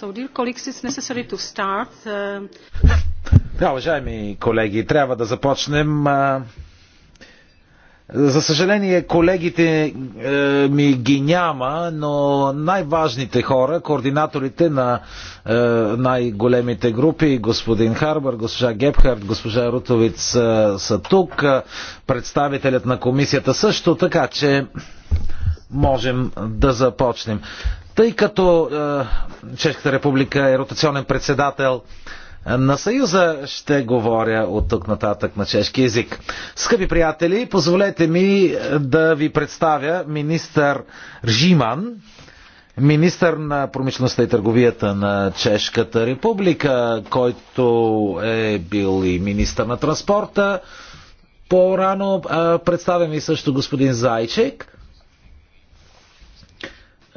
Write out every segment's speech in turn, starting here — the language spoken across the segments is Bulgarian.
Uh, да, уважаеми колеги, трябва да започнем. За съжаление, колегите е, ми ги няма, но най-важните хора, координаторите на е, най-големите групи, господин Харбър, госпожа Гепхард, госпожа Рутовиц е, са тук, представителят на комисията също, така че можем да започнем. Тъй като е, Чешката република е ротационен председател е, на Съюза, ще говоря от тук нататък на чешки язик. Скъпи приятели, позволете ми е, да ви представя министър Жиман, министър на промишлеността и търговията на Чешката република, който е бил и министър на транспорта. По-рано е, представям и също господин Зайчек,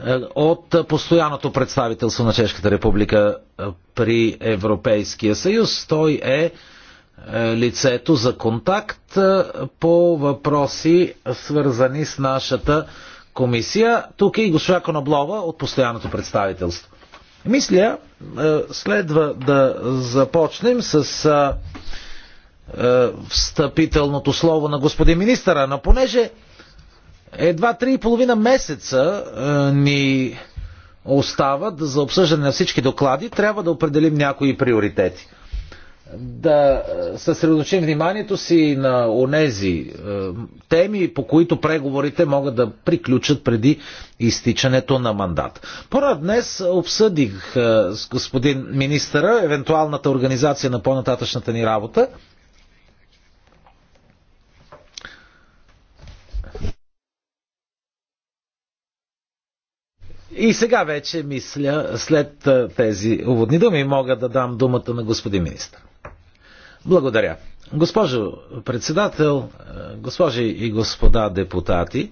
е, от постоянното представителство на Чешката република е, при Европейския съюз. Той е, е лицето за контакт по въпроси, свързани с нашата комисия. Тук е и госпожа Коноблова от постоянното представителство. Мисля, следва да започнем с встъпителното слово на господин министъра, но понеже едва три и половина месеца е, ни остават за обсъждане на всички доклади. Трябва да определим някои приоритети. Да е, съсредоточим вниманието си на онези е, теми, по които преговорите могат да приключат преди изтичането на мандат. Пора днес обсъдих с господин министъра евентуалната организация на по-нататъчната ни работа И сега вече мисля, след тези уводни думи, мога да дам думата на господин министр. Благодаря. Госпожо председател, госпожи и господа депутати,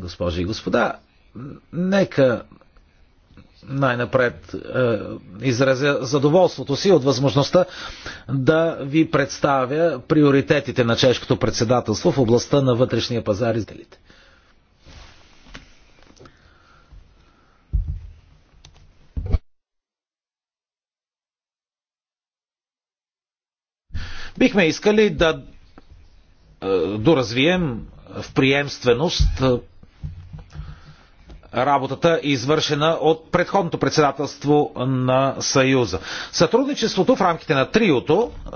госпожи и господа, нека най-напред е, изразя задоволството си от възможността да ви представя приоритетите на чешкото председателство в областта на вътрешния пазар и Бихме искали да е, доразвием в приемственост е, работата, извършена от предходното председателство на Съюза. Сътрудничеството в рамките на триото е,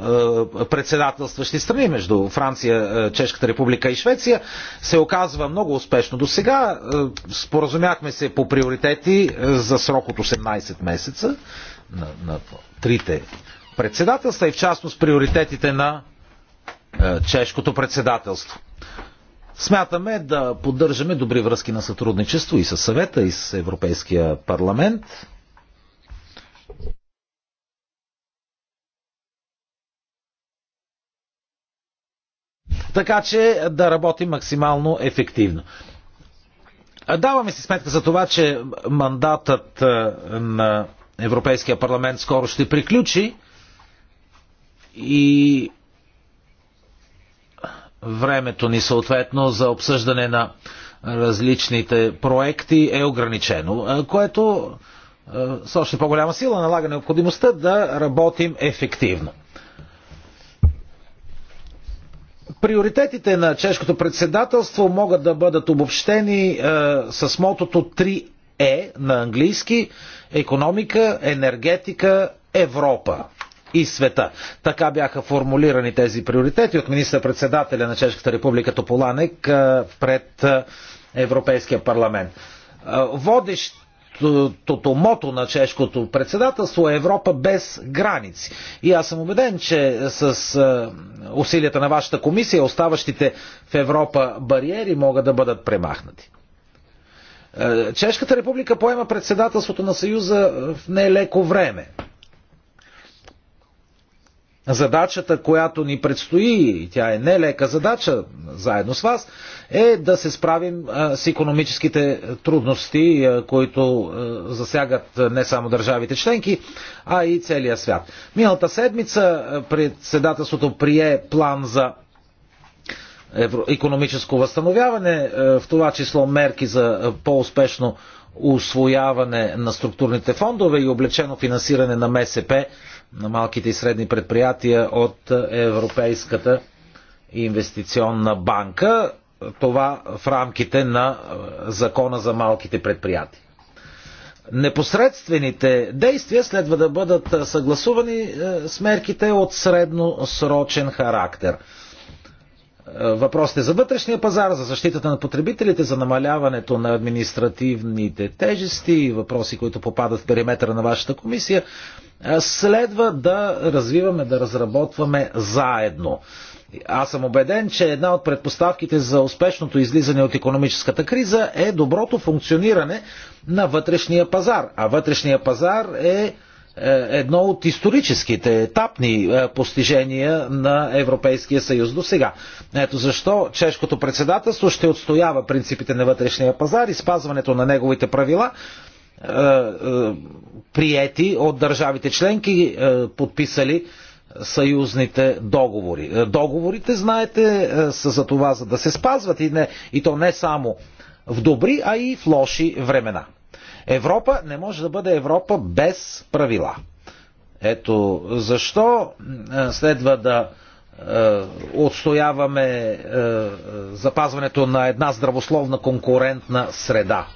председателстващи страни между Франция, Чешката република и Швеция се оказва много успешно. До сега споразумяхме се по приоритети за срок от 18 месеца на, на трите председателства и в частност приоритетите на е, чешкото председателство. Смятаме да поддържаме добри връзки на сътрудничество и с съвета, и с Европейския парламент. Така че да работи максимално ефективно. Даваме си сметка за това, че мандатът е, на Европейския парламент скоро ще приключи и времето ни съответно за обсъждане на различните проекти е ограничено, което с още по-голяма сила налага необходимостта да работим ефективно. Приоритетите на чешкото председателство могат да бъдат обобщени е, с мотото 3Е на английски економика, енергетика, Европа и света. Така бяха формулирани тези приоритети от министър-председателя на Чешката република Тополанек пред Европейския парламент. Водещ Тото мото на чешкото председателство е Европа без граници. И аз съм убеден, че с усилията на вашата комисия оставащите в Европа бариери могат да бъдат премахнати. Чешката република поема председателството на Съюза в нелеко време. Задачата, която ни предстои, и тя е нелека задача, заедно с вас, е да се справим с економическите трудности, които засягат не само държавите членки, а и целия свят. Миналата седмица председателството прие план за економическо възстановяване, в това число мерки за по-успешно усвояване на структурните фондове и облечено финансиране на МСП на малките и средни предприятия от Европейската инвестиционна банка. Това в рамките на е, закона за малките предприятия. Непосредствените действия следва да бъдат съгласувани е, с мерките от средносрочен характер. Е, въпросите за вътрешния пазар, за защитата на потребителите, за намаляването на административните тежести, въпроси, които попадат в периметъра на вашата комисия, е, следва да развиваме, да разработваме заедно. Аз съм убеден, че една от предпоставките за успешното излизане от економическата криза е доброто функциониране на вътрешния пазар. А вътрешния пазар е е, едно от историческите етапни е, постижения на Европейския съюз до сега. Ето защо чешкото председателство ще отстоява принципите на вътрешния пазар и спазването на неговите правила, е, приети от държавите членки, подписали съюзните договори. Договорите, знаете, са за това, за да се спазват и, не, и то не само в добри, а и в лоши времена. Европа не може да бъде Европа без правила. Ето защо е, следва да е, отстояваме е, запазването на една здравословна конкурентна среда.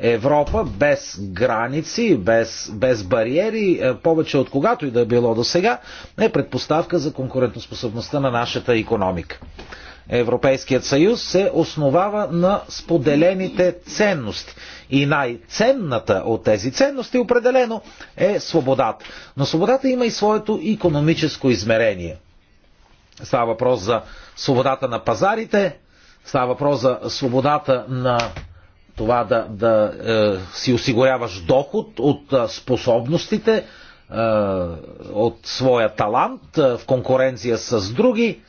Европа без граници, без, без бариери, повече от когато и да е било до сега, е предпоставка за конкурентоспособността на нашата економика. Европейският съюз се основава на споделените ценности. И най-ценната от тези ценности определено е свободата. Но свободата има и своето економическо измерение. Става въпрос за свободата на пазарите, става въпрос за свободата на това да, да е, си осигуряваш доход от е, способностите, е, от своя талант е, в конкуренция с други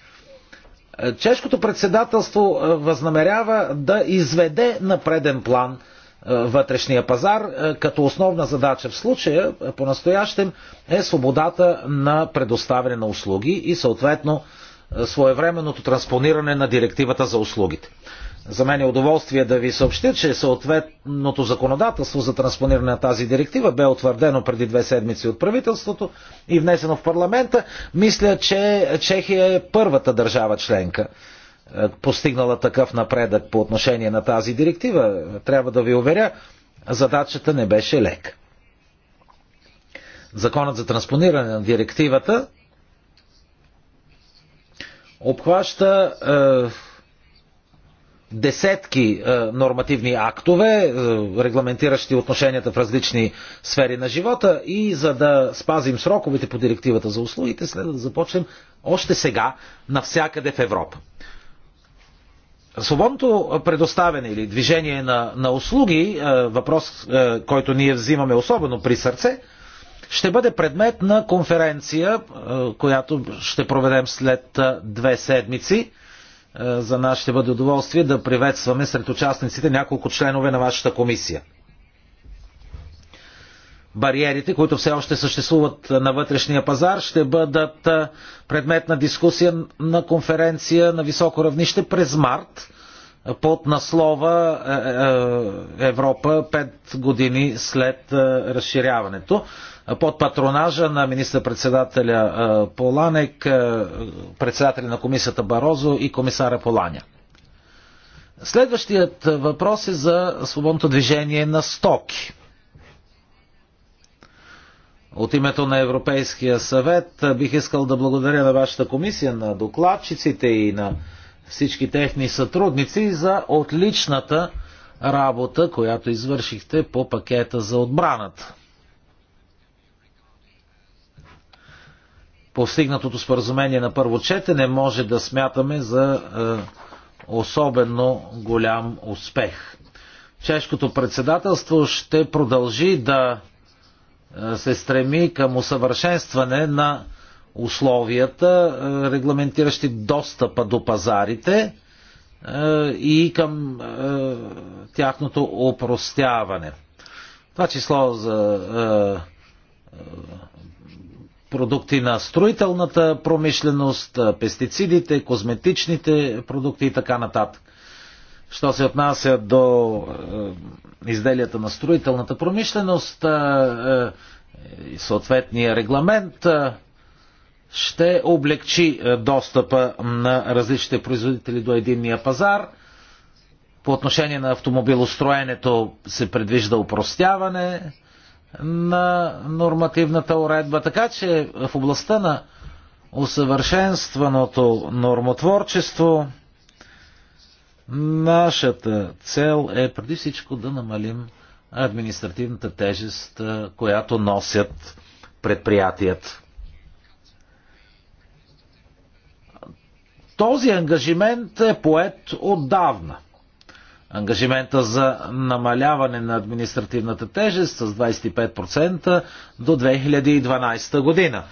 Чешкото председателство е, възнамерява да изведе на преден план е, вътрешния пазар, е, като основна задача в случая по-настоящем е свободата на предоставяне на услуги и съответно своевременното транспониране на директивата за услугите. За мен е удоволствие да ви съобщя, че съответното законодателство за транспониране на тази директива бе утвърдено преди две седмици от правителството и внесено в парламента. Мисля, че Чехия е първата държава членка, е, постигнала такъв напредък по отношение на тази директива. Трябва да ви уверя, задачата не беше лека. Законът за транспониране на директивата обхваща е, десетки е, нормативни актове, е, регламентиращи отношенията в различни сфери на живота и за да спазим сроковете по директивата за услугите, следва да започнем още сега навсякъде в Европа. Свободното предоставяне или движение на, на услуги, е, въпрос, който ние взимаме особено при сърце, ще бъде предмет на конференция, която ще проведем след две седмици – е, за нас ще бъде удоволствие да приветстваме сред участниците няколко членове на вашата комисия. Бариерите, които все още съществуват на вътрешния пазар, ще бъдат е, предмет на дискусия на конференция на високо равнище през март е, под наслова Европа 5 години след разширяването под патронажа на министър-председателя е, Поланек, е, председателя на комисията Барозо и комисаря Поланя. Следващият въпрос е за свободното движение на стоки. От името на Европейския съвет е, бих искал да благодаря на вашата комисия, на докладчиците и на всички техни сътрудници за отличната работа, която извършихте по пакета за отбраната. постигнатото споразумение на първо четене може да смятаме за е, особено голям успех. Чешкото председателство ще продължи да е, се стреми към усъвършенстване на условията, е, регламентиращи достъпа до пазарите е, и към тяхното опростяване. Това число за продукти на строителната промишленост, пестицидите, козметичните продукти и така нататък. Що се отнася до е, изделията на строителната промишленост, е, е, съответния регламент е, ще облегчи достъпа на различните производители до единния пазар. По отношение на автомобилостроенето се предвижда упростяване, на нормативната уредба. Така че в областта на усъвършенстваното нормотворчество нашата цел е преди всичко да намалим административната тежест, която носят предприятията. Този ангажимент е поет отдавна – ангажимента за намаляване на административната тежест с 25% до 2012 година.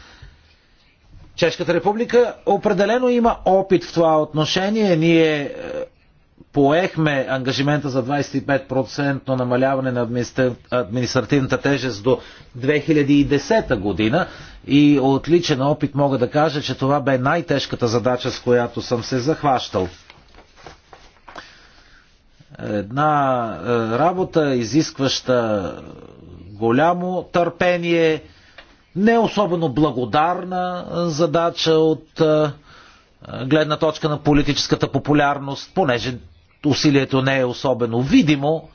Чешката република определено има опит в това отношение. Ние е, поехме ангажимента за 25% намаляване на административната тежест до 2010 година и от личен опит мога да кажа, че това бе най-тежката задача, с която съм се захващал. Една е, работа, изискваща голямо търпение, не особено благодарна задача от е, гледна точка на политическата популярност, понеже усилието не е особено видимо.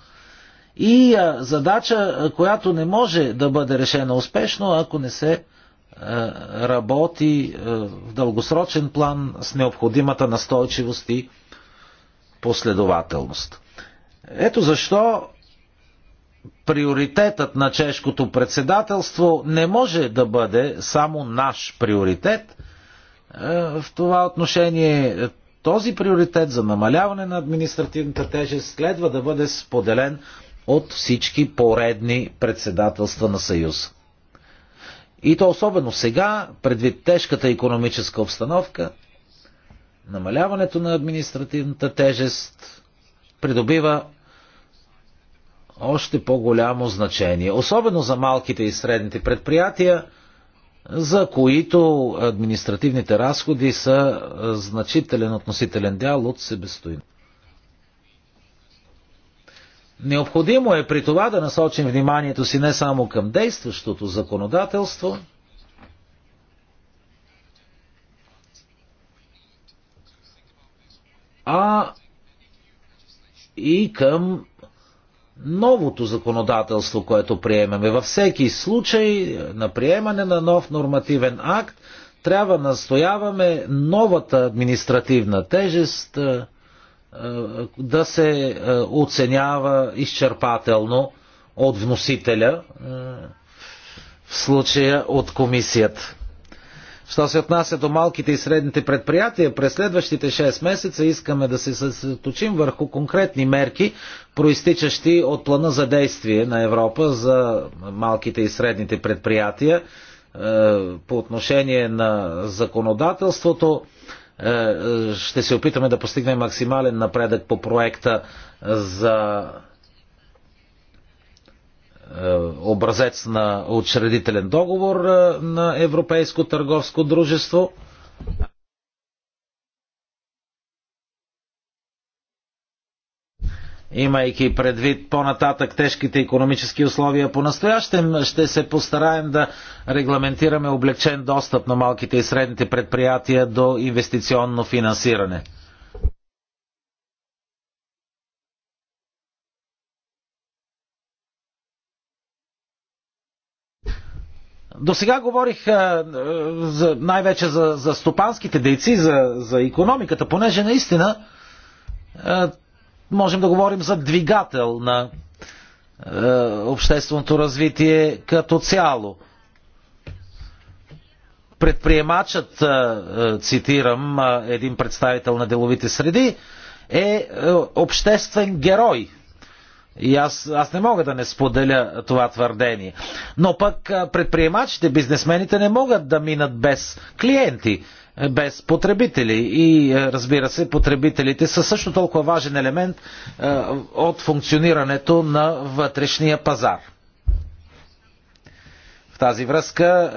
И е, задача, която не може да бъде решена успешно, ако не се работи в дългосрочен план с необходимата настойчивост и последователност. Ето защо приоритетът на чешкото председателство не може да бъде само наш приоритет. Е, в това отношение този приоритет за намаляване на административната тежест следва да бъде споделен от всички поредни председателства на Съюз. И то особено сега, предвид тежката економическа обстановка, намаляването на административната тежест придобива още по-голямо значение, особено за малките и средните предприятия, за които административните разходи са значителен относителен дял от себестоимост. Необходимо е при това да насочим вниманието си не само към действащото законодателство, а и към новото законодателство, което приемаме. Във всеки случай на приемане на нов нормативен акт трябва настояваме новата административна тежест да се оценява изчерпателно от вносителя, в случая от комисията. Що се отнася до малките и средните предприятия, през следващите 6 месеца искаме да се съсредоточим върху конкретни мерки, проистичащи от плана за действие на Европа за малките и средните предприятия е, по отношение на законодателството. Е, е, ще се опитаме да постигнем максимален напредък по проекта за е, образец на учредителен договор е, на Европейско търговско дружество. Имайки предвид по-нататък тежките економически условия по-настоящем, ще се постараем да регламентираме облегчен достъп на малките и средните предприятия до инвестиционно финансиране. До сега говорих е, е, най-вече за, за стопанските дейци, за, за економиката, понеже наистина е, можем да говорим за двигател на общественото развитие като цяло. Предприемачът, цитирам един представител на деловите среди, е обществен герой – и аз, аз не мога да не споделя това твърдение. Но пък предприемачите, бизнесмените не могат да минат без клиенти, е, без потребители. И е, разбира се, потребителите са също толкова важен елемент е, от функционирането на вътрешния пазар. В тази връзка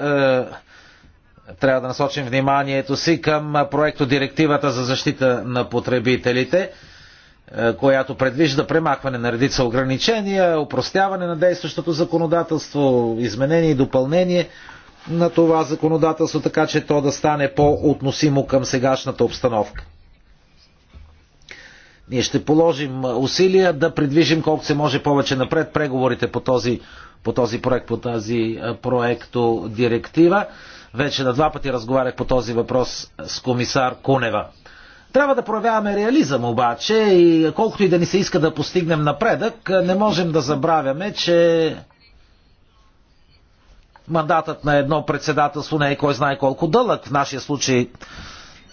трябва да насочим вниманието си към проекто Директивата за защита на потребителите – е, която предвижда премахване на редица ограничения, упростяване на действащото законодателство, изменение и допълнение на това законодателство, така че то да стане по-относимо към сегашната обстановка. Ние ще положим усилия да придвижим колкото се може повече напред преговорите по този, по този проект, по тази е, проекто директива. Вече на два пъти разговарях по този въпрос с комисар Кунева. Трябва да проявяваме реализъм обаче и колкото и да ни се иска да постигнем напредък, не можем да забравяме, че мандатът на едно председателство не е кой знае колко дълъг. В нашия случай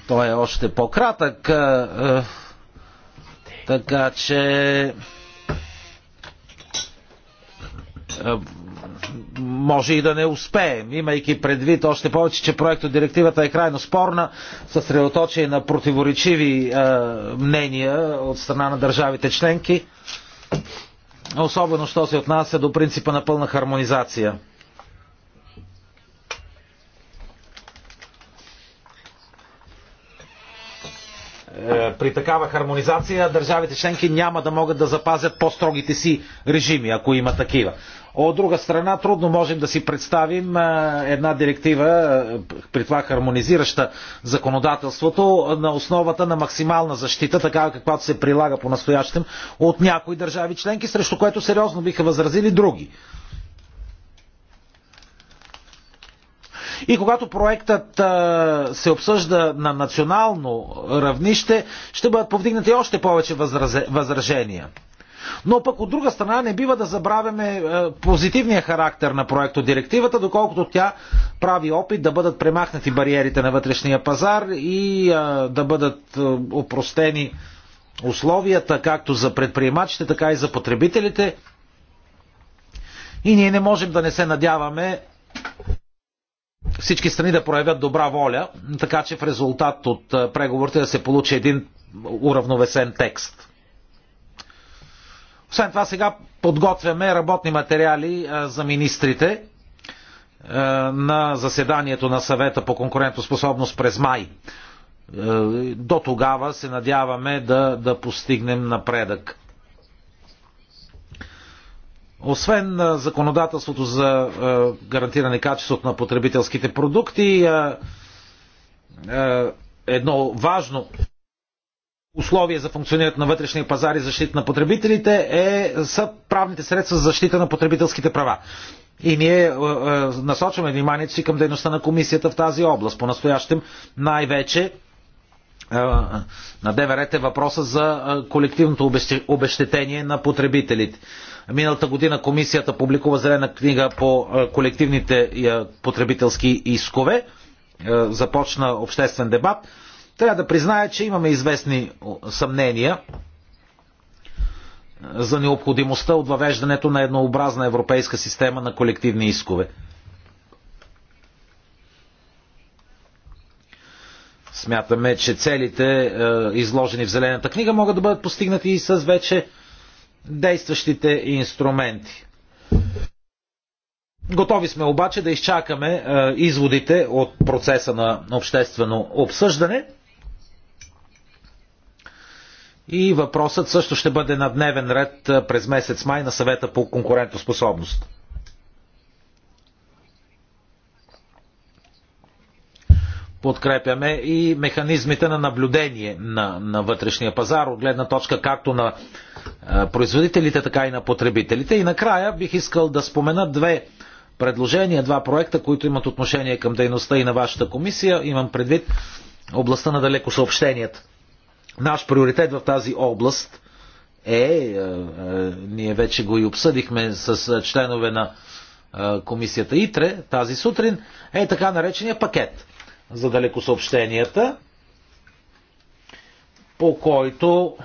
той е още по-кратък. Е, е, така че е, може и да не успеем, имайки предвид още повече, че проекто директивата е крайно спорна, съсредоточие на противоречиви е, мнения от страна на държавите членки, особено що се отнася до принципа на пълна хармонизация. Е, при такава хармонизация държавите членки няма да могат да запазят по-строгите си режими, ако има такива. От друга страна, трудно можем да си представим една директива, при това хармонизираща законодателството, на основата на максимална защита, такава каквато се прилага по настоящем от някои държави членки, срещу което сериозно биха възразили други. И когато проектът се обсъжда на национално равнище, ще бъдат повдигнати още повече възражения. Но пък от друга страна не бива да забравяме е, позитивния характер на проекто директивата, доколкото тя прави опит да бъдат премахнати бариерите на вътрешния пазар и е, да бъдат е, опростени условията както за предприемачите, така и за потребителите. И ние не можем да не се надяваме всички страни да проявят добра воля, така че в резултат от преговорите да се получи един уравновесен текст. Освен това сега подготвяме работни материали за министрите на заседанието на съвета по конкурентоспособност през май. До тогава се надяваме да, да постигнем напредък. Освен законодателството за гарантиране качеството на потребителските продукти, едно важно Условия за функционирането на вътрешния пазар и защита на потребителите е, са правните средства за защита на потребителските права. И ние е, е, насочваме вниманието си към дейността на комисията в тази област. По-настоящем най-вече е, на ДВРТ е въпроса за е, колективното обещетение на потребителите. Миналата година комисията публикува зелена книга по е, колективните е, потребителски искове. Започна обществен дебат трябва да призная, че имаме известни съмнения е, за необходимостта от въвеждането на еднообразна европейска система на колективни искове. Смятаме, че целите, е, изложени в Зелената книга, могат да бъдат постигнати и с вече действащите инструменти. Готови сме обаче да изчакаме е, изводите от процеса на обществено обсъждане и въпросът също ще бъде на дневен ред през месец май на съвета по конкурентоспособност. подкрепяме и механизмите на наблюдение на, на вътрешния пазар, от гледна точка както на производителите, така и на потребителите. И накрая бих искал да спомена две предложения, два проекта, които имат отношение към дейността и на вашата комисия. Имам предвид областта на далеко съобщенията. Наш приоритет в тази област е, е, е, ние вече го и обсъдихме с е, членове на комисията ИТРЕ тази сутрин, е така наречения пакет за далекосъобщенията, по който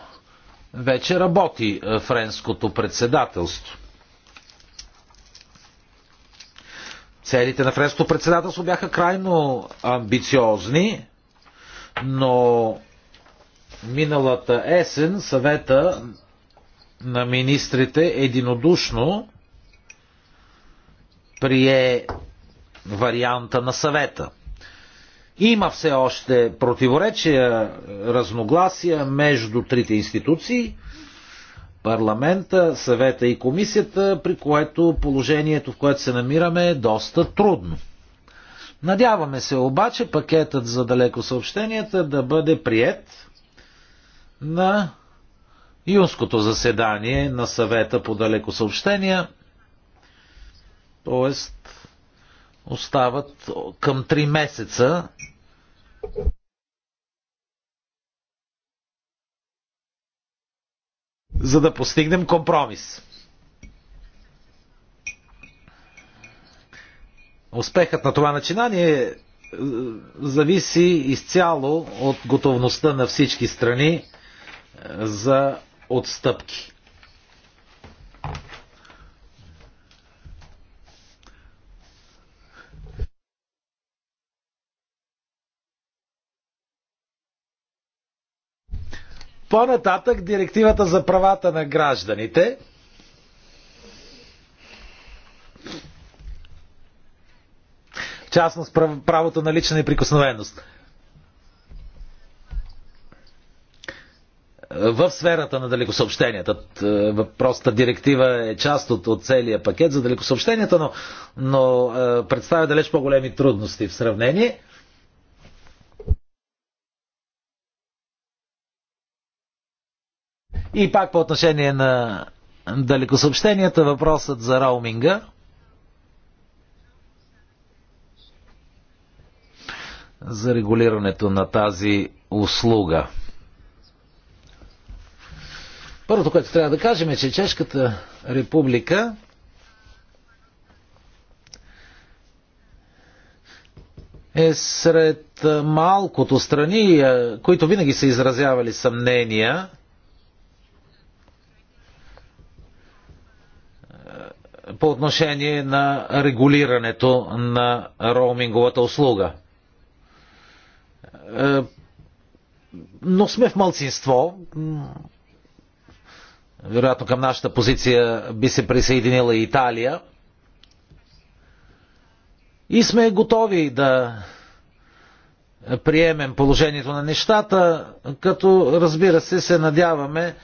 вече работи френското председателство. Целите на френското председателство бяха крайно амбициозни, но Миналата есен съвета на министрите единодушно прие варианта на съвета. Има все още противоречия, разногласия между трите институции парламента, съвета и комисията, при което положението, в което се намираме, е доста трудно. Надяваме се обаче пакетът за далеко съобщенията да бъде прият на юнското заседание на съвета по далеко съобщения, т.е. остават към 3 месеца за да постигнем компромис. Успехът на това начинание е, е, зависи изцяло от готовността на всички страни за отстъпки. По-нататък директивата за правата на гражданите. В частност правото на лична неприкосновеност. в сферата на далекосъобщенията. Е, въпросната директива е част от, от целия пакет за далекосъобщенията, но, но е, представя далеч по-големи трудности в сравнение. И пак по отношение на далекосъобщенията, въпросът за роуминга. За регулирането на тази услуга. Първото, което трябва да кажем е, че Чешката република е сред малкото страни, които винаги са изразявали съмнения по отношение на регулирането на роуминговата услуга. Е, но сме в малцинство. Вероятно към нашата позиция би се присъединила и Италия. И сме готови да приемем положението на нещата, като разбира се се надяваме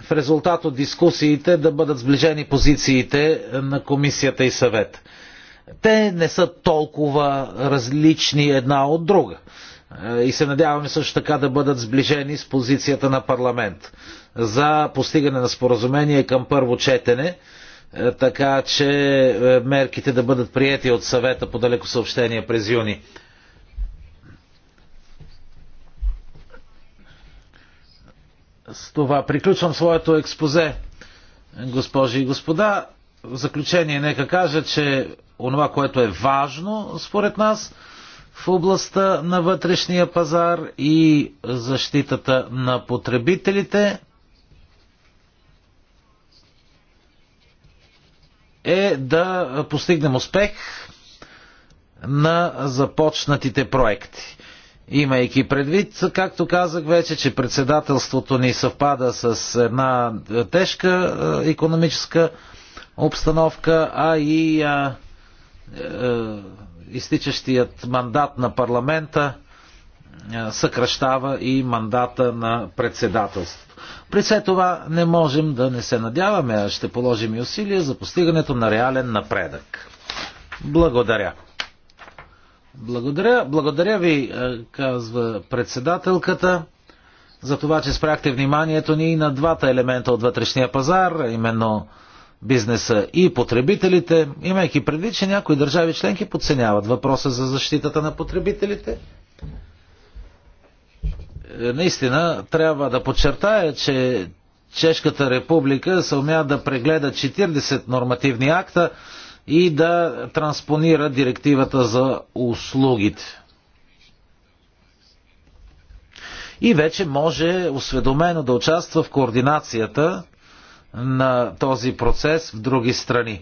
в резултат от дискусиите да бъдат сближени позициите на комисията и съвет. Те не са толкова различни една от друга и се надяваме също така да бъдат сближени с позицията на парламент за постигане на споразумение към първо четене, е, така че е, мерките да бъдат приети от съвета по далеко съобщение през юни. С това приключвам своето експозе, госпожи и господа. В заключение нека кажа, че онова, което е важно според нас, в областта на вътрешния пазар и защитата на потребителите е да постигнем успех на започнатите проекти. Имайки предвид, както казах вече, че председателството ни съвпада с една тежка економическа обстановка, а и а, е, е изтичащият мандат на парламента е, съкръщава и мандата на председателството. При все това не можем да не се надяваме, а ще положим и усилия за постигането на реален напредък. Благодаря. Благодаря, благодаря ви, е, казва председателката, за това, че спряхте вниманието ни и на двата елемента от вътрешния пазар, именно бизнеса и потребителите, имайки предвид, че някои държави членки подценяват въпроса за защитата на потребителите. Е, наистина, трябва да подчертая, че Чешката република се умя да прегледа 40 нормативни акта и да транспонира директивата за услугите. И вече може осведомено да участва в координацията на този процес в други страни.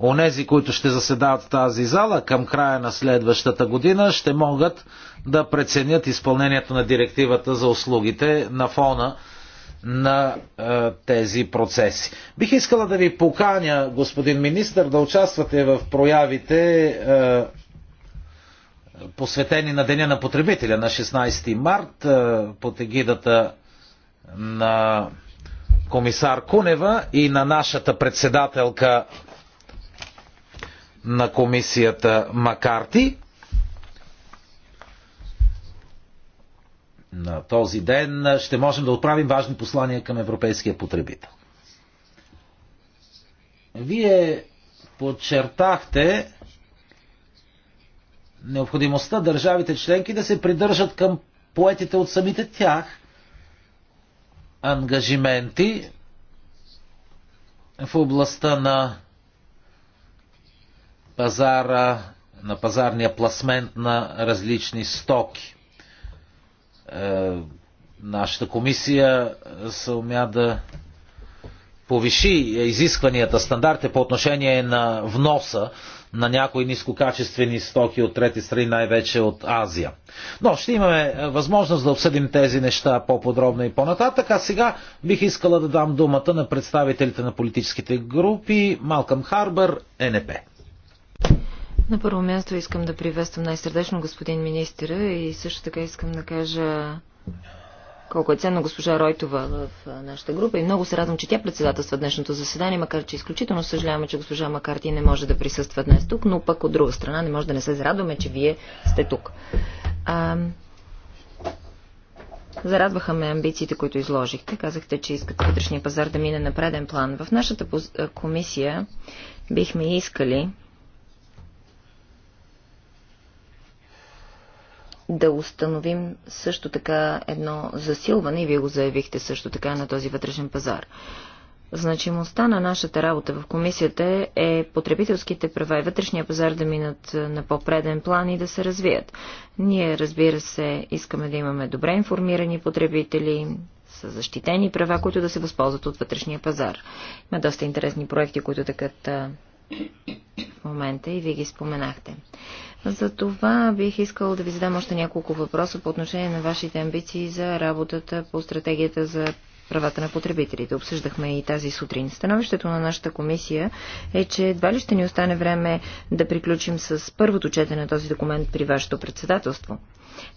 Онези, които ще заседават в тази зала към края на следващата година, ще могат да преценят изпълнението на директивата за услугите на фона на е, тези процеси. Бих искала да ви поканя, господин министр, да участвате в проявите е, посветени на Деня на потребителя на 16 март е, под егидата на комисар Кунева и на нашата председателка на комисията Макарти. На този ден ще можем да отправим важни послания към европейския потребител. Вие подчертахте необходимостта държавите членки да се придържат към поетите от самите тях ангажименти в областта на пазара, на пазарния пласмент на различни стоки. Е, нашата комисия се умя да повиши изискванията, стандарти по отношение на вноса на някои нискокачествени стоки от трети страни, най-вече от Азия. Но ще имаме е, възможност да обсъдим тези неща по-подробно и по-нататък. А сега бих искала да дам думата на представителите на политическите групи Малкам Харбър, НП. Е. На първо място искам да приветствам най-сърдечно господин министра и също така искам да кажа колко е ценна госпожа Ройтова в нашата група и много се радвам, че тя председателства днешното заседание, макар че изключително съжаляваме, че госпожа Макарти не може да присъства днес тук, но пък от друга страна не може да не се зарадваме, че вие сте тук. А, Зарадваха ме амбициите, които изложихте. Казахте, че искате вътрешния пазар да мине на преден план. В нашата комисия бихме искали да установим също така едно засилване, и вие го заявихте също така на този вътрешен пазар. Значимостта на нашата работа в комисията е потребителските права и вътрешния пазар да минат на по-преден план и да се развият. Ние, разбира се, искаме да имаме добре информирани потребители, са защитени права, които да се възползват от вътрешния пазар. Има доста интересни проекти, които такът в момента и вие ги споменахте. За това бих искал да ви задам още няколко въпроса по отношение на вашите амбиции за работата по стратегията за правата на потребителите. Обсъждахме и тази сутрин. Становището на нашата комисия е, че едва ли ще ни остане време да приключим с първото четене на този документ при вашето председателство.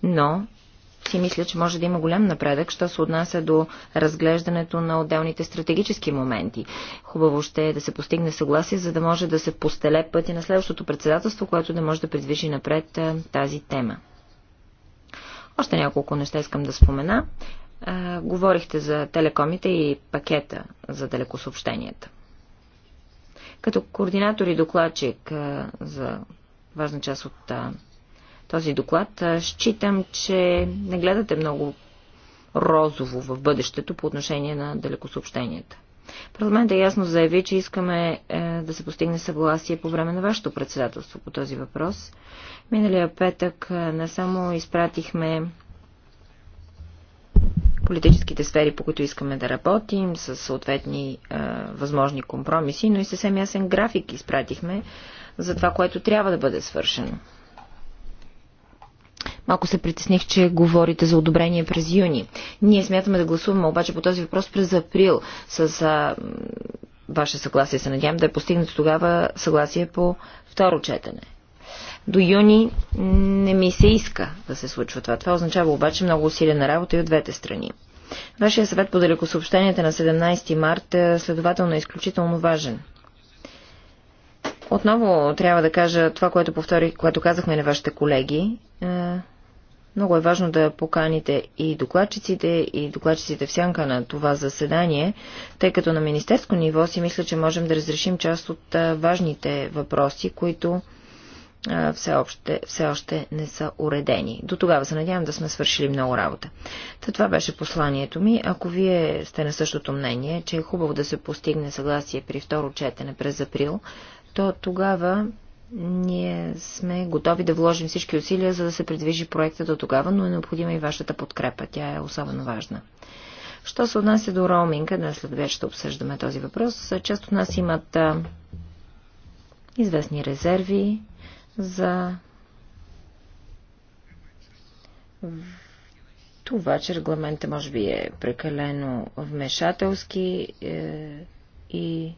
Но си мисля, че може да има голям напредък, що се отнася до разглеждането на отделните стратегически моменти. Хубаво ще е да се постигне съгласие, за да може да се постеле пъти на следващото председателство, което да може да придвижи напред тази тема. Още няколко неща искам да спомена. А, говорихте за телекомите и пакета за далекосъобщенията. Като координатор и докладчик а, за важна част от а, този доклад. Считам, че не гледате много розово в бъдещето по отношение на далекосъобщенията. е ясно заяви, че искаме е, да се постигне съгласие по време на вашето председателство по този въпрос. Миналия петък е, не само изпратихме политическите сфери, по които искаме да работим, с съответни е, възможни компромиси, но и съвсем ясен график изпратихме за това, което трябва да бъде свършено. Малко се притесних, че говорите за одобрение през юни. Ние смятаме да гласуваме обаче по този въпрос през април с а, ваше съгласие. Се надявам да е постигнато тогава съгласие по второ четене. До юни не ми се иска да се случва това. Това означава обаче много усилена работа и от двете страни. Вашия съвет по далекосъобщенията на 17 март е следователно е изключително важен. Отново трябва да кажа това, което повторих, което казахме на вашите колеги. Е, много е важно да поканите и докладчиците, и докладчиците в сянка на това заседание, тъй като на министерско ниво си мисля, че можем да разрешим част от важните въпроси, които все още, все още не са уредени. До тогава се надявам да сме свършили много работа. Та това беше посланието ми. Ако вие сте на същото мнение, че е хубаво да се постигне съгласие при второ четене през април, то тогава ние сме готови да вложим всички усилия, за да се придвижи проекта до тогава, но е необходима и вашата подкрепа. Тя е особено важна. Що се отнася до роуминга, днес след вече ще обсъждаме този въпрос. Част от нас имат а, известни резерви за това, че регламентът може би е прекалено вмешателски е, и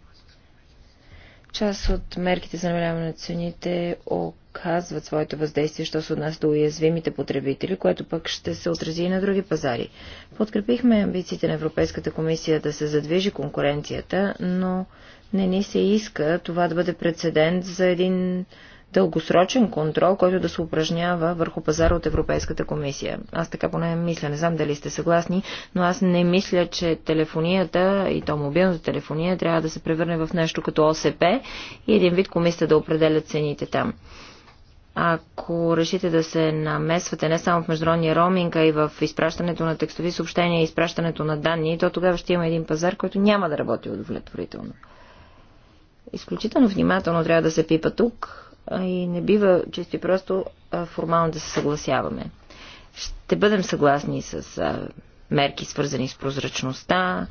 Част от мерките за намаляване на цените оказват своето въздействие, що се отнася до уязвимите потребители, което пък ще се отрази и на други пазари. Подкрепихме амбициите на Европейската комисия да се задвижи конкуренцията, но не ни се иска това да бъде прецедент за един дългосрочен контрол, който да се упражнява върху пазара от Европейската комисия. Аз така поне мисля, не знам дали сте съгласни, но аз не мисля, че телефонията и то мобилната телефония трябва да се превърне в нещо като ОСП и един вид комисията да определя цените там ако решите да се намесвате не само в международния роуминг, а и в изпращането на текстови съобщения и изпращането на данни, то тогава ще има един пазар, който няма да работи удовлетворително. Изключително внимателно трябва да се пипа тук и не бива чисто и просто формално да се съгласяваме. Ще бъдем съгласни с мерки, свързани с прозрачността.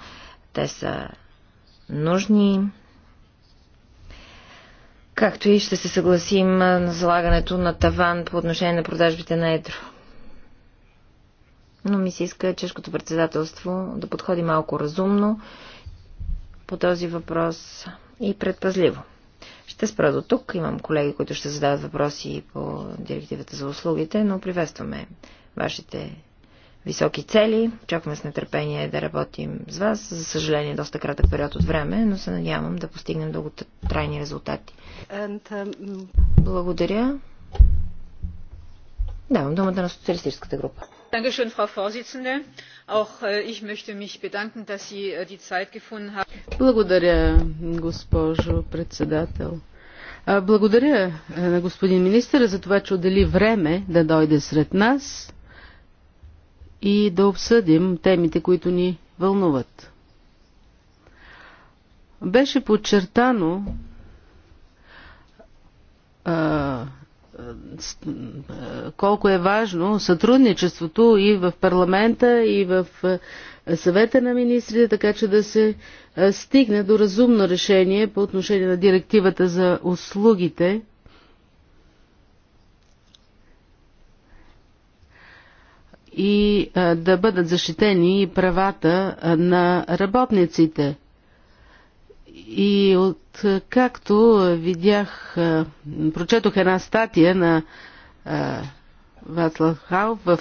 Те са нужни. Както и ще се съгласим на залагането на таван по отношение на продажбите на едро. Но ми се иска чешкото председателство да подходи малко разумно по този въпрос и предпазливо. Ще спра до тук. Имам колеги, които ще задават въпроси по директивата за услугите, но приветстваме вашите високи цели. Очакваме с нетърпение да работим с вас. За съжаление, доста кратък период от време, но се надявам да постигнем дълготрайни резултати. And, um... Благодаря. Давам думата на социалистическата група благодаря госпожо председател. благодаря на господин министъра за това че отдели време да дойде сред нас и да обсъдим темите които ни вълнуват. беше подчертано колко е важно сътрудничеството и в парламента, и в съвета на министрите, така че да се стигне до разумно решение по отношение на директивата за услугите. и да бъдат защитени правата на работниците. И от е, както видях, е, прочетох една статия на е, Вацлав Хал в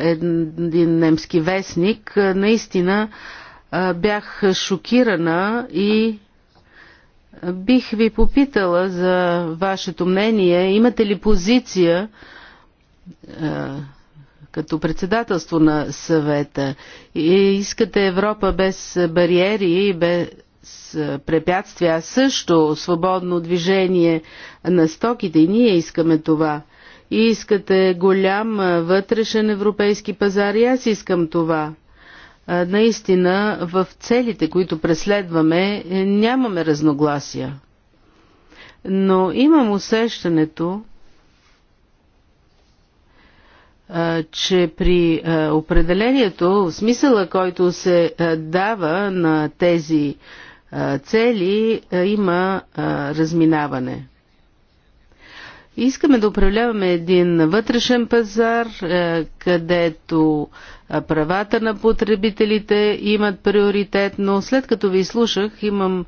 един немски вестник, наистина бях шокирана и бих ви попитала за вашето мнение. Имате ли позиция като председателство на съвета? И искате Европа без бариери и без с препятствия, а също свободно движение на стоките и ние искаме това. И искате голям вътрешен европейски пазар и аз искам това. Наистина в целите, които преследваме, е, нямаме разногласия. Но имам усещането, че при определението, смисъла, който се дава на тези цели има разминаване. Искаме да управляваме един вътрешен пазар, където правата на потребителите имат приоритет, но след като ви слушах, имам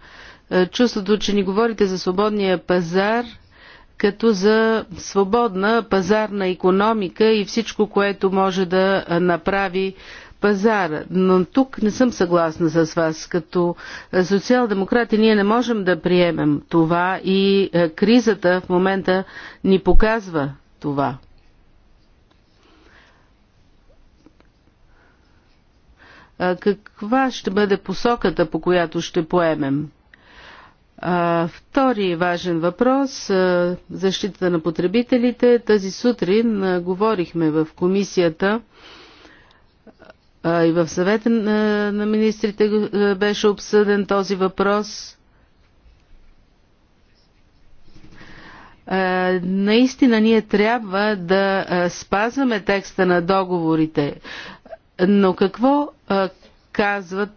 чувството, че ни говорите за свободния пазар, като за свободна пазарна економика и всичко, което може да направи пазара. Но тук не съм съгласна с вас. Като е, социал-демократи ние не можем да приемем това и е, кризата в момента ни показва това. Каква ще бъде посоката, по която ще поемем? Втори важен въпрос защитата на потребителите. Тази сутрин говорихме в комисията и в съвета на министрите беше обсъден този въпрос. Наистина ние трябва да спазваме текста на договорите, но какво казва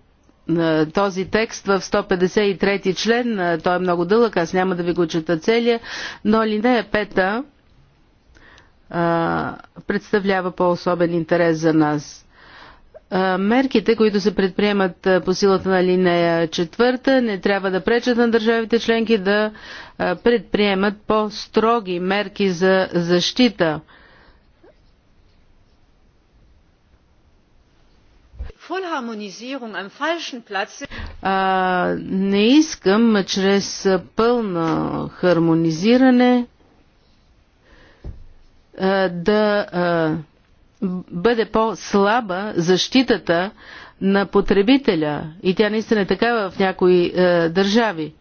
този текст в 153 член, той е много дълъг, аз няма да ви го чета целия, но линия пета представлява по-особен интерес за нас мерките, които се предприемат по силата на линия четвърта, не трябва да пречат на държавите членки да предприемат по-строги мерки за защита. не искам чрез пълно хармонизиране да бъде по-слаба защитата на потребителя. И тя наистина е такава в някои е, държави.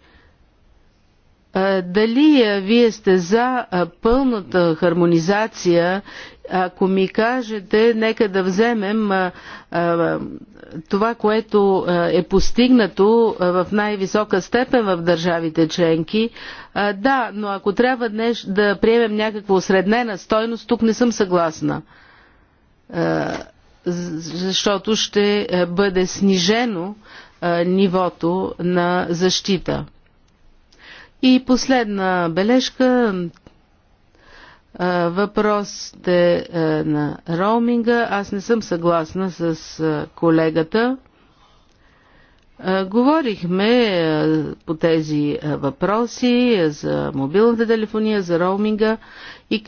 Е, дали е, вие сте за е, пълната хармонизация? Ако ми кажете, нека да вземем е, е, това, което е, е постигнато е, в най-висока степен в държавите членки. Е, да, но ако трябва днес да приемем някаква осреднена стойност, тук не съм съгласна. Е, защото ще бъде снижено е, нивото на защита. И последна бележка. Е, въпросите на роуминга. Аз не съм съгласна с колегата. Говорихме по тези въпроси за мобилната телефония, за роуминга и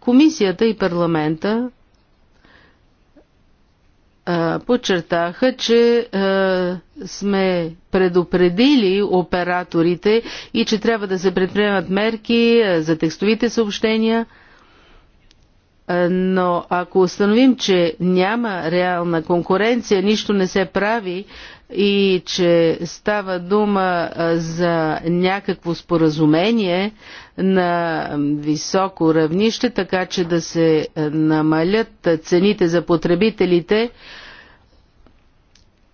комисията и парламента подчертаха, че сме предупредили операторите и че трябва да се предприемат мерки за текстовите съобщения. Но ако установим, че няма реална конкуренция, нищо не се прави и че става дума за някакво споразумение на високо равнище, така че да се намалят цените за потребителите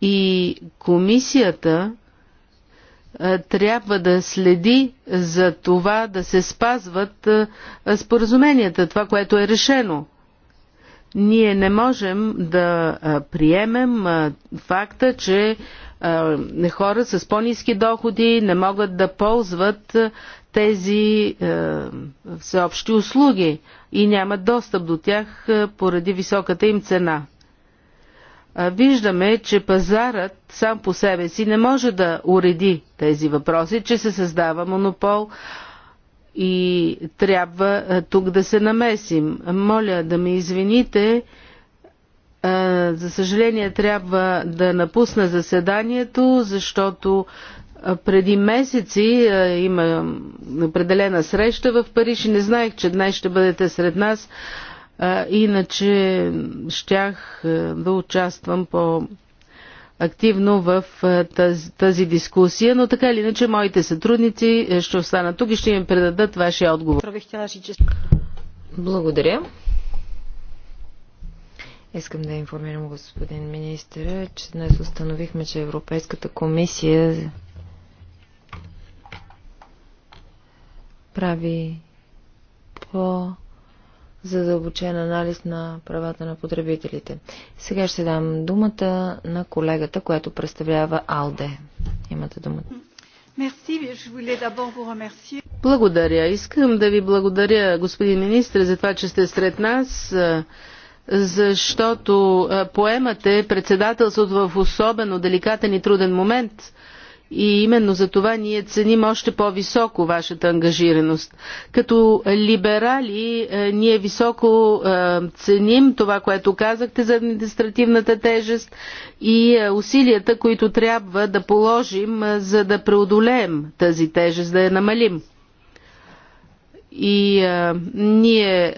и комисията трябва да следи за това да се спазват споразуменията, това, което е решено ние не можем да приемем факта, че хора с по-низки доходи не могат да ползват тези всеобщи услуги и нямат достъп до тях поради високата им цена виждаме, че пазарът сам по себе си не може да уреди тези въпроси, че се създава монопол, и трябва тук да се намесим. Моля да ме извините, за съжаление трябва да напусна заседанието, защото преди месеци има определена среща в Париж и не знаех, че днес ще бъдете сред нас. Иначе щях да участвам по активно в тази, тази дискусия, но така или иначе моите сътрудници е, ще останат тук и ще им предадат вашия отговор. Благодаря. Искам да информирам господин министър, че днес установихме, че Европейската комисия прави по за задълбочен анализ на правата на потребителите. Сега ще дам думата на колегата, която представлява АЛДЕ. Имате думата. Благодаря. Искам да ви благодаря, господин министр, за това, че сте сред нас, защото поемате председателството в особено деликатен и труден момент – и именно за това ние ценим още по-високо вашата ангажираност. Като либерали, е, ние високо е, ценим това, което казахте за административната тежест и е, усилията, които трябва да положим, за да преодолеем тази тежест, да я намалим. И ние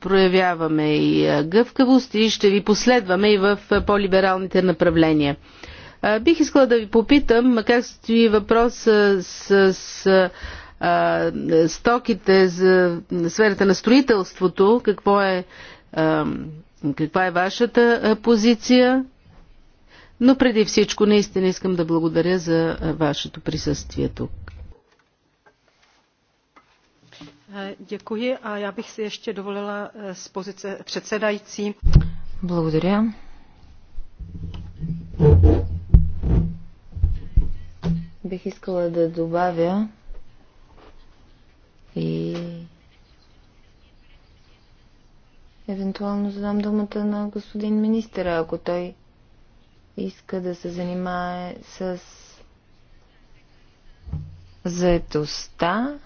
проявяваме и гъвкавост и ще ви последваме и в по-либералните направления. Бих искала да ви попитам как стои въпроса с, с а, стоките за сферата на строителството, какво е, а, каква е вашата позиция. Но преди всичко наистина искам да благодаря за вашето присъствие тук. Děkuji a já bych si ještě dovolila z pozice předsedající. Благодаря. Бих искала да добавя и евентуално задам думата на господин министъра, ако той иска да се занимае с заетостта.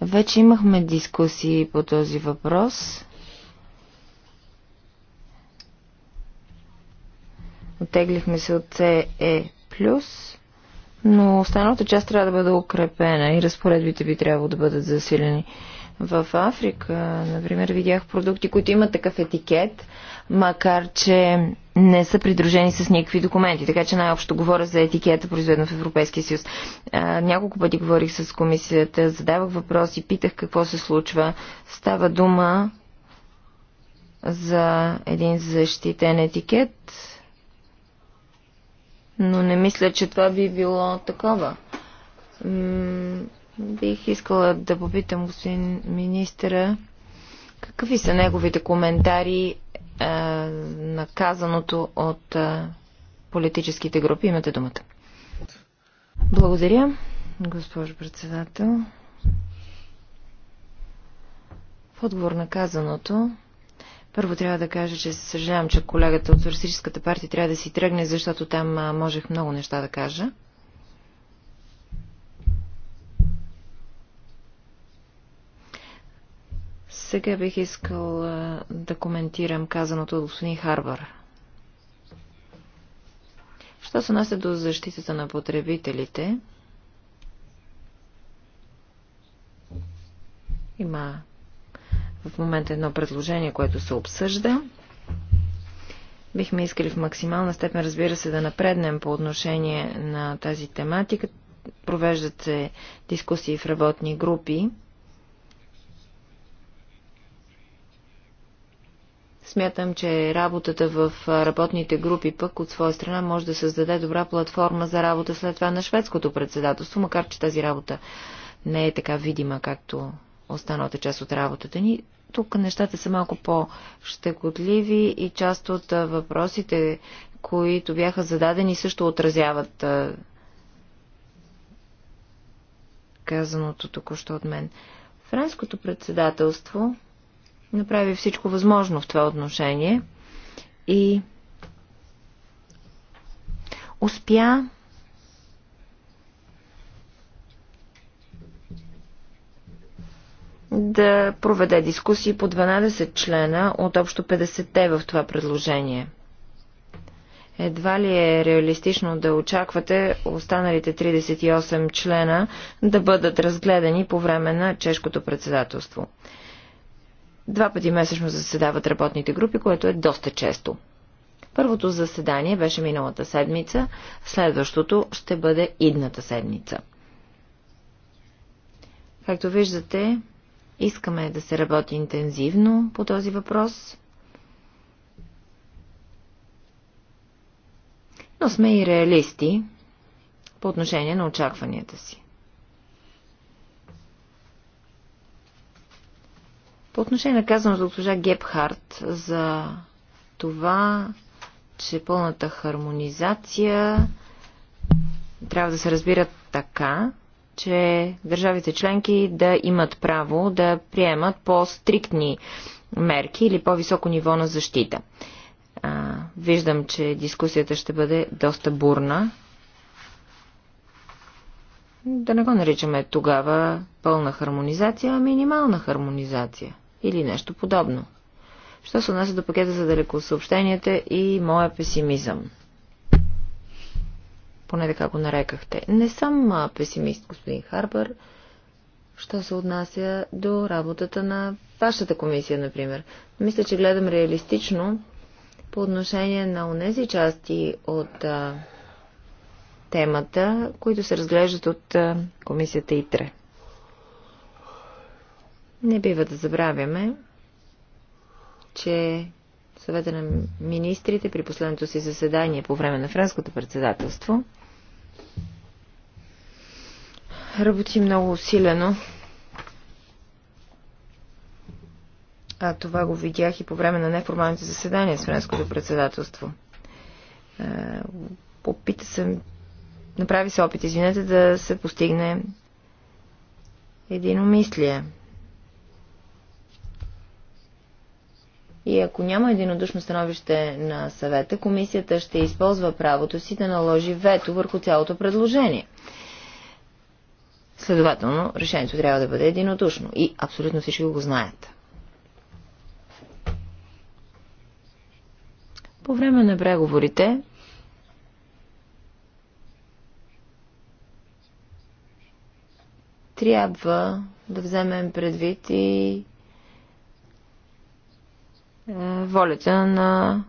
Вече имахме дискусии по този въпрос. Отеглихме се от CE е плюс, но останалата част трябва да бъде укрепена и разпоредбите би трябвало да бъдат засилени. В Африка, например, видях продукти, които имат такъв етикет, макар че не са придружени с никакви документи. Така че най-общо говоря за етикета, произведена в Европейския съюз. няколко пъти говорих с комисията, задавах въпроси, питах какво се случва. Става дума за един защитен етикет, но не мисля, че това би било такова. бих искала да попитам господин министра какви са неговите коментари е, на казаното от е, политическите групи. Имате думата. Благодаря, госпожо председател. В отговор на казаното, първо трябва да кажа, че се съжалявам, че колегата от Сурсическата партия трябва да си тръгне, защото там можех много неща да кажа. Сега бих искал да коментирам казаното от господин Харбър. Що се нася до защитата на потребителите? Има в момента едно предложение, което се обсъжда. Бихме искали в максимална степен, разбира се, да напреднем по отношение на тази тематика. Провеждат се дискусии в работни групи. Смятам, че работата в работните групи пък от своя страна може да създаде добра платформа за работа след това на шведското председателство, макар че тази работа не е така видима, както останалата част от работата ни. Тук нещата са малко по-щекотливи и част от въпросите, които бяха зададени, също отразяват казаното току-що от мен. Френското председателство направи всичко възможно в това отношение и успя да проведе дискусии по 12 члена от общо 50-те в това предложение. Едва ли е реалистично да очаквате останалите 38 члена да бъдат разгледани по време на чешкото председателство. Два пъти месечно заседават работните групи, което е доста често. Първото заседание беше миналата седмица, следващото ще бъде идната седмица. Както виждате, Искаме да се работи интензивно по този въпрос, но сме и реалисти по отношение на очакванията си. По отношение на казаното от госпожа Гепхарт за това, че пълната хармонизация трябва да се разбира така, че държавите членки да имат право да приемат по-стриктни мерки или по-високо ниво на защита. А, виждам, че дискусията ще бъде доста бурна. Да не го наричаме тогава пълна хармонизация, а минимална хармонизация или нещо подобно. Що се отнася до пакета за далекосъобщенията и моя песимизъм? поне така го нарекахте. Не съм песимист, господин Харбър, що се отнася до работата на вашата комисия, например. Мисля, че гледам реалистично по отношение на онези части от а, темата, които се разглеждат от а, комисията ИТРЕ. Не бива да забравяме, че съвета на министрите при последното си заседание по време на френското председателство работи много усилено. А това го видях и по време на неформалните заседания с френското председателство. Опита се, направи се опит, извинете, да се постигне единомислие. И ако няма единодушно становище на съвета, комисията ще използва правото си да наложи вето върху цялото предложение. Следователно, решението трябва да бъде единодушно и абсолютно всички го знаят. По време на преговорите трябва да вземем предвид и е, волята на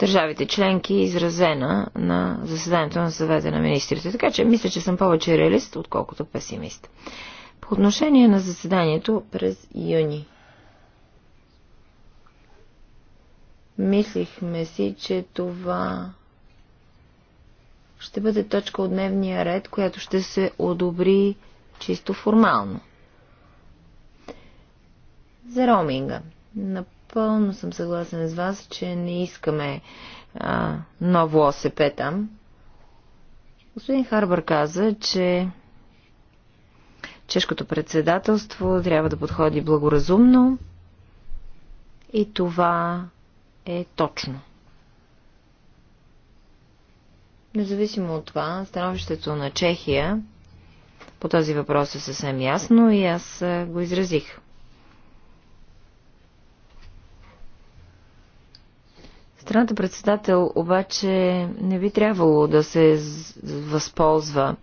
държавите членки изразена на заседанието на съвета на министрите. Така че мисля, че съм повече реалист, отколкото песимист. По отношение на заседанието през юни. Мислихме си, че това ще бъде точка от дневния ред, която ще се одобри чисто формално. За роуминга. На Напълно съм съгласен с вас, че не искаме а, ново ОСП там. Господин Харбър каза, че чешкото председателство трябва да подходи благоразумно и това е точно. Независимо от това, становището на Чехия по този въпрос е съвсем ясно и аз го изразих. Страната председател обаче не би трябвало да се възползва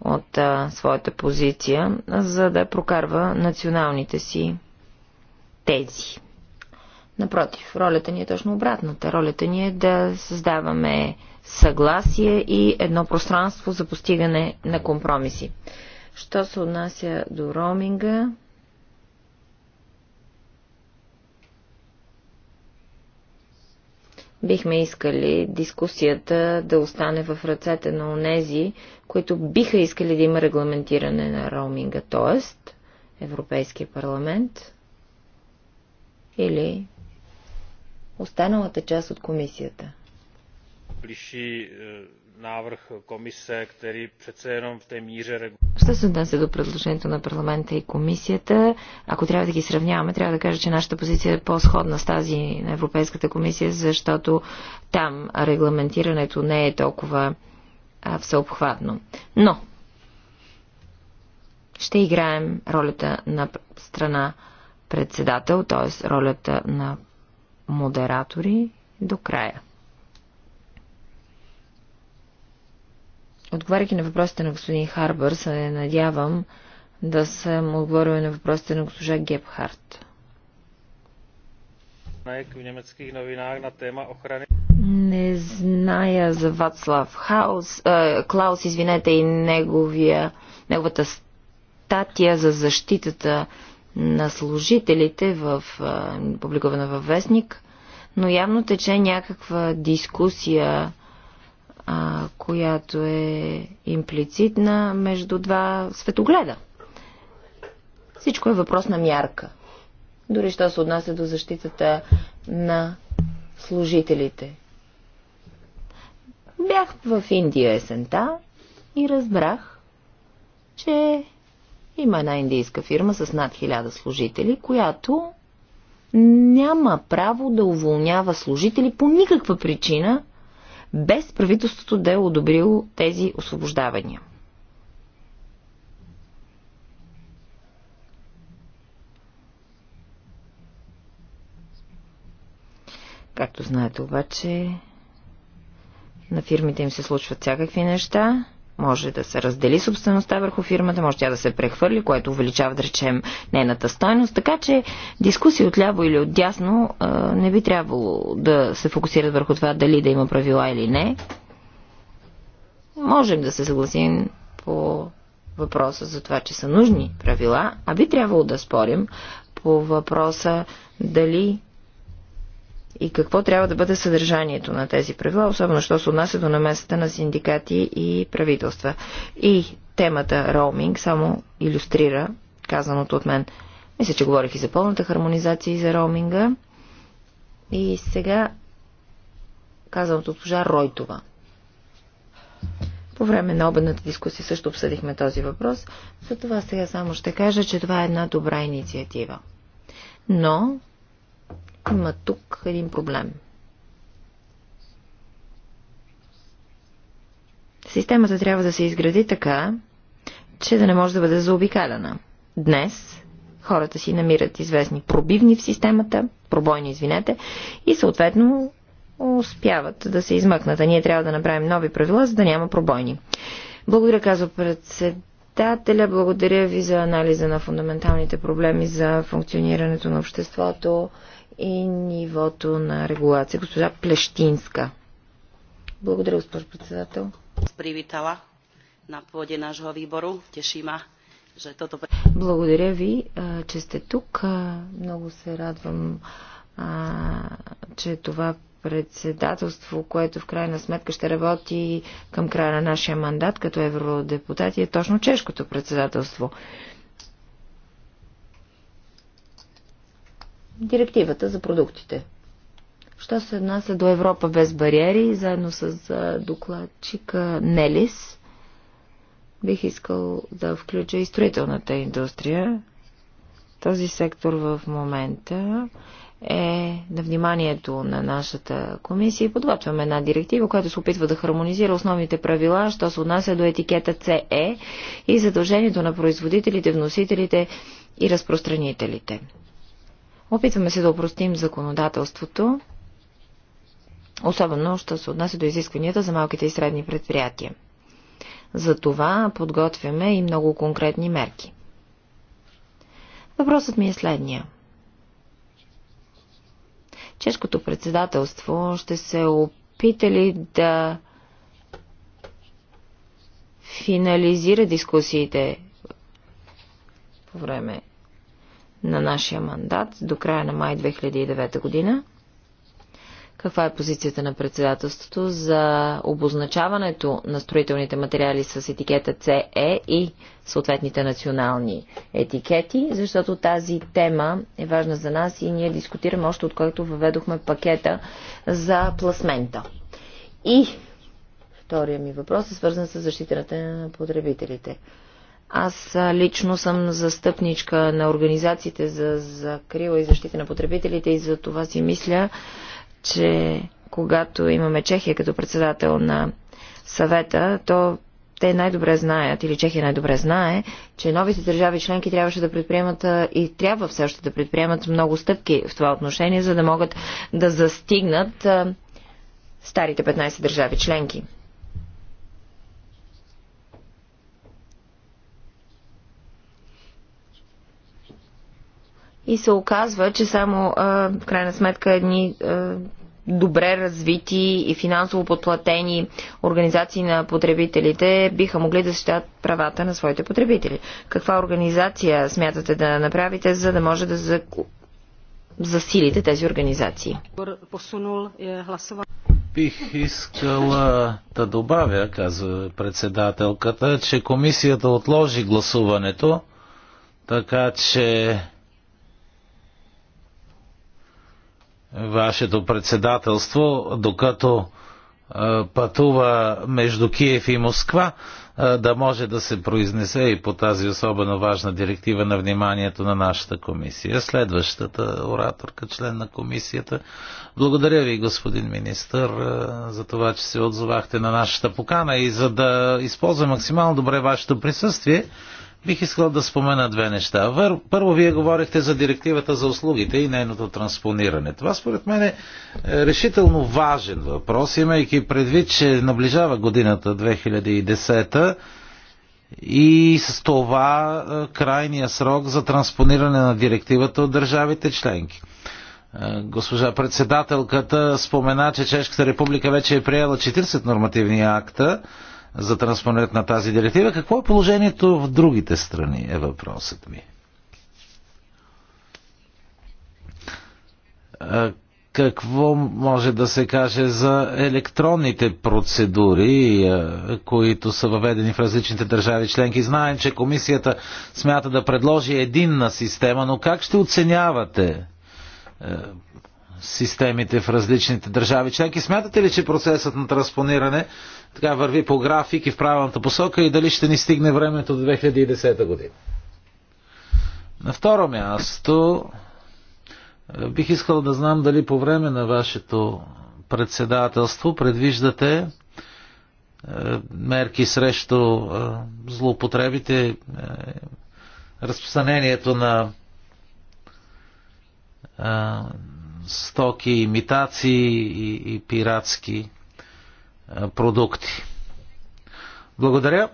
от а, своята позиция, за да прокарва националните си тези. Напротив, ролята ни е точно обратната. Ролята ни е да създаваме съгласие и едно пространство за постигане на компромиси. Що се отнася до роуминга, Бихме искали дискусията да остане в ръцете на онези, които биха искали да има регламентиране на роуминга, т.е. Европейския парламент или останалата част от комисията. Е, návrh komise, který přece jenom v té míře... Що се отнася до предложението на парламента и комисията, ако трябва да ги сравняваме, трябва да кажа, че нашата позиция е по-сходна с тази на Европейската комисия, защото там регламентирането не е толкова всеобхватно. Но ще играем ролята на страна председател, т.е. ролята на модератори до края. Отговаряйки на въпросите на господин Харбър, се надявам да съм отговорил на въпросите на госпожа Гепхарт. Не зная за Вацлав Хаус, э, Клаус, извинете, и неговия, неговата статия за защитата на служителите, в, а, публикувана във вестник, но явно тече някаква дискусия а, която е имплицитна между два светогледа. Всичко е въпрос на мярка. Дори що се отнася до защитата на служителите. Бях в Индия есента и разбрах, че има една индийска фирма с над хиляда служители, която няма право да уволнява служители по никаква причина, без правителството да е одобрило тези освобождавания. Както знаете обаче, на фирмите им се случват всякакви неща. Може да се раздели собствеността върху фирмата, може тя да се прехвърли, което увеличава, да речем, нейната стойност. Така че дискусии от ляво или от дясно не би трябвало да се фокусират върху това дали да има правила или не. Можем да се съгласим по въпроса за това, че са нужни правила, а би трябвало да спорим по въпроса дали и какво трябва да бъде съдържанието на тези правила, особено що се отнася до намесата на синдикати и правителства. И темата роуминг само иллюстрира казаното от мен. Мисля, че говорих и за пълната хармонизация и за роуминга. И сега казаното от пожар Ройтова. По време на обедната дискусия също обсъдихме този въпрос, за това сега само ще кажа, че това е една добра инициатива. Но има тук един проблем. Системата трябва да се изгради така, че да не може да бъде заобикаляна. Днес хората си намират известни пробивни в системата, пробойни, извинете, и съответно успяват да се измъкнат. А ние трябва да направим нови правила, за да няма пробойни. Благодаря, казва председателя. Благодаря ви за анализа на фундаменталните проблеми за функционирането на обществото и е нивото на регулация. Госпожа Плещинска. Благодаря, госпожо председател. Привитала на плоде нашого výboru. Тешима, Благодаря ви, че сте тук. Много се радвам, че това председателство, което в крайна сметка ще работи към края на нашия мандат като евродепутати, е точно чешкото председателство. директивата за продуктите. Що се отнася до Европа без бариери, заедно с докладчика Нелис, бих искал да включа и строителната индустрия. Този сектор в момента е на вниманието на нашата комисия и подготвяме една директива, която се опитва да хармонизира основните правила, що се отнася до етикета CE е и задължението на производителите, вносителите и разпространителите. Опитваме се да упростим законодателството, особено, що се отнася до изискванията за малките и средни предприятия. За това подготвяме и много конкретни мерки. Въпросът ми е следния. Чешкото председателство ще се опита ли да финализира дискусиите по време на нашия мандат до края на май 2009 година. Каква е позицията на председателството за обозначаването на строителните материали с етикета CE е и съответните национални етикети, защото тази тема е важна за нас и ние дискутираме още от който въведохме пакета за пласмента. И втория ми въпрос е свързан с защитата на потребителите. Аз лично съм застъпничка на организациите за закрила и защита на потребителите и за това си мисля, че когато имаме Чехия като председател на съвета, то те най-добре знаят, или Чехия най-добре знае, че новите държави членки трябваше да предприемат и трябва все още да предприемат много стъпки в това отношение, за да могат да застигнат старите 15 държави членки. и се оказва, че само в крайна сметка едни добре развити и финансово подплатени организации на потребителите биха могли да защитат правата на своите потребители. Каква организация смятате да направите, за да може да засилите тези организации? Е, Бих искала да добавя, казва председателката, че комисията отложи гласуването, така че вашето председателство, докато е, пътува между Киев и Москва, е, да може да се произнесе и по тази особено важна директива на вниманието на нашата комисия. Следващата ораторка, член на комисията. Благодаря ви, господин министр, е, за това, че се отзовахте на нашата покана и за да използвам максимално добре вашето присъствие. Бих искал да спомена две неща. Първо, вие говорихте за директивата за услугите и нейното транспониране. Това според мен е, е решително важен въпрос, имайки предвид, че наближава годината 2010 и с това е, крайния срок за транспониране на директивата от държавите членки. Е, госпожа председателката спомена, че Чешката република вече е приела 40 нормативни акта, за транспонирането на тази директива. Какво е положението в другите страни, е въпросът ми. Какво може да се каже за електронните процедури, които са въведени в различните държави членки? Знаем, че комисията смята да предложи единна система, но как ще оценявате системите в различните държави членки. Смятате ли, че процесът на транспониране така върви по график и в правилната посока и дали ще ни стигне времето до 2010 година? На второ място е, бих искал да знам дали по време на вашето председателство предвиждате е, мерки срещу е, злоупотребите, разпространението на стоки, имитации и, и пиратски продукти. Благодаря.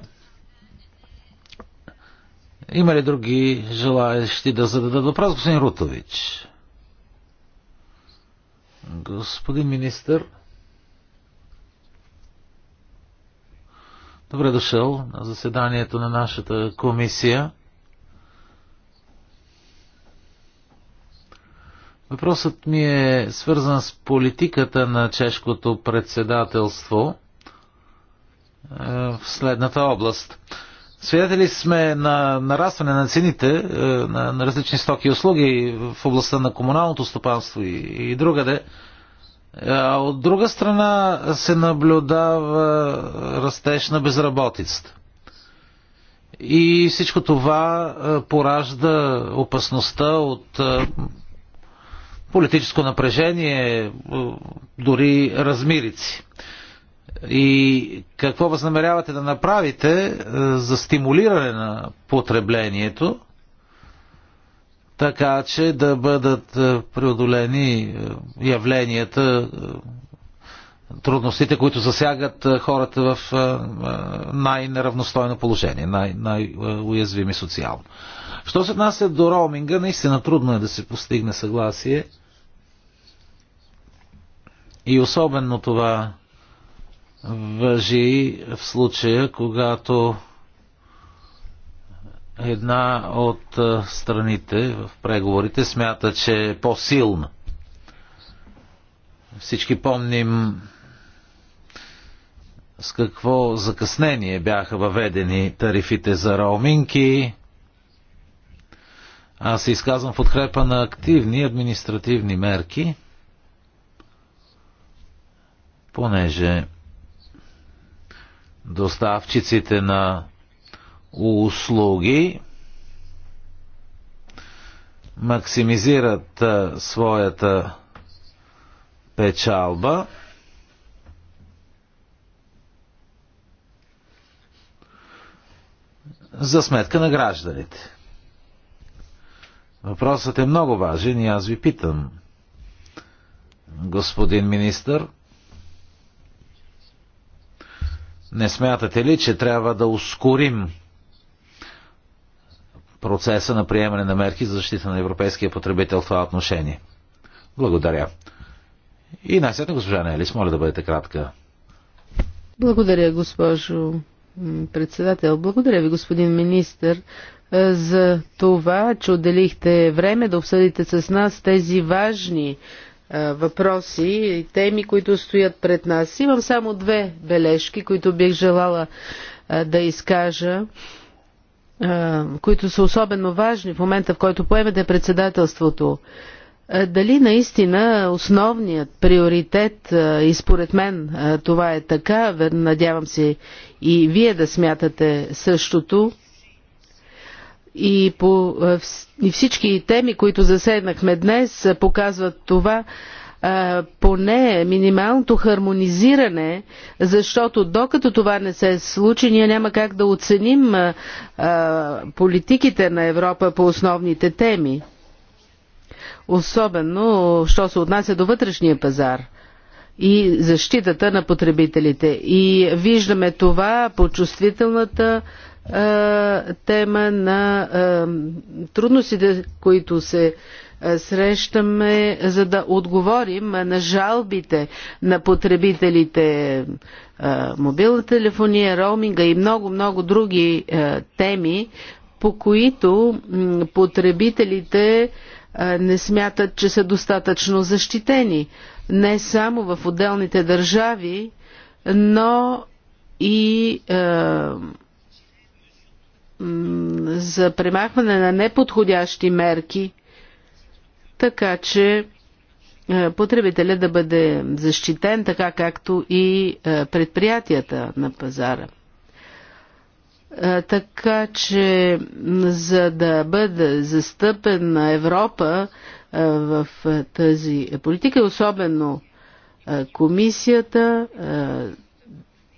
Има ли други желаящи да зададат въпрос, господин Рутович? Господин министър. Добре дошъл на заседанието на нашата комисия. Въпросът ми е свързан с политиката на чешкото председателство е, в следната област. Свидетели сме на нарастване на цените е, на, различни стоки и услуги в областта на комуналното стопанство и, и другаде. Е, а от друга страна се наблюдава растеж на безработицата. И всичко това поражда опасността от политическо напрежение, е, дори размирици. И какво възнамерявате да направите е, за стимулиране на потреблението, така че да бъдат е, преодолени явленията, трудностите, които засягат хората в най-неравностойно положение, най- най-уязвими социално. Що се отнася до роуминга, наистина трудно е да се постигне съгласие. И особено това въжи в случая, когато една от страните в преговорите смята, че е по-силна. Всички помним с какво закъснение бяха въведени тарифите за роуминки аз се изказвам в подкрепа на активни административни мерки, понеже доставчиците на услуги максимизират своята печалба. за сметка на гражданите. Въпросът е много важен и аз ви питам. Господин министър, не смятате ли, че трябва да ускорим процеса на приемане на мерки за защита на европейския потребител в това отношение? Благодаря. И най-сетне госпожа Нелис, моля да бъдете кратка. Благодаря, госпожо председател. Благодаря ви, господин министр, за това, че отделихте време да обсъдите с нас тези важни въпроси и теми, които стоят пред нас. Имам само две бележки, които бих желала да изкажа, които са особено важни в момента, в който поемете председателството. Е, дали наистина основният приоритет, е, и според мен е, това е така, надявам се и вие да смятате същото, и, по, и всички теми, които заседнахме днес, показват това, поне минималното хармонизиране, защото докато това не се случи, ние няма как да оценим политиките на Европа по основните теми. Особено, що се отнася до вътрешния пазар и защитата на потребителите. И виждаме това по чувствителната е, тема на е, трудностите, които се срещаме, за да отговорим на жалбите на потребителите мобилна телефония, роуминга и много-много други теми, по които потребителите е, не смятат, че са достатъчно защитени. Не само в отделните държави, но и е, за премахване на неподходящи мерки, така че е, потребителя да бъде защитен, така както и е, предприятията на пазара. Така че, за да бъде застъпена Европа в тази политика, особено комисията,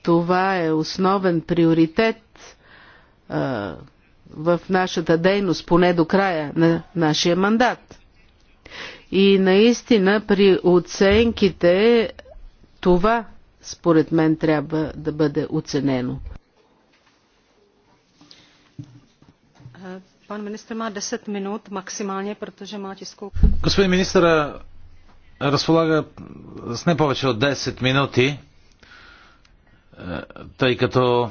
това е основен приоритет в нашата дейност, поне до края на нашия мандат. И наистина при оценките това, според мен, трябва да бъде оценено. 10 Господин министър разполага с не повече от 10 минути, е, тъй като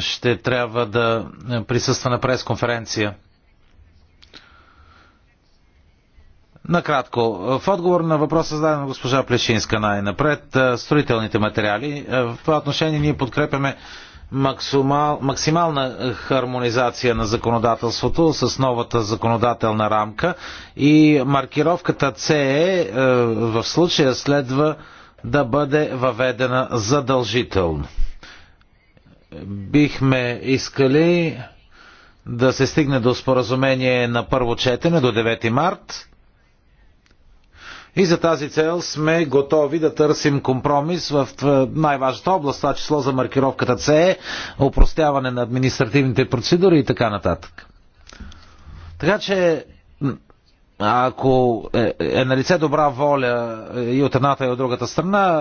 ще трябва да присъства на пресконференция. Накратко, в отговор на въпроса зададен на госпожа Плешинска най-напред, е, строителните материали. Е, в това отношение ние подкрепяме максимал, максимална хармонизация на законодателството с новата законодателна рамка и маркировката CE е, е, в случая следва да бъде въведена задължително. Бихме искали да се стигне до споразумение на първо четене до 9 март и за тази цел сме готови да търсим компромис в най-важната област, това число за маркировката С, упростяване на административните процедури и така нататък. Така че ако е, е на лице добра воля е, и от едната и от другата страна,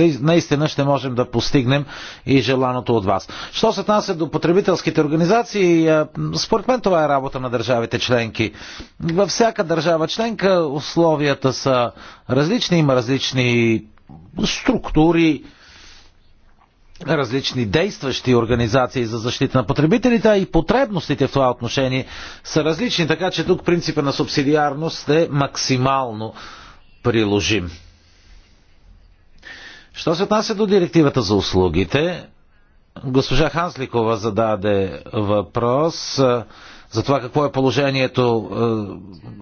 е, наистина ще можем да постигнем и желаното от вас. Що се отнася до потребителските организации, според мен това е работа на държавите членки. Във всяка държава членка условията са различни, има различни структури, различни действащи организации за защита на потребителите, а и потребностите в това отношение са различни, така че тук принципа на субсидиарност е максимално приложим. Що се отнася до директивата за услугите, госпожа Хансликова зададе въпрос за това какво е положението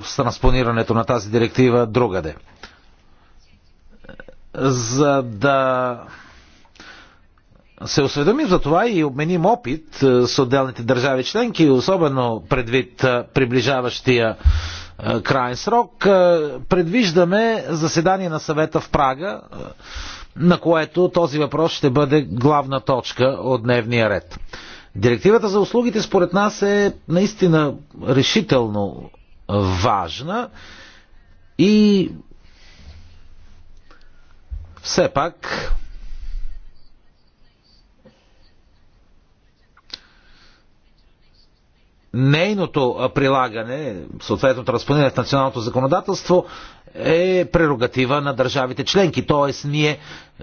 с транспонирането на тази директива другаде. За да се осведомим за това и обменим опит е, с отделните държави членки, особено предвид е, приближаващия е, крайен срок, предвиждаме заседание на съвета в Прага, на което този въпрос ще бъде главна точка от дневния ред. Директивата за услугите според нас е наистина решително важна и все пак нейното прилагане, съответно транспониране в националното законодателство, е прерогатива на държавите членки. Тоест, ние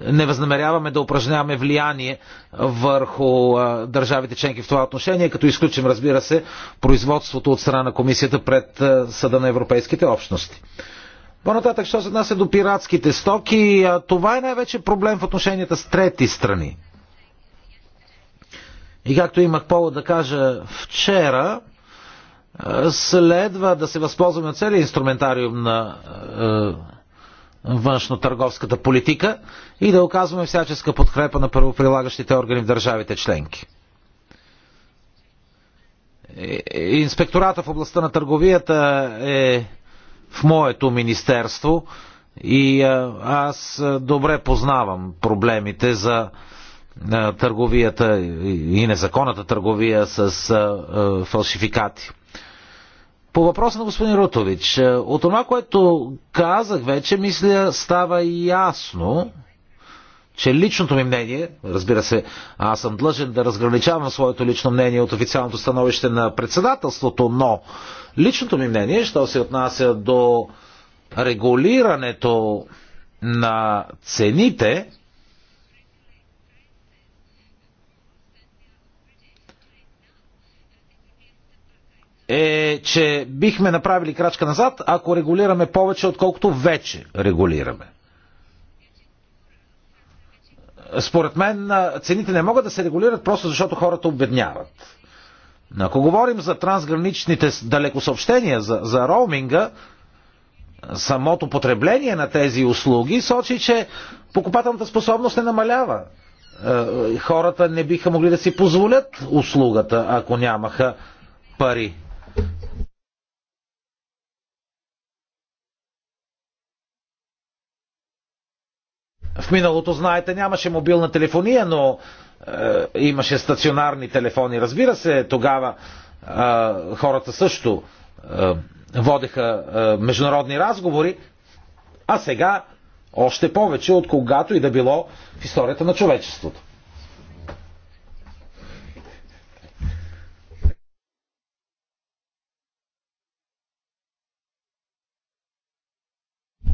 не възнамеряваме да упражняваме влияние върху държавите членки в това отношение, като изключим, разбира се, производството от страна на комисията пред Съда на Европейските общности. По-нататък, що се отнася до пиратските стоки, това е най-вече проблем в отношенията с трети страни. И както имах повод да кажа вчера, следва да се възползваме от целият инструментариум на външно-търговската политика и да оказваме всяческа подкрепа на първоприлагащите органи в държавите членки. Е, е, инспектората в областта на търговията е в моето министерство и аз добре познавам проблемите за търговията и незаконната търговия с фалшификати. По въпроса на господин Рутович, от това, което казах вече, мисля, става ясно, че личното ми мнение, разбира се, аз съм длъжен да разграничавам своето лично мнение от официалното становище на председателството, но личното ми мнение, що се отнася до регулирането на цените, е, че бихме направили крачка назад, ако регулираме повече, отколкото вече регулираме. Според мен цените не могат да се регулират просто защото хората обедняват. Ако говорим за трансграничните далекосъобщения, за, за роуминга, самото потребление на тези услуги сочи, че покупателната способност не намалява. Е, хората не биха могли да си позволят услугата, ако нямаха пари. В миналото, знаете, нямаше мобилна телефония, но е, имаше стационарни телефони. Разбира се, тогава е, хората също е, водеха е, международни разговори, а сега още повече от когато и да било в историята на човечеството.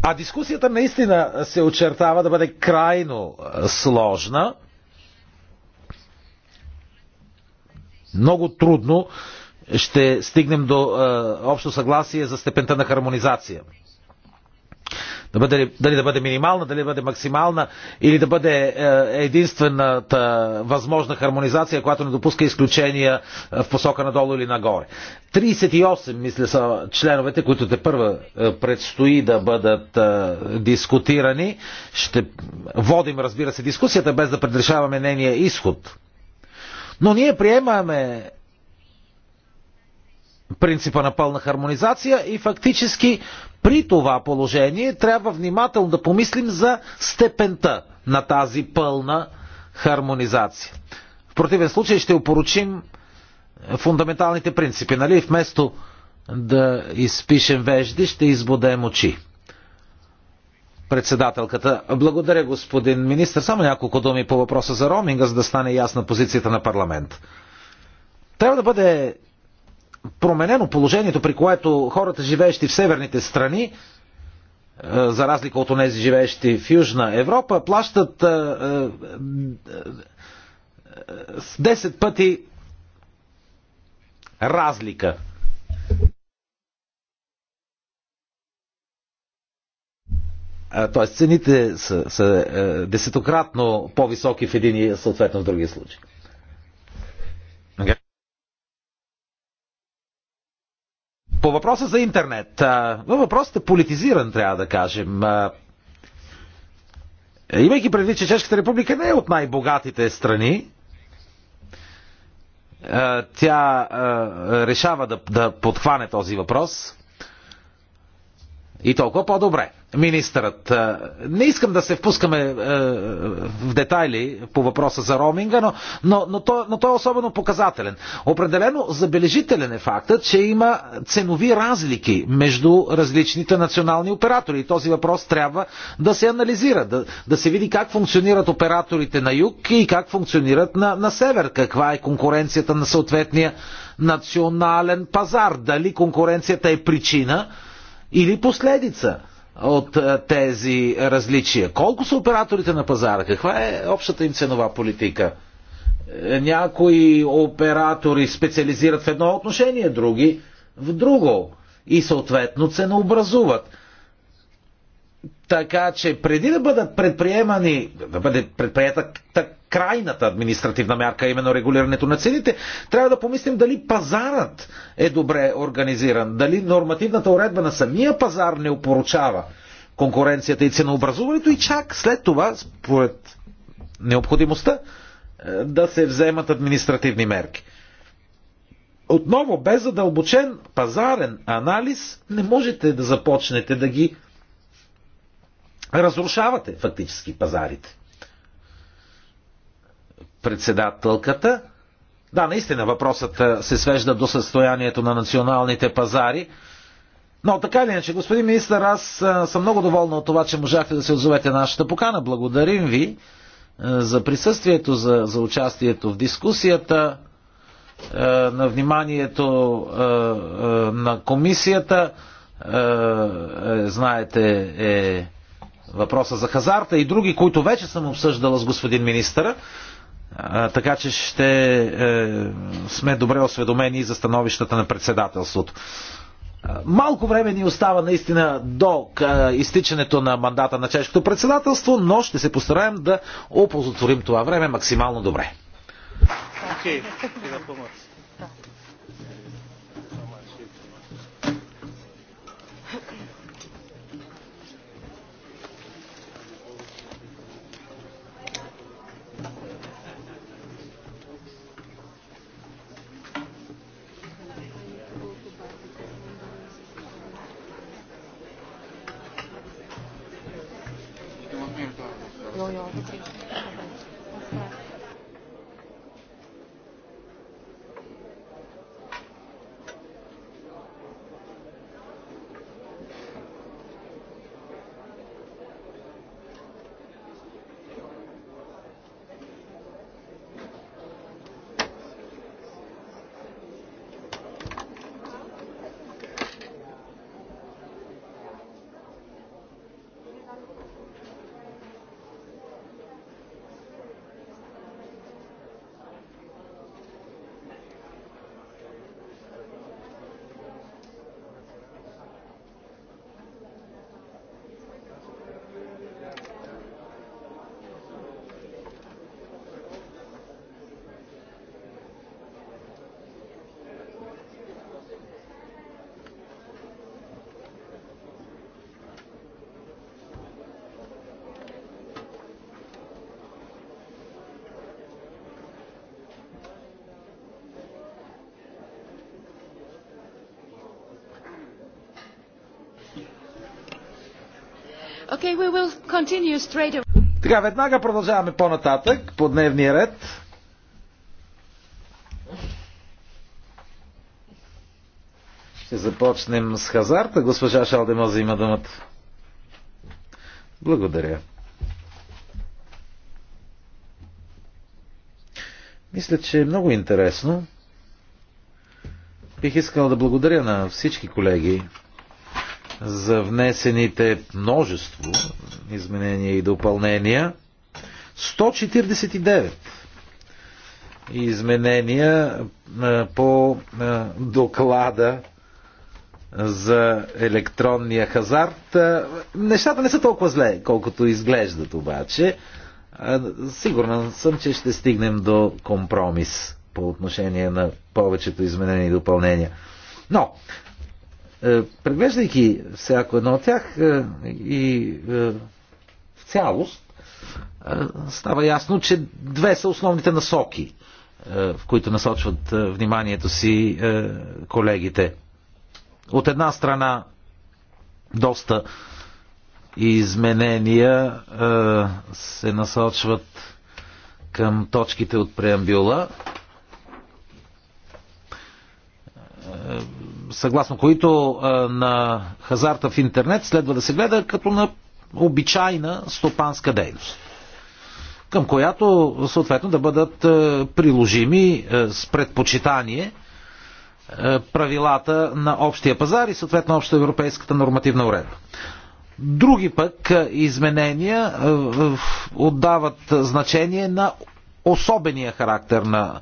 А дискусията наистина се очертава да бъде крайно е, сложна. Много трудно ще стигнем до е, общо съгласие за степента на хармонизация да бъде, дали да бъде минимална, дали да бъде максимална или да бъде е, единствената възможна хармонизация, която не допуска изключения е, в посока надолу или нагоре. 38, мисля, са членовете, които те първа е, предстои да бъдат дискутирани. Ще водим, разбира се, дискусията, без да предрешаваме нения изход. Но ние приемаме принципа на пълна хармонизация и фактически при това положение трябва внимателно да помислим за степента на тази пълна хармонизация. В противен случай ще опоручим фундаменталните принципи, нали? Вместо да изпишем вежди, ще избудем очи. Председателката. Благодаря, господин министр. Само няколко думи по въпроса за роминга, за да стане ясна позицията на парламент. Трябва да бъде променено положението, при което хората, живеещи в северните страни, е, за разлика от тези живеещи в Южна Европа, плащат е, е, с 10 пъти разлика. Тоест цените са, са десетократно по-високи в един и съответно в другия случай. По въпроса за интернет. Но въпросът е политизиран, трябва да кажем. Имайки предвид, че Чешката република не е от най-богатите страни, тя решава да, да подхване този въпрос. И толкова по-добре. Министърът, не искам да се впускаме в детайли по въпроса за роуминга, но, но, но, той, но той е особено показателен. Определено забележителен е фактът, че има ценови разлики между различните национални оператори. И този въпрос трябва да се анализира, да, да се види как функционират операторите на юг и как функционират на, на север, каква е конкуренцията на съответния национален пазар, дали конкуренцията е причина или последица от е, тези различия? Колко са операторите на пазара? Каква е общата им ценова политика? Е, някои оператори специализират в едно отношение, други в друго и съответно ценообразуват. Така че преди да бъдат предприемани, да бъде предприята крайната административна мярка, именно регулирането на цените, трябва да помислим дали пазарът е добре организиран, дали нормативната уредба на самия пазар не опоручава конкуренцията и ценообразуването и чак след това, според необходимостта, е, да се вземат административни мерки. Отново, без задълбочен пазарен анализ, не можете да започнете да ги разрушавате фактически пазарите. Председателката. Да, наистина въпросът е, се свежда до състоянието на националните пазари. Но така или иначе, господин министър, аз е, съм много доволна от това, че можахте да се отзовете нашата покана. Благодарим ви е, за присъствието, за, за участието в дискусията, на вниманието на комисията. Знаете, е въпроса за хазарта и други, които вече съм обсъждала с господин министъра. Така че ще е, сме добре осведомени за становищата на председателството. Малко време ни остава наистина до е, изтичането на мандата на чешкото председателство, но ще се постараем да оползотворим това време максимално добре. Okay. Okay, we will continue straight away. Така, веднага продължаваме по-нататък по дневния ред. Ще започнем с хазарта. Госпожа Шалдемоза има думата. Благодаря. Мисля, че е много интересно. Бих искал да благодаря на всички колеги, за внесените множество изменения и допълнения. 149 изменения по доклада за електронния хазарт. Нещата не са толкова зле, колкото изглеждат обаче. Сигурен съм, че ще стигнем до компромис по отношение на повечето изменения и допълнения. Но, е, преглеждайки всяко едно от тях е, и е, в цялост, става ясно, че две са основните насоки, в които насочват вниманието си колегите. От една страна, доста изменения се насочват към точките от преамбюла съгласно които на хазарта в интернет следва да се гледа като на обичайна стопанска дейност към която съответно да бъдат приложими с предпочитание правилата на общия пазар и съответно обща европейската нормативна уредба. Други пък изменения отдават значение на особения характер на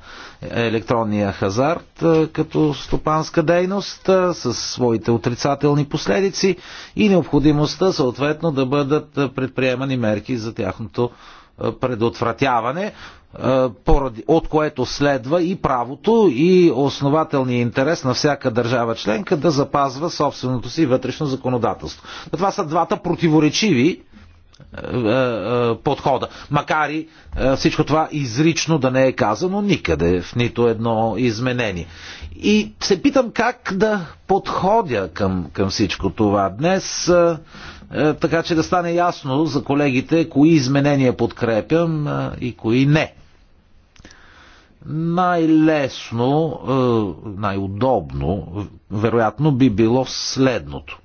електронния хазарт като стопанска дейност с своите отрицателни последици и необходимостта съответно да бъдат предприемани мерки за тяхното предотвратяване, поради, от което следва и правото и основателния интерес на всяка държава членка да запазва собственото си вътрешно законодателство. Това са двата противоречиви е, е, подхода. Макар и е, всичко това изрично да не е казано никъде, в нито едно изменение. И се питам как да подходя към, към всичко това днес, така че да стане ясно за колегите, кои изменения подкрепям и кои не. Най-лесно, най-удобно, вероятно би било следното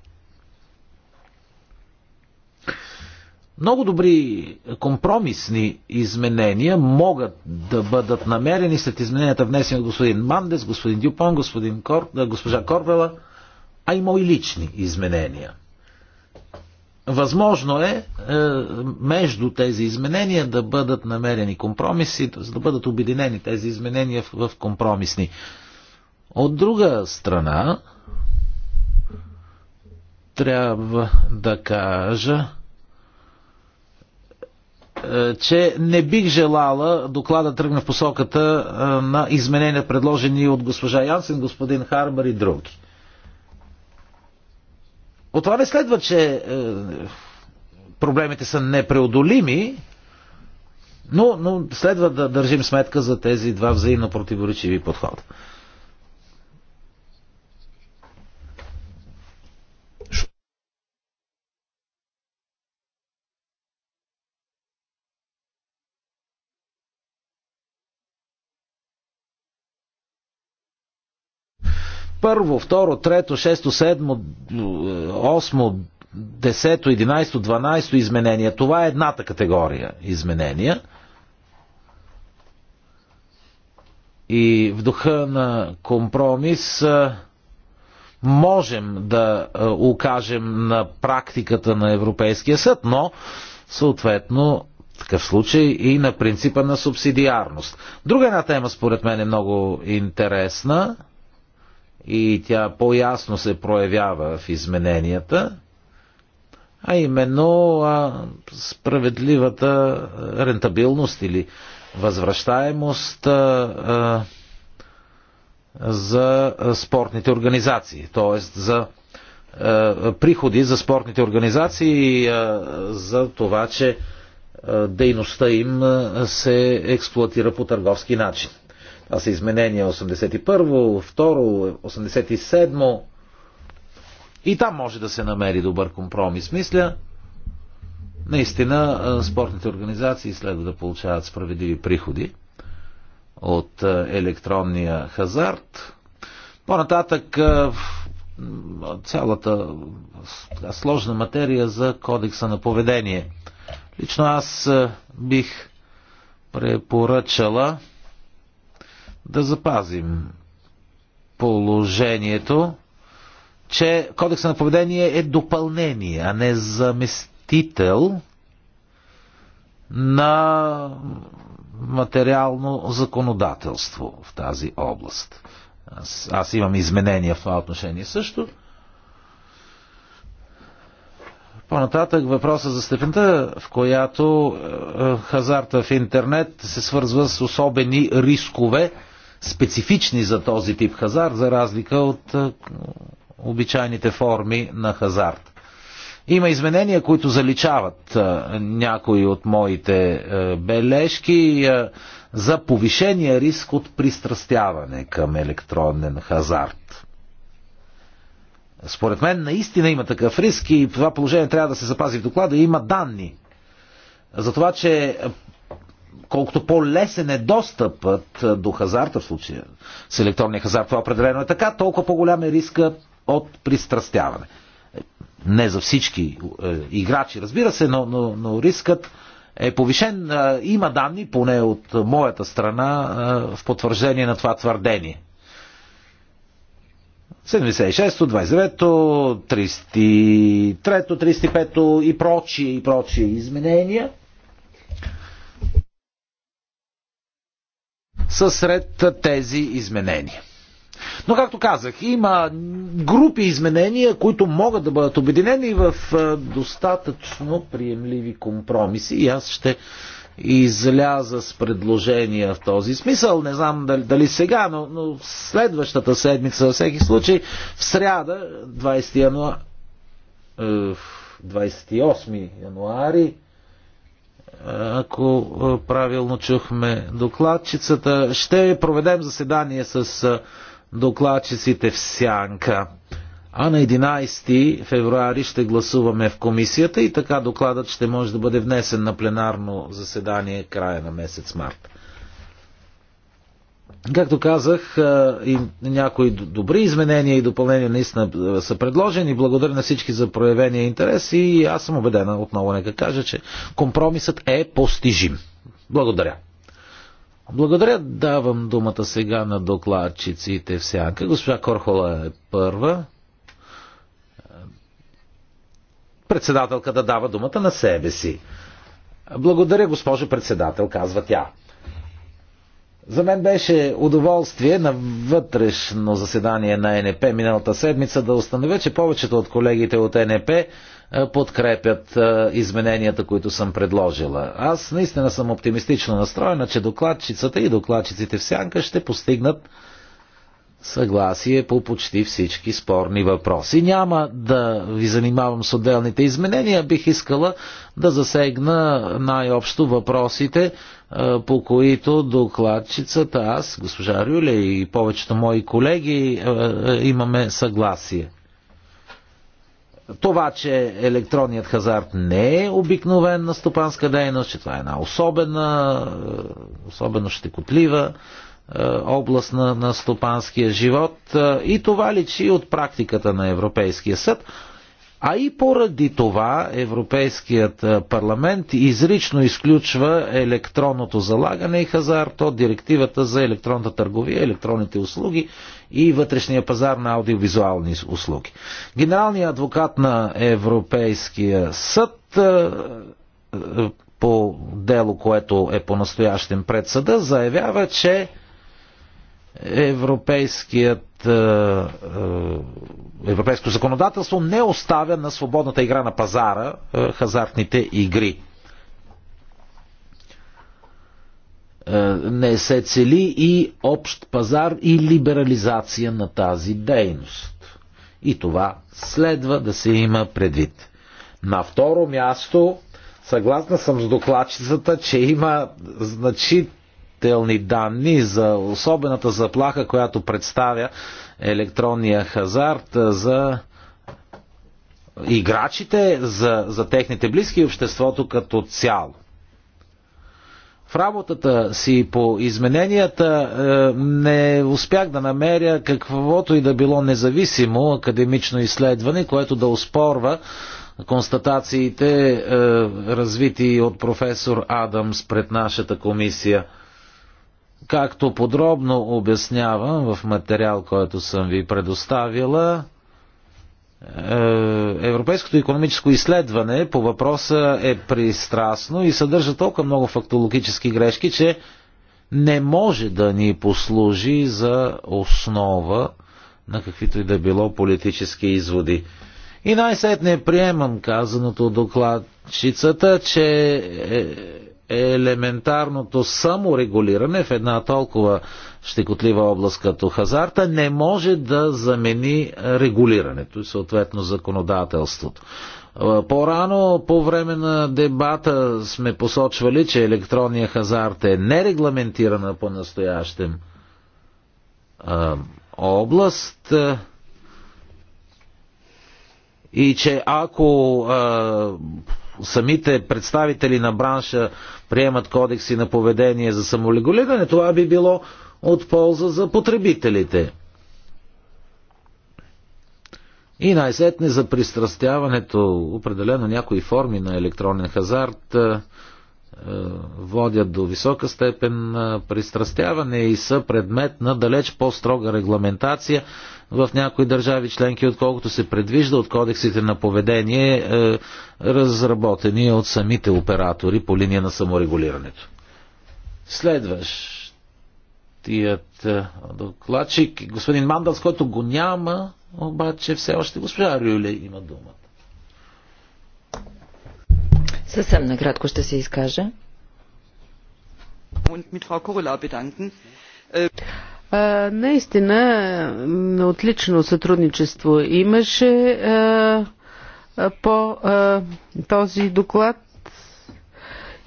Много добри компромисни изменения могат да бъдат намерени след измененията внесени от господин Мандес, господин Дюпон, господин Кор... госпожа Корвела, а и мои лични изменения. Възможно е, е между тези изменения да бъдат намерени компромиси, да бъдат обединени тези изменения в, в компромисни. От друга страна, трябва да кажа, е, че не бих желала доклада тръгне в посоката е, на изменения, предложени от госпожа Янсен, господин Харбър и други. От това не следва, че е, проблемите са непреодолими, но, но следва да държим сметка за тези два взаимно противоречиви подхода. Първо, второ, трето, шесто, седмо, осмо, десето, единайсто, дванайсто изменения. Това е едната категория изменения. И в духа на компромис можем да окажем на практиката на Европейския съд, но съответно такъв случай и на принципа на субсидиарност. Друга една тема според мен е много интересна и тя по-ясно се проявява в измененията, а именно а, справедливата рентабилност или възвръщаемост а, а, за спортните организации, т.е. за а, приходи за спортните организации и а, за това, че а, дейността им се експлуатира по търговски начин. А са изменения 81, 2, 87. И там може да се намери добър компромис. Мисля, наистина спортните организации следва да получават справедливи приходи от електронния хазарт. По-нататък цялата сложна материя за кодекса на поведение. Лично аз бих препоръчала да запазим положението, че кодекса на поведение е допълнение, а не заместител на материално законодателство в тази област. Аз, аз имам изменения в това отношение също. По-нататък въпроса за степента, в която е, е, хазарта в интернет се свързва с особени рискове, специфични за този тип хазар, за разлика от е, обичайните форми на хазарт. Има изменения, които заличават е, някои от моите е, бележки за повишения риск от пристрастяване към електронен хазарт. Според мен наистина има такъв риск и това положение трябва да се запази в доклада. Има данни за това, че колкото по-лесен е достъпът до хазарта в случая, с електронния хазарт, това определено е така, толкова по-голям е риска от пристрастяване. Не за всички е, играчи, разбира се, но, но, но рискът е повишен. Е, има данни, поне от моята страна, е, в потвърждение на това твърдение. 76-то, 29-то, 33-то, 35-то и прочие, и прочие изменения – са сред тези изменения. Но, както казах, има групи изменения, които могат да бъдат обединени в е, достатъчно приемливи компромиси и аз ще изляза с предложения в този смисъл. Не знам дали, дали сега, но, но следващата седмица, във всеки случай, в сряда, 20 януар, 28 януари, ако е, правилно чухме докладчицата. Ще проведем заседание с е, докладчиците в Сянка. А на 11 февруари ще гласуваме в комисията и така докладът ще може да бъде внесен на пленарно заседание края на месец март. Както казах, и някои добри изменения и допълнения наистина са предложени. Благодаря на всички за проявения интерес и аз съм убедена, отново нека кажа, че компромисът е постижим. Благодаря. Благодаря. Давам думата сега на докладчиците в сянка. Госпожа Корхола е първа. Председателката да дава думата на себе си. Благодаря, госпожо председател, казва тя. За мен беше удоволствие на вътрешно заседание на НП миналата седмица да установя, че повечето от колегите от НП е, подкрепят е, измененията, които съм предложила. Аз наистина съм оптимистично настроена, че докладчицата и докладчиците в сянка ще постигнат съгласие по почти всички спорни въпроси. Няма да ви занимавам с отделните изменения, бих искала да засегна най-общо въпросите, по които докладчицата, аз, госпожа Рюле и повечето мои колеги имаме съгласие. Това, че електронният хазарт не е обикновен на стопанска дейност, че това е една особена, особено щекотлива област на, на стопанския живот и това личи от практиката на Европейския съд, а и поради това Европейският парламент изрично изключва електронното залагане и хазарт от директивата за електронната търговия, електронните услуги и вътрешния пазар на аудиовизуални услуги. Генералният адвокат на Европейския съд по дело, което е по-настоящен пред съда, заявява, че европейският, е, е, европейско законодателство не оставя на свободната игра на пазара е, хазартните игри. Не се цели и общ пазар и либерализация на тази дейност. И това следва да се има предвид. На второ място, съгласна съм с докладчицата, че има значит, положителни данни за особената заплаха, която представя електронния хазарт за играчите, за, за техните близки и обществото като цяло. В работата си по измененията е, не успях да намеря каквото и да било независимо академично изследване, което да оспорва констатациите, е, развити от професор Адамс пред нашата комисия – Както подробно обяснявам в материал, който съм ви предоставила, е, Европейското економическо изследване по въпроса е пристрастно и съдържа толкова много фактологически грешки, че не може да ни послужи за основа на каквито и да било политически изводи. И най-сетне приемам казаното докладчицата, че е, елементарното саморегулиране в една толкова щекотлива област като хазарта не може да замени регулирането и съответно законодателството. По-рано по време на дебата сме посочвали, че електронния хазарт е нерегламентирана по настоящем област и че ако а, самите представители на бранша приемат кодекси на поведение за самолегулиране, това би било от полза за потребителите. И най-сетне за пристрастяването, определено някои форми на електронен хазарт е, е, водят до висока степен пристрастяване и са предмет на далеч по-строга регламентация в някои държави членки, отколкото се предвижда от кодексите на поведение, е, разработени от самите оператори по линия на саморегулирането. Следваш тият е, докладчик, господин Мандалс, който го няма, обаче все още госпожа Рюле има думата. Съвсем накратко ще се изкажа наистина отлично сътрудничество имаше по този доклад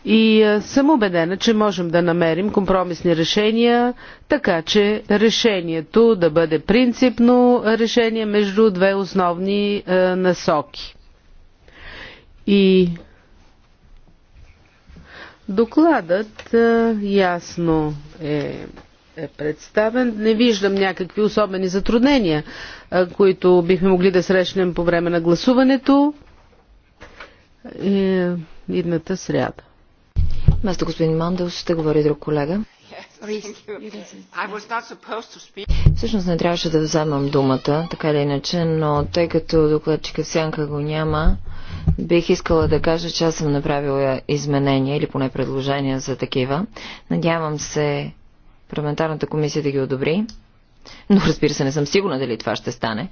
и съм убедена, че можем да намерим компромисни решения, така че решението да бъде принципно решение между две основни е, насоки. И докладът е, ясно е е представен. Не виждам някакви особени затруднения, е, които бихме могли да срещнем по време на гласуването. Е, идната сряда. Вместо господин Мандел ще говори друг колега. Всъщност не трябваше да вземам думата, така или иначе, но тъй като докладчика в сянка го няма, бих искала да кажа, че аз съм направила изменения или поне предложения за такива. Надявам се парламентарната комисия да ги одобри. Но разбира се, не съм сигурна дали това ще стане.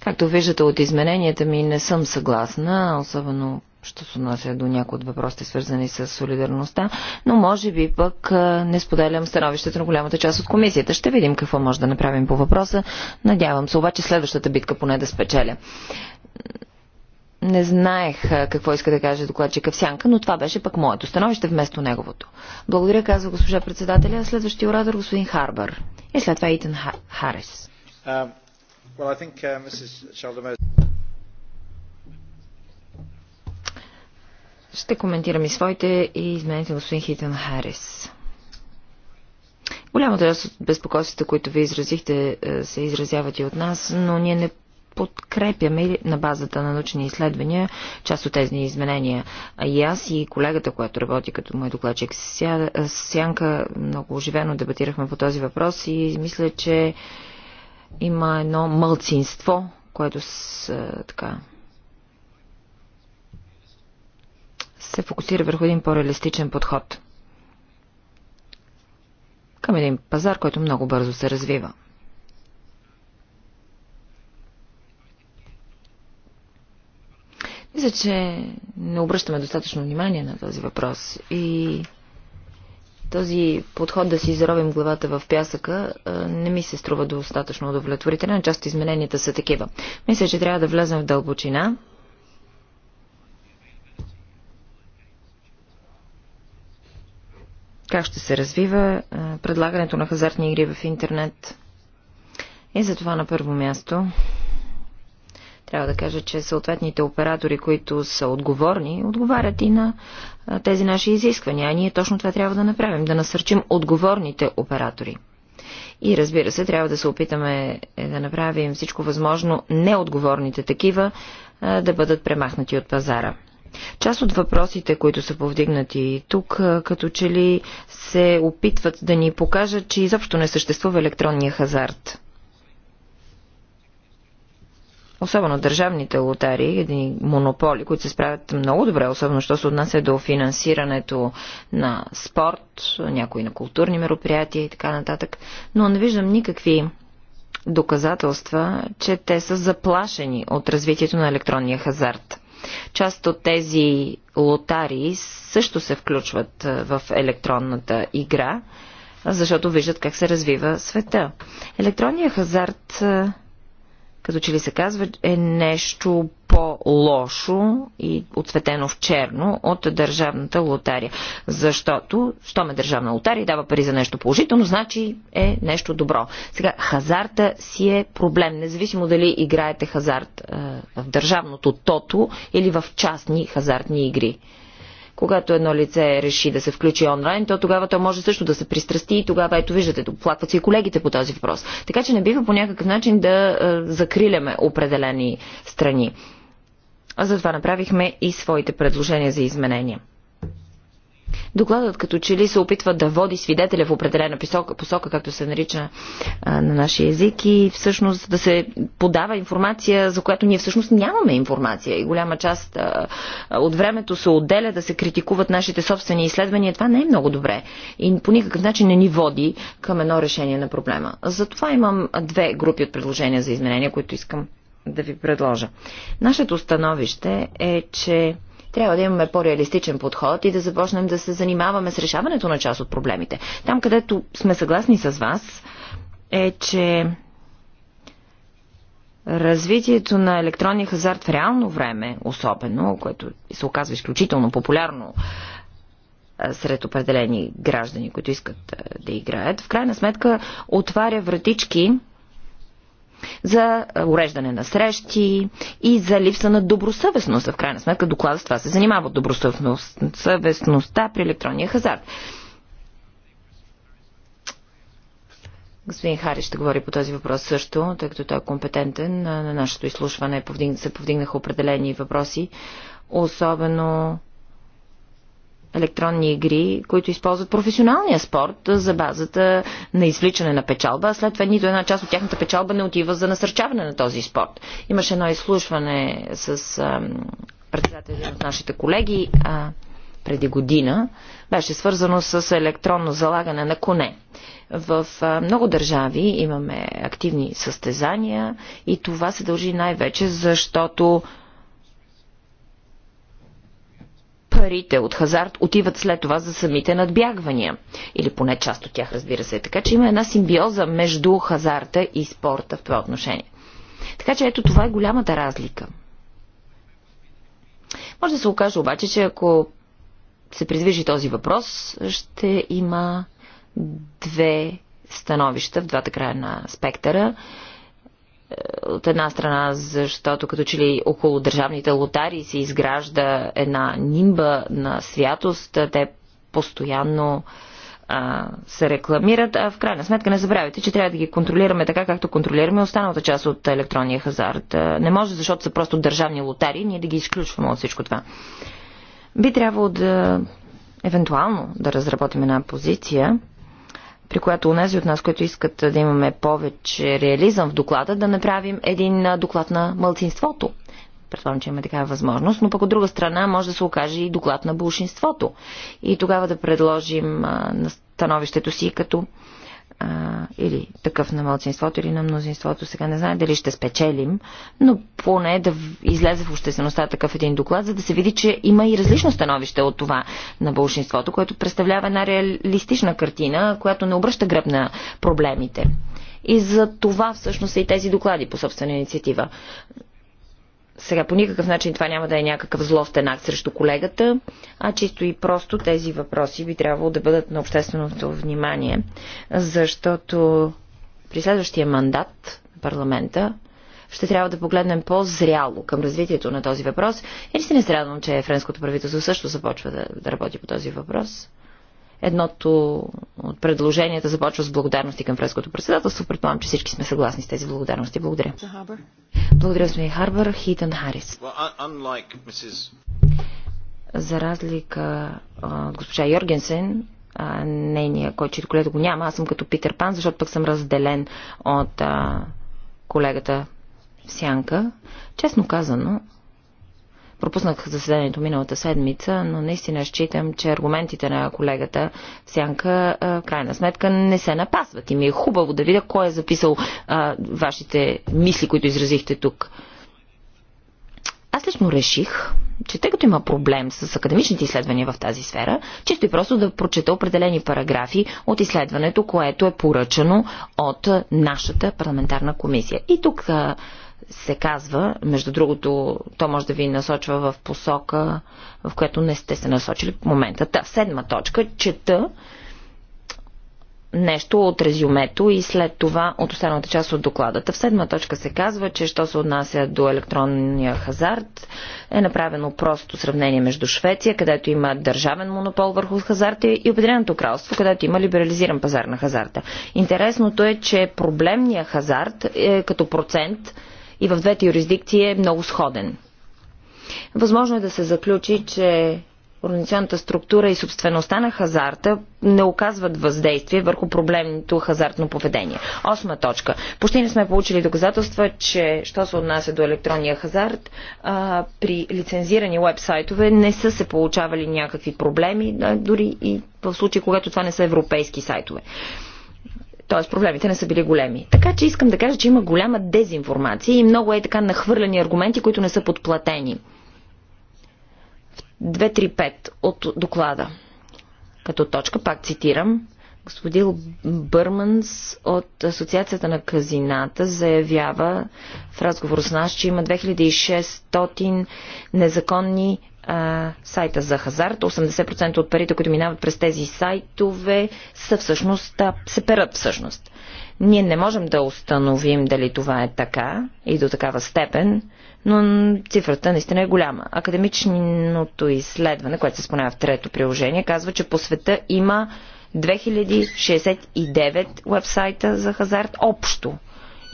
Както виждате от измененията ми, не съм съгласна, особено що се отнася до някои от въпросите, свързани с солидарността, но може би пък не споделям становището на голямата част от комисията. Ще видим какво може да направим по въпроса. Надявам се обаче следващата битка поне да спечеля. Не знаех какво иска да каже докладчика в сянка, но това беше пък моето становище вместо неговото. Благодаря, казва госпожа председателя. Следващия оратор господин Харбър. И след това Итан Харес. Um, uh, Ще коментирам и своите и измените господин Хитън Харис. Голямата част от безпокойствата, които ви изразихте, е, се изразяват и от нас, но ние не подкрепяме на базата на научни изследвания част от тези изменения. И аз и колегата, която работи като мой докладчик Сянка, много оживено дебатирахме по този въпрос и мисля, че има едно мълцинство, което с, така, се фокусира върху един по-реалистичен подход към един пазар, който много бързо се развива. Мисля, че не обръщаме достатъчно внимание на този въпрос. И този подход да си изробим главата в пясъка не ми се струва достатъчно удовлетворителен. Част от измененията са такива. Мисля, че трябва да влезем в дълбочина. Как ще се развива предлагането на хазартни игри в интернет? И за това на първо място трябва да кажа, че съответните оператори, които са отговорни, отговарят и на тези наши изисквания. А ние точно това трябва да направим, да насърчим отговорните оператори. И разбира се, трябва да се опитаме е, да направим всичко възможно неотговорните такива да бъдат премахнати от пазара. Част от въпросите, които са повдигнати тук, като че ли се опитват да ни покажат, че изобщо не съществува електронния хазарт особено държавните лотарии, едни монополи, които се справят много добре, особено що се отнася до финансирането на спорт, някои на културни мероприятия и така нататък. Но не виждам никакви доказателства, че те са заплашени от развитието на електронния хазарт. Част от тези лотарии също се включват в електронната игра, защото виждат как се развива света. Електронният хазарт като че ли се казва, е нещо по-лошо и отцветено в черно от държавната лотария. Защото, що ме държавна лотария дава пари за нещо положително, значи е нещо добро. Сега, хазарта си е проблем, независимо дали играете хазарт е, в държавното тото или в частни хазартни игри. Когато едно лице реши да се включи онлайн, то тогава то може също да се пристрасти и тогава, ето виждате, доплакват се и колегите по този въпрос. Така че не бива по някакъв начин да закриляме определени страни. А затова направихме и своите предложения за изменения. Докладът като че ли се опитва да води свидетеля в определена посока, посока както се нарича а, на нашия език и всъщност да се подава информация, за която ние всъщност нямаме информация и голяма част а, от времето се отделя да се критикуват нашите собствени изследвания. Това не е много добре и по никакъв начин не ни води към едно решение на проблема. Затова имам две групи от предложения за изменения, които искам да ви предложа. Нашето становище е, че трябва да имаме по-реалистичен подход и да започнем да се занимаваме с решаването на част от проблемите. Там, където сме съгласни с вас, е, че развитието на електронния хазарт в реално време, особено, което се оказва изключително популярно е, сред определени граждани, които искат е, да играят, в крайна сметка отваря вратички за е, уреждане на срещи и за липса на добросъвестност. В крайна сметка доклада с това се занимава от добросъвестността при електронния хазарт. Господин Хари ще говори по този въпрос също, тъй като той е компетентен. На нашето изслушване се повдигнаха определени въпроси, особено електронни игри, които използват професионалния спорт за базата на извличане на печалба, а след това нито една част от тяхната печалба не отива за насърчаване на този спорт. Имаше едно изслушване с председателя от нашите колеги а, преди година. Беше свързано с електронно залагане на коне. В а, много държави имаме активни състезания и това се дължи най-вече, защото парите от хазарт отиват след това за самите надбягвания. Или поне част от тях, разбира се. Така че има една симбиоза между хазарта и спорта в това отношение. Така че ето това е голямата разлика. Може да се окаже обаче, че ако се придвижи този въпрос, ще има две становища в двата края на спектъра от една страна, защото като че ли около държавните лотари се изгражда една нимба на святост, те постоянно а, се рекламират, а в крайна сметка не забравяйте, че трябва да ги контролираме така, както контролираме останалата част от електронния хазарт. Не може, защото са просто държавни лотари, ние да ги изключваме от всичко това. Би трябвало да евентуално да разработим една позиция, при която унези от нас, които искат да имаме повече реализъм в доклада, да направим един доклад на мълцинството. Предполагам, че има такава възможност, но пък от друга страна може да се окаже и доклад на бълшинството. И тогава да предложим на становището си като а, или такъв на младсинството, или на мнозинството. Сега не знае дали ще спечелим, но поне да излезе в обществеността такъв един доклад, за да се види, че има и различно становище от това на бълшинството, което представлява една реалистична картина, която не обръща гръб на проблемите. И за това всъщност са и тези доклади по собствена инициатива. Сега по никакъв начин това няма да е някакъв злостен акт срещу колегата, а чисто и просто тези въпроси би трябвало да бъдат на общественото внимание, защото при следващия мандат на парламента ще трябва да погледнем по-зряло към развитието на този въпрос. И се радвам, че френското правителство също започва да, да работи по този въпрос. Едното от предложенията започва с благодарности към френското председателство. Предполагам, че всички сме съгласни с тези благодарности. Благодаря. Благодаря, господин Харбър. Хитън Харис. За разлика от госпожа Йоргенсен, нейния, който чието колега го няма, аз съм като Питер Пан, защото пък съм разделен от а, колегата сянка. Честно казано, Пропуснах заседанието миналата седмица, но наистина считам, че аргументите на колегата Сянка в крайна сметка не се напасват. И ми е хубаво да видя кой е записал а, вашите мисли, които изразихте тук. Аз лично реших, че тъй като има проблем с академичните изследвания в тази сфера, чисто и просто да прочета определени параграфи от изследването, което е поръчано от нашата парламентарна комисия. И тук се казва. Между другото, то може да ви насочва в посока, в която не сте се насочили в момента. Та, седма точка, чета нещо от резюмето и след това от останалата част от докладата. В седма точка се казва, че що се отнася до електронния хазарт, е направено просто сравнение между Швеция, където има държавен монопол върху хазарта и Обединеното кралство, където има либерализиран пазар на хазарта. Интересното е, че проблемният хазарт е като процент и в двете юрисдикции е много сходен. Възможно е да се заключи, че организационната структура и собствеността на хазарта не оказват въздействие върху проблемното хазартно поведение. Осма точка. Почти не сме получили доказателства, че, що се отнася до електронния хазарт, а, при лицензирани вебсайтове не са се получавали някакви проблеми, дори и в случай, когато това не са европейски сайтове. Т.е. проблемите не са били големи. Така че искам да кажа, че има голяма дезинформация и много е така нахвърляни аргументи, които не са подплатени. 235 от доклада. Като точка, пак цитирам, господин Бърманс от Асоциацията на казината заявява в разговор с нас, че има 2600 незаконни а, сайта за хазарт. 80% от парите, които минават през тези сайтове, са всъщност, а, се перат всъщност. Ние не можем да установим дали това е така и до такава степен, но цифрата наистина е голяма. Академичното изследване, което се спомена в трето приложение, казва, че по света има 2069 вебсайта за хазарт общо.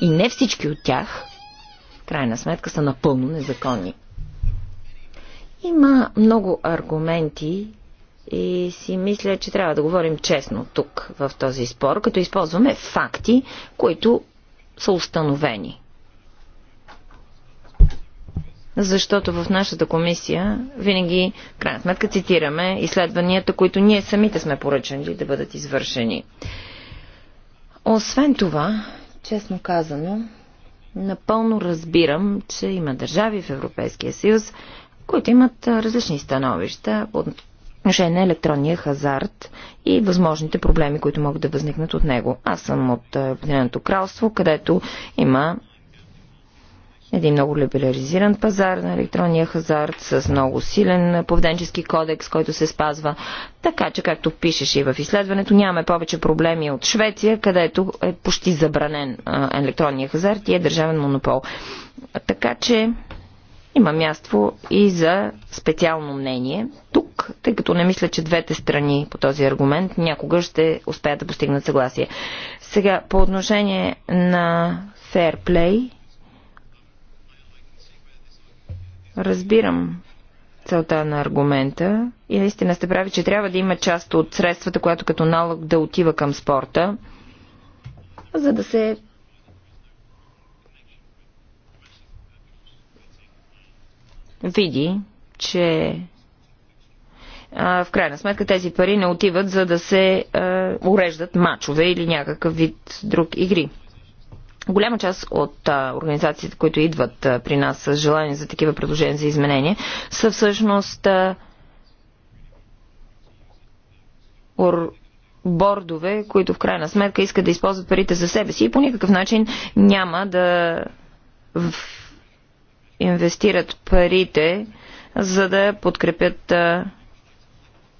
И не всички от тях, в крайна сметка, са напълно незаконни. Има много аргументи и си мисля, че трябва да говорим честно тук в този спор, като използваме факти, които са установени. Защото в нашата комисия винаги, в крайна сметка, цитираме изследванията, които ние самите сме поръчани да бъдат извършени. Освен това, честно казано, напълно разбирам, че има държави в Европейския съюз, които имат различни становища по отношение на електронния хазарт и възможните проблеми, които могат да възникнат от него. Аз съм от Обединеното кралство, където има един много либерализиран пазар на електронния хазарт с много силен поведенчески кодекс, който се спазва. Така че, както пишеше и в изследването, нямаме повече проблеми от Швеция, където е почти забранен електронния хазарт и е държавен монопол. Така че има място и за специално мнение тук, тъй като не мисля, че двете страни по този аргумент някога ще успеят да постигнат съгласие. Сега, по отношение на фейрплей, разбирам целта на аргумента и наистина сте прави, че трябва да има част от средствата, която като налог да отива към спорта, за да се види, че в крайна сметка тези пари не отиват за да се уреждат мачове или някакъв вид друг игри. Голяма част от а, организациите, които идват а, при нас с желание за такива предложения за изменения, са всъщност а, ор, бордове, които в крайна сметка искат да използват парите за себе си и по никакъв начин няма да инвестират парите, за да подкрепят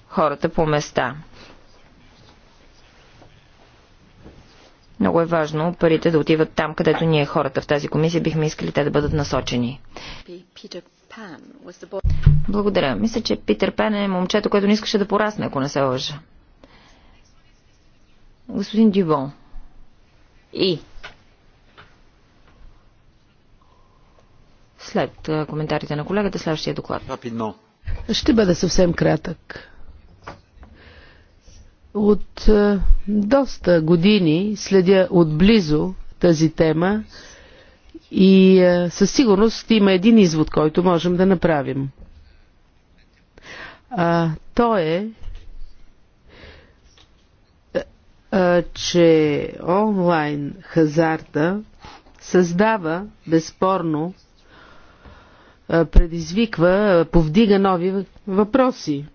хората по места. Много е важно парите да отиват там, където ние хората в тази комисия бихме искали те да бъдат насочени. Благодаря. Мисля, че Питер Пен е момчето, което не искаше да порасне, ако не се лъжа. Господин Дюбон. И След коментарите на колегата, следващия доклад. Ще бъда съвсем кратък. От доста години следя отблизо тази тема и със сигурност има един извод, който можем да направим. А, то е, а, че онлайн хазарта създава безспорно предизвиква, повдига нови въпроси.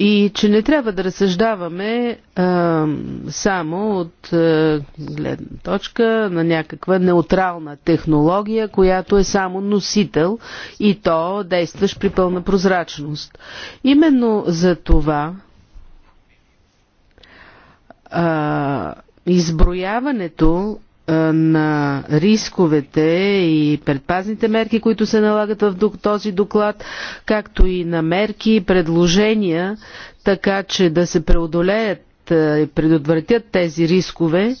И че не трябва да разсъждаваме а, само от а, гледна точка на някаква неутрална технология, която е само носител и то действаш при пълна прозрачност. Именно за това а, изброяването е, на рисковете и предпазните мерки, които се налагат в този доклад, както и на мерки и предложения, така че да се преодолеят е, и предотвратят тези рискове,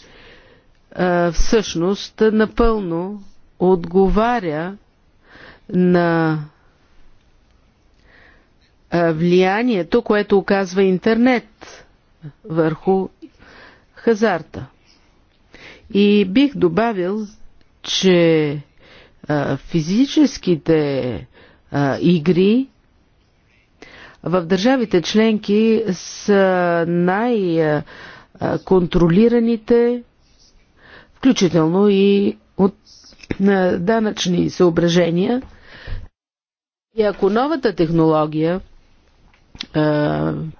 е, всъщност напълно отговаря на влиянието, което оказва интернет върху хазарта. И бих добавил, че а, физическите а, игри в държавите членки са най-контролираните, включително и от данъчни съображения. И ако новата технология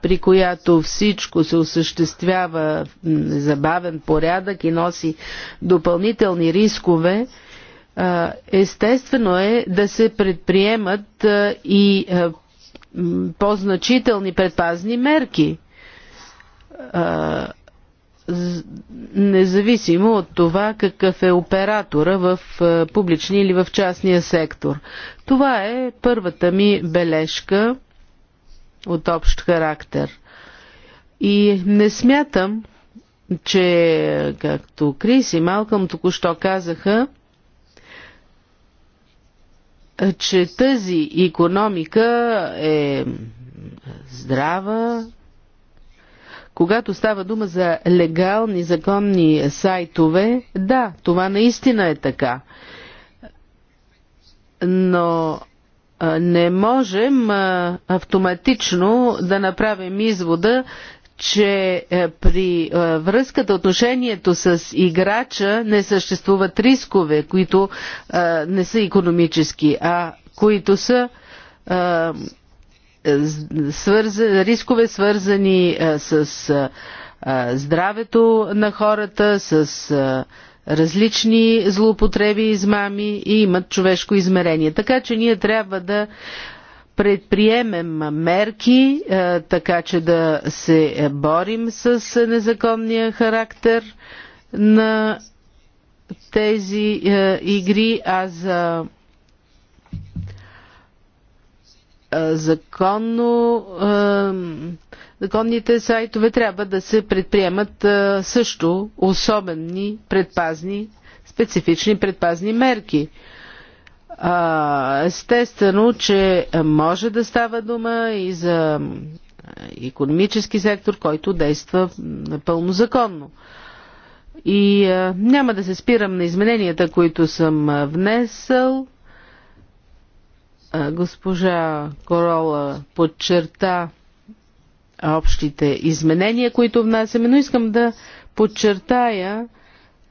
при която всичко се осъществява в забавен порядък и носи допълнителни рискове, естествено е да се предприемат и по-значителни предпазни мерки, независимо от това какъв е оператора в публичния или в частния сектор. Това е първата ми бележка от общ характер. И не смятам, че, както Крис и Малкъм току-що казаха, че тази економика е здрава, когато става дума за легални, законни сайтове, да, това наистина е така. Но не можем автоматично да направим извода, че е, при е, връзката, отношението с играча не съществуват рискове, които е, не са економически, а които са рискове свързани с здравето на хората, с различни злоупотреби, измами и имат човешко измерение. Така че ние трябва да предприемем мерки, е, така че да се борим с незаконния характер на тези е, игри, а за е, законно законните сайтове трябва да се предприемат също особени предпазни, специфични предпазни мерки. Естествено, че може да става дума и за економически сектор, който действа напълно законно. И няма да се спирам на измененията, които съм внесъл. госпожа Корола подчерта общите изменения, които внасяме, но искам да подчертая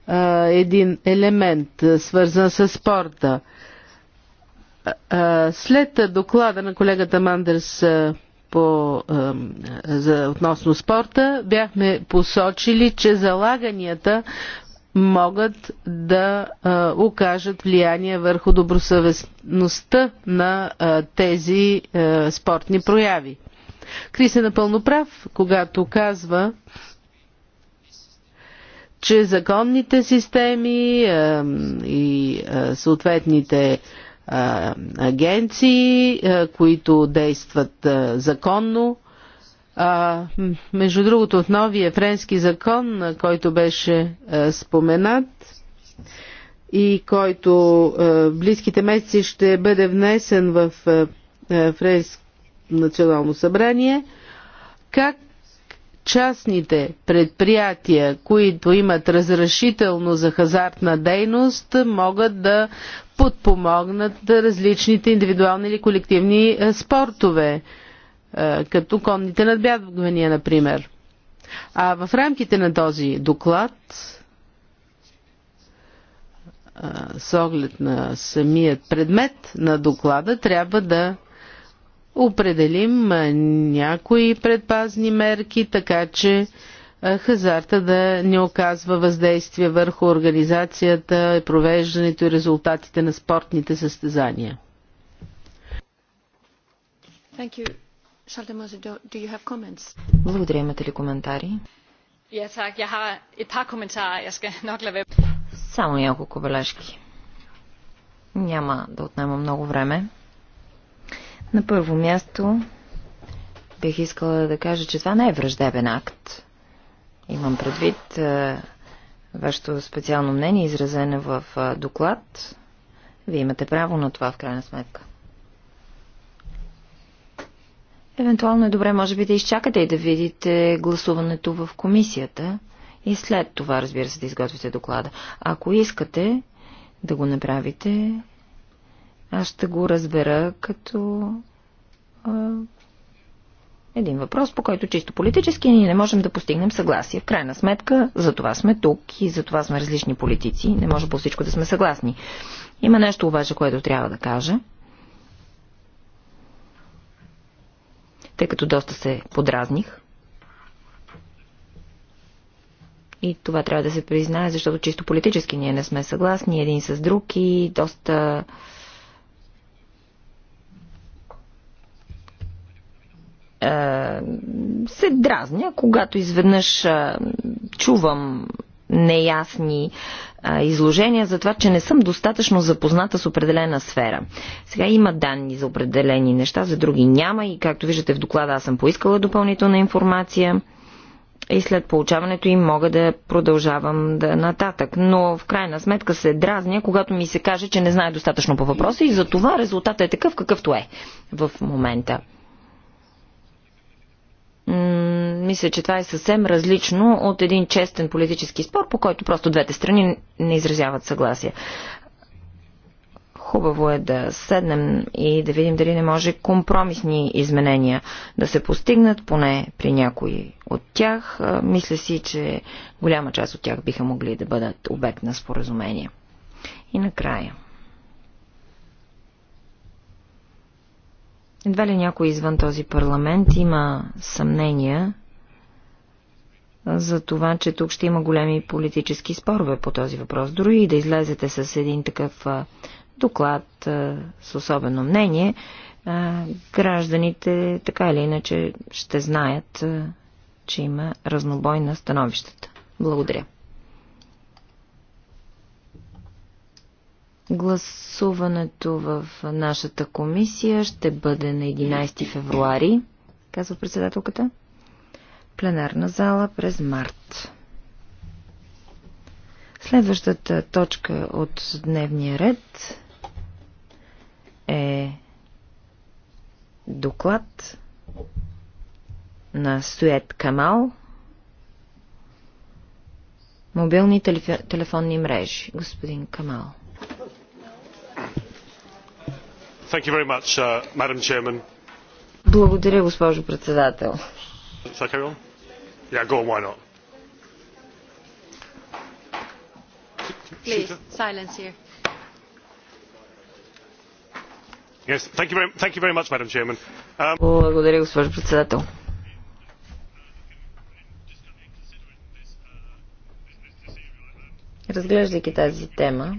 а, един елемент, а, свързан с спорта. А, след доклада на колегата Мандерс по, за, относно спорта, бяхме посочили, че залаганията могат да а, окажат влияние върху добросъвестността на а, тези а, спортни прояви. Крис е напълно прав, когато казва, че законните системи а, и а, съответните а, агенции, а, които действат а, законно, а, между другото, от новия френски закон, а, който беше а, споменат и който а, в близките месеци ще бъде внесен в а, френски национално събрание, как частните предприятия, които имат разрешително за хазартна дейност, могат да подпомогнат различните индивидуални или колективни е, спортове, е, като конните надбягвания, например. А в рамките на този доклад, е, с оглед на самият предмет на доклада, трябва да определим някои предпазни мерки, така че хазарта да не оказва въздействие върху организацията, провеждането и резултатите на спортните състезания. Благодаря. Имате ли коментари? Само няколко бележки. Няма да отнема много време. На първо място бих искала да кажа, че това не е враждебен акт. Имам предвид е, вашето специално мнение, изразено в е, доклад. Вие имате право на това, в крайна сметка. Евентуално е добре, може би, да изчакате и да видите гласуването в комисията и след това, разбира се, да изготвите доклада. Ако искате да го направите, аз ще го разбера като а, един въпрос, по който чисто политически ние не можем да постигнем съгласие. В крайна сметка, за това сме тук и за това сме различни политици. Не може по всичко да сме съгласни. Има нещо обаче, което трябва да кажа. Тъй като доста се подразних. И това трябва да се признае, защото чисто политически ние не сме съгласни един с друг и доста Е, се дразня, когато изведнъж е, чувам неясни е, изложения за това, че не съм достатъчно запозната с определена сфера. Сега има данни за определени неща, за други няма и както виждате в доклада аз съм поискала допълнителна информация и след получаването им мога да продължавам да нататък. Но в крайна сметка се дразня, когато ми се каже, че не знае достатъчно по въпроса и за това резултатът е такъв какъвто е в момента мисля, че това е съвсем различно от един честен политически спор, по който просто двете страни не изразяват съгласие. Хубаво е да седнем и да видим дали не може компромисни изменения да се постигнат, поне при някои от тях. Мисля си, че голяма част от тях биха могли да бъдат обект на споразумение. И накрая. Едва ли някой извън този парламент има съмнения за това, че тук ще има големи политически спорове по този въпрос. Дори и да излезете с един такъв доклад с особено мнение, гражданите така или иначе ще знаят, че има разнобой на становищата. Благодаря. Гласуването в нашата комисия ще бъде на 11 февруари, казва председателката. Пленарна зала през март. Следващата точка от дневния ред е доклад на Сует Камал мобилни телефонни мрежи. Господин Камал. Uh, Благодаря, госпожо председател. Um, Благодаря, госпожо председател. Разглеждайки тази тема,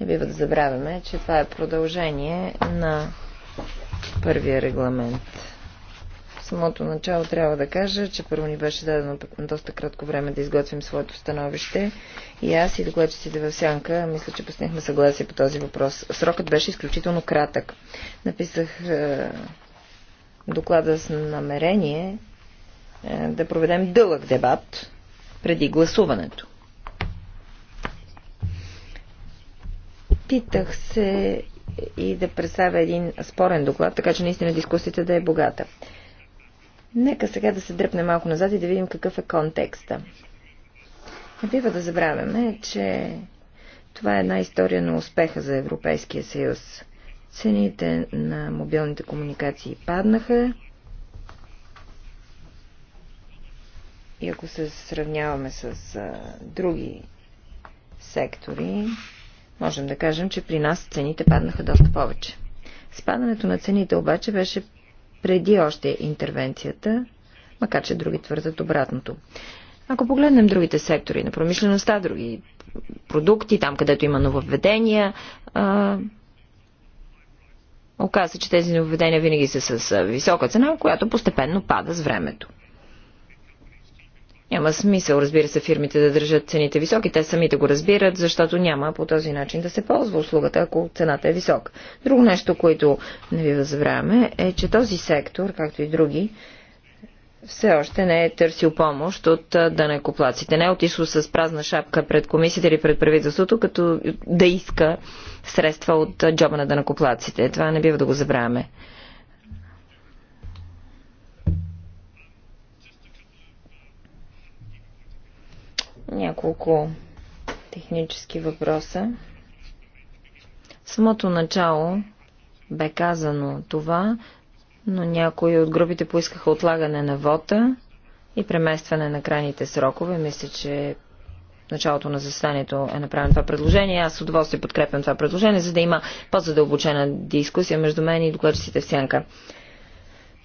не бива да забравяме, че това е продължение на първия регламент. В самото начало трябва да кажа, че първо ни беше дадено доста кратко време да изготвим своето становище и аз и докладчиците в Сянка, мисля, че поснехме съгласие по този въпрос. Срокът беше изключително кратък. Написах е, доклада с намерение е, да проведем дълъг дебат преди гласуването. Опитах се и да представя един спорен доклад, така че наистина дискусията да е богата. Нека сега да се дръпне малко назад и да видим какъв е контекста. Не бива да забравяме, че това е една история на успеха за Европейския съюз. Цените на мобилните комуникации паднаха. И ако се сравняваме с а, други сектори, Можем да кажем, че при нас цените паднаха доста повече. Спадането на цените обаче беше преди още интервенцията, макар че други твърдат обратното. Ако погледнем другите сектори на промишлеността, други продукти, там където има нововведения, а... оказа, че тези нововведения винаги са с висока цена, която постепенно пада с времето. Няма смисъл, разбира се, фирмите да държат цените високи. Те самите го разбират, защото няма по този начин да се ползва услугата, ако цената е висока. Друго нещо, което не ви забравяме, е, че този сектор, както и други, все още не е търсил помощ от дънекоплаците. Не е отишло с празна шапка пред комисията или пред правителството, като да иска средства от джоба на данекоплаците. Това не бива да го забравяме. Няколко технически въпроса. В самото начало бе казано това, но някои от групите поискаха отлагане на вота и преместване на крайните срокове. Мисля, че началото на заседанието е направено това предложение. Аз с удоволствие подкрепям това предложение, за да има по-задълбочена дискусия между мен и докладчиците в сянка.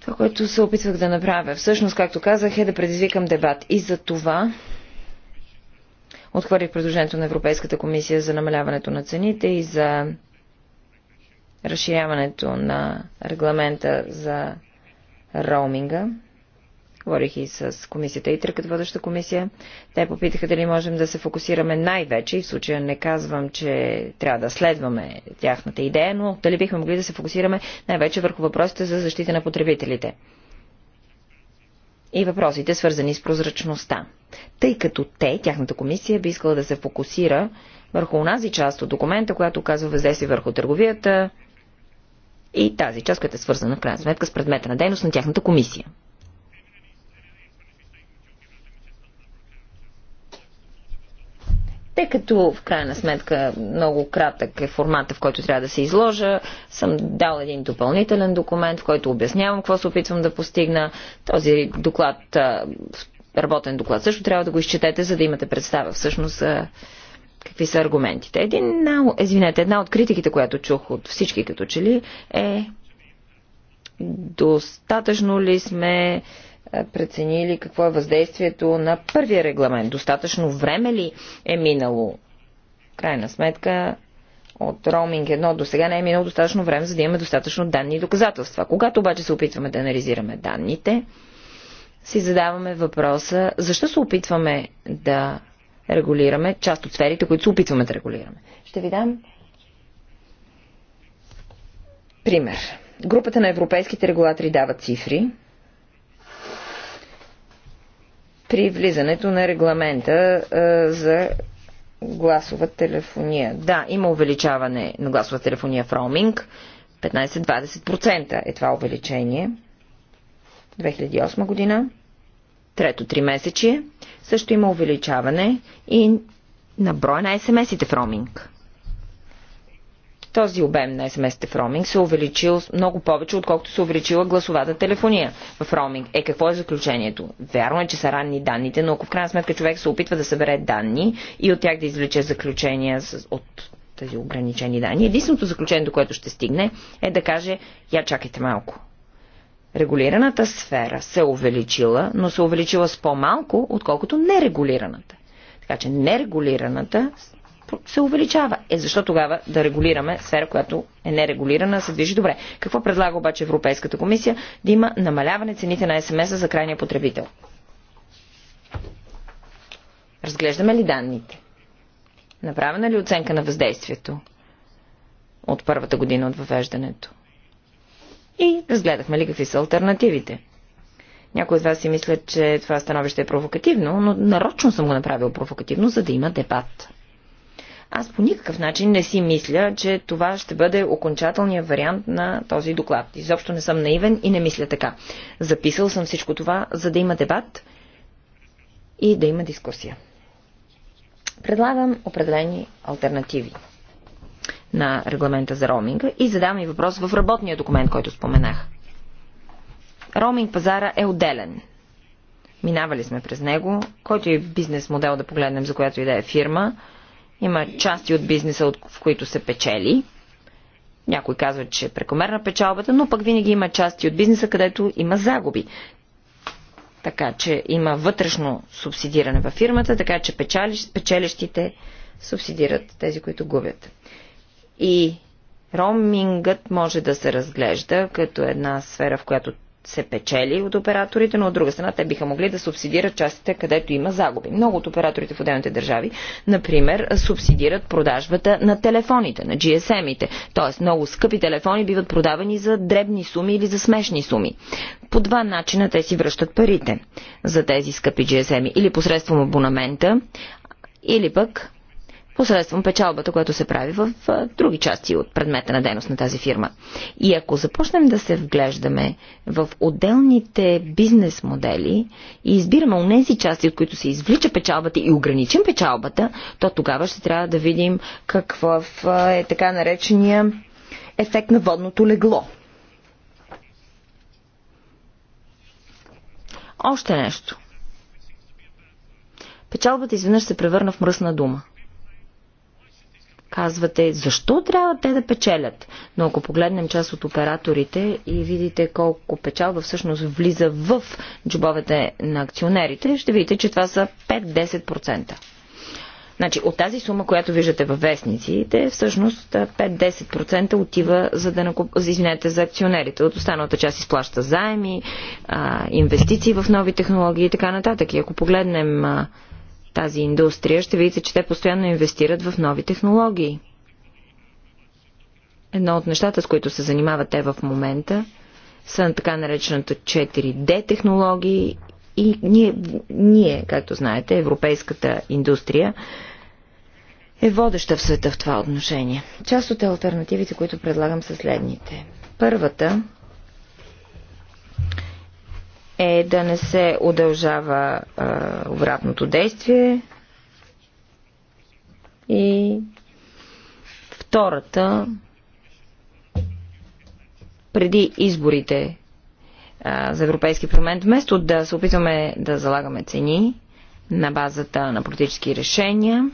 Това, което се опитвах да направя, всъщност, както казах, е да предизвикам дебат. И за това Отхвърлих предложението на Европейската комисия за намаляването на цените и за разширяването на регламента за роуминга. Говорих и с комисията и като водеща комисия. Те попитаха дали можем да се фокусираме най-вече, и в случая не казвам, че трябва да следваме тяхната идея, но дали бихме могли да се фокусираме най-вече върху въпросите за защита на потребителите и въпросите, свързани с прозрачността. Тъй като те, тяхната комисия, би искала да се фокусира върху онази част от документа, която казва въздействие върху търговията и тази част, която е свързана в крайна сметка с предмета на дейност на тяхната комисия. Тъй като в крайна сметка много кратък е формата, в който трябва да се изложа, съм дал един допълнителен документ, в който обяснявам какво се опитвам да постигна. Този доклад, работен доклад също трябва да го изчетете, за да имате представа всъщност какви са аргументите. Един, извинете, една от критиките, която чух от всички като че ли е достатъчно ли сме е, преценили какво е въздействието на първия регламент. Достатъчно време ли е минало? Крайна сметка, от роуминг едно до сега не е минало достатъчно време, за да имаме достатъчно данни и доказателства. Когато обаче се опитваме да анализираме данните, си задаваме въпроса, защо се опитваме да регулираме част от сферите, които се опитваме да регулираме. Ще ви дам пример. Групата на европейските регулатори дава цифри, при влизането на регламента за гласова телефония. Да, има увеличаване на гласова телефония в роуминг. 15-20% е това увеличение. 2008 година. Трето три месечи. Също има увеличаване и на брой на СМС-ите в роуминг. Този обем на смс-те в роуминг се е увеличил много повече, отколкото се е увеличила гласовата телефония в роуминг. Е, какво е заключението? Вярно е, че са ранни данните, но ако в крайна сметка човек се опитва да събере данни и от тях да извлече заключения от тези ограничени данни, единственото заключение, до което ще стигне, е да каже, я чакайте малко, Регулираната сфера се е увеличила, но се увеличила с по-малко, отколкото нерегулираната. Така че нерегулираната се увеличава. Е, защо тогава да регулираме сфера, която е нерегулирана, се движи добре? Какво предлага обаче Европейската комисия? Да има намаляване цените на СМС за крайния потребител. Разглеждаме ли данните? Направена ли е оценка на въздействието от първата година от въвеждането? И разгледахме ли какви са альтернативите? Някои от вас си мислят, че това становище е провокативно, но нарочно съм го направил провокативно, за да има дебат. Аз по никакъв начин не си мисля, че това ще бъде окончателният вариант на този доклад. Изобщо не съм наивен и не мисля така. Записал съм всичко това, за да има дебат и да има дискусия. Предлагам определени альтернативи на регламента за роуминга и задавам и въпрос в работния документ, който споменах. Роуминг пазара е отделен. Минавали сме през него, който и е бизнес модел да погледнем, за която и да е фирма – има части от бизнеса, в които се печели. Някой казва, че е прекомерна печалбата, но пък винаги има части от бизнеса, където има загуби. Така че има вътрешно субсидиране във фирмата, така че печелищите субсидират тези, които губят. И роумингът може да се разглежда като една сфера, в която се печели от операторите, но от друга страна те биха могли да субсидират частите, където има загуби. Много от операторите в отделните държави, например, субсидират продажбата на телефоните, на GSM-ите. Тоест много скъпи телефони биват продавани за дребни суми или за смешни суми. По два начина те си връщат парите за тези скъпи GSM-и или посредством абонамента, или пък посредством печалбата, която се прави в други части от предмета на дейност на тази фирма. И ако започнем да се вглеждаме в отделните бизнес модели и избираме онези части, от които се извлича печалбата и ограничим печалбата, то тогава ще трябва да видим какво е така наречения ефект на водното легло. Още нещо. Печалбата изведнъж се превърна в мръсна дума казвате защо трябва те да печелят. Но ако погледнем част от операторите и видите колко печалба всъщност влиза в джобовете на акционерите, ще видите, че това са 5-10%. Значи от тази сума, която виждате във вестниците, всъщност 5-10% отива за, да накуп... извинете, за акционерите. От останалата част изплаща заеми, инвестиции в нови технологии и така нататък. И ако погледнем тази индустрия, ще видите, че те постоянно инвестират в нови технологии. Едно от нещата, с които се занимават те в момента, са на така наречената 4D технологии и ние, ние, както знаете, европейската индустрия е водеща в света в това отношение. Част от альтернативите, които предлагам са следните. Първата е да не се удължава а, обратното действие. И втората, преди изборите а, за Европейски парламент, вместо да се опитваме да залагаме цени на базата на политически решения,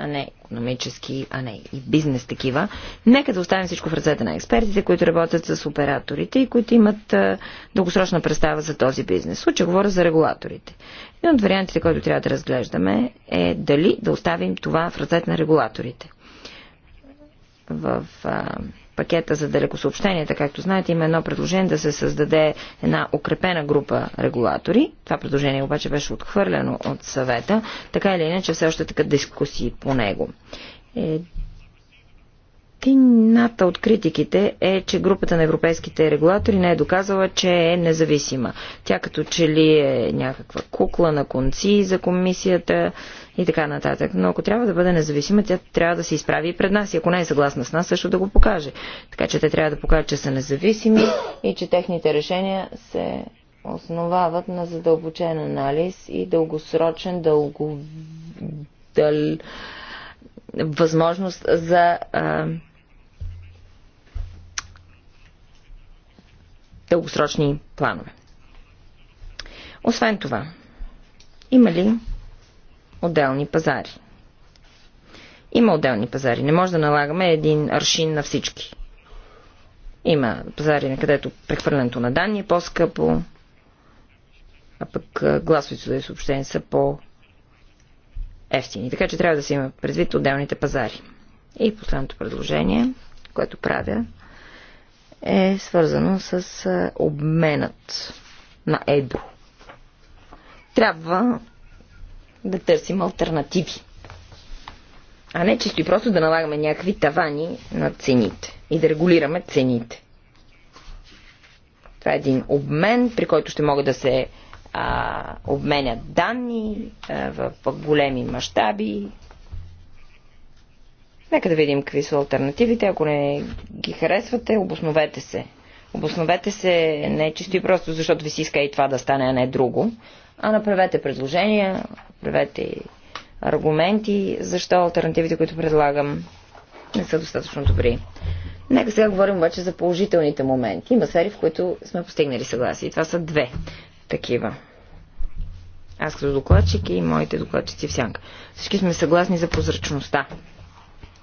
а не економически, а не и бизнес такива. Нека да оставим всичко в ръцете на експертите, които работят с операторите и които имат дългосрочна представа за този бизнес. В говоря за регулаторите. Един от вариантите, който трябва да разглеждаме е дали да оставим това в ръцете на регулаторите в пакета за далекосъобщенията, както знаете, има едно предложение да се създаде една укрепена група регулатори. Това предложение обаче беше отхвърлено от съвета, така или иначе все още така дискусии по него. Е, Тината от критиките е, че групата на европейските регулатори не е доказала, че е независима. Тя като че ли е някаква кукла на конци за комисията и така нататък. Но ако трябва да бъде независима, тя трябва да се изправи и пред нас. И ако не е съгласна с нас, също да го покаже. Така че те трябва да покажат, че са независими и че техните решения се основават на задълбочен анализ и дългосрочен, дълго... Дъл... възможност за а дългосрочни планове. Освен това, има ли отделни пазари? Има отделни пазари. Не може да налагаме един аршин на всички. Има пазари, на където прехвърлянето на данни е по-скъпо, а пък гласовите да съобщения са по ефтини. Така че трябва да се има предвид отделните пазари. И последното предложение, което правя, е свързано с обменът на едро. Трябва да търсим альтернативи. А не чисто и просто да налагаме някакви тавани на цените и да регулираме цените. Това е един обмен, при който ще могат да се а, обменят данни а, в, в големи мащаби Нека да видим какви са альтернативите. Ако не ги харесвате, обосновете се. Обосновете се не чисто и просто, защото ви си иска и това да стане, а не друго, а направете предложения, направете аргументи, защо альтернативите, които предлагам, не са достатъчно добри. Нека сега говорим обаче за положителните моменти. Има сфери, в които сме постигнали съгласие. И това са две такива. Аз като докладчик и моите докладчици в сянка. Всички сме съгласни за прозрачността.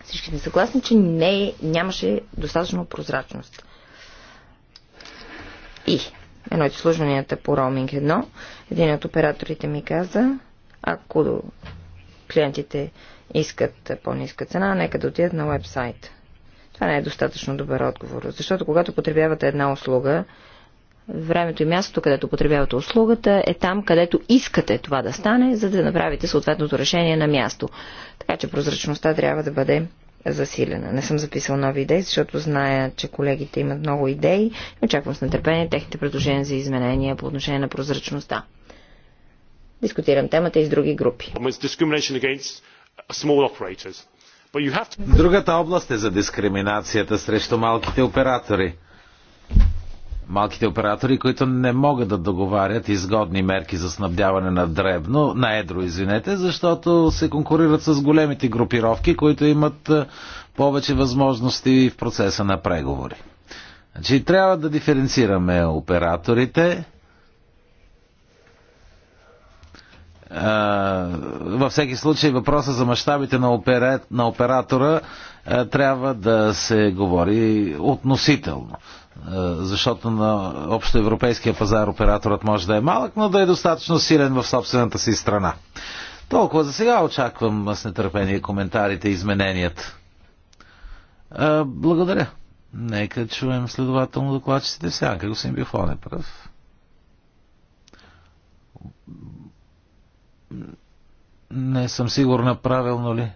Всички сме съгласни, че не, нямаше достатъчно прозрачност. И едно от изслужванията по роуминг едно, един от операторите ми каза, ако клиентите искат по-ниска цена, нека да отидат на вебсайт. Това не е достатъчно добър отговор, защото когато потребявате една услуга, времето и мястото, където употребявате услугата, е там, където искате това да стане, за да направите съответното решение на място. Така че прозрачността трябва да бъде засилена. Не съм записал нови идеи, защото зная, че колегите имат много идеи. и Очаквам с нетърпение техните предложения за изменения по отношение на прозрачността. Дискутирам темата и с други групи. Другата област е за дискриминацията срещу малките оператори малките оператори, които не могат да договарят изгодни мерки за снабдяване на дребно, на едро, извинете, защото се конкурират с големите групировки, които имат повече възможности в процеса на преговори. Значи трябва да диференцираме операторите. във всеки случай въпроса за мащабите на, опера... на оператора трябва да се говори относително. Е, защото на общоевропейския пазар операторът може да е малък, но да е достатъчно силен в собствената си страна. Толкова за сега очаквам с нетърпение коментарите и измененията. А, е, благодаря. Нека чуем следователно докладчиците в сянка. Господин Бифон е прав. Не съм сигурна правилно ли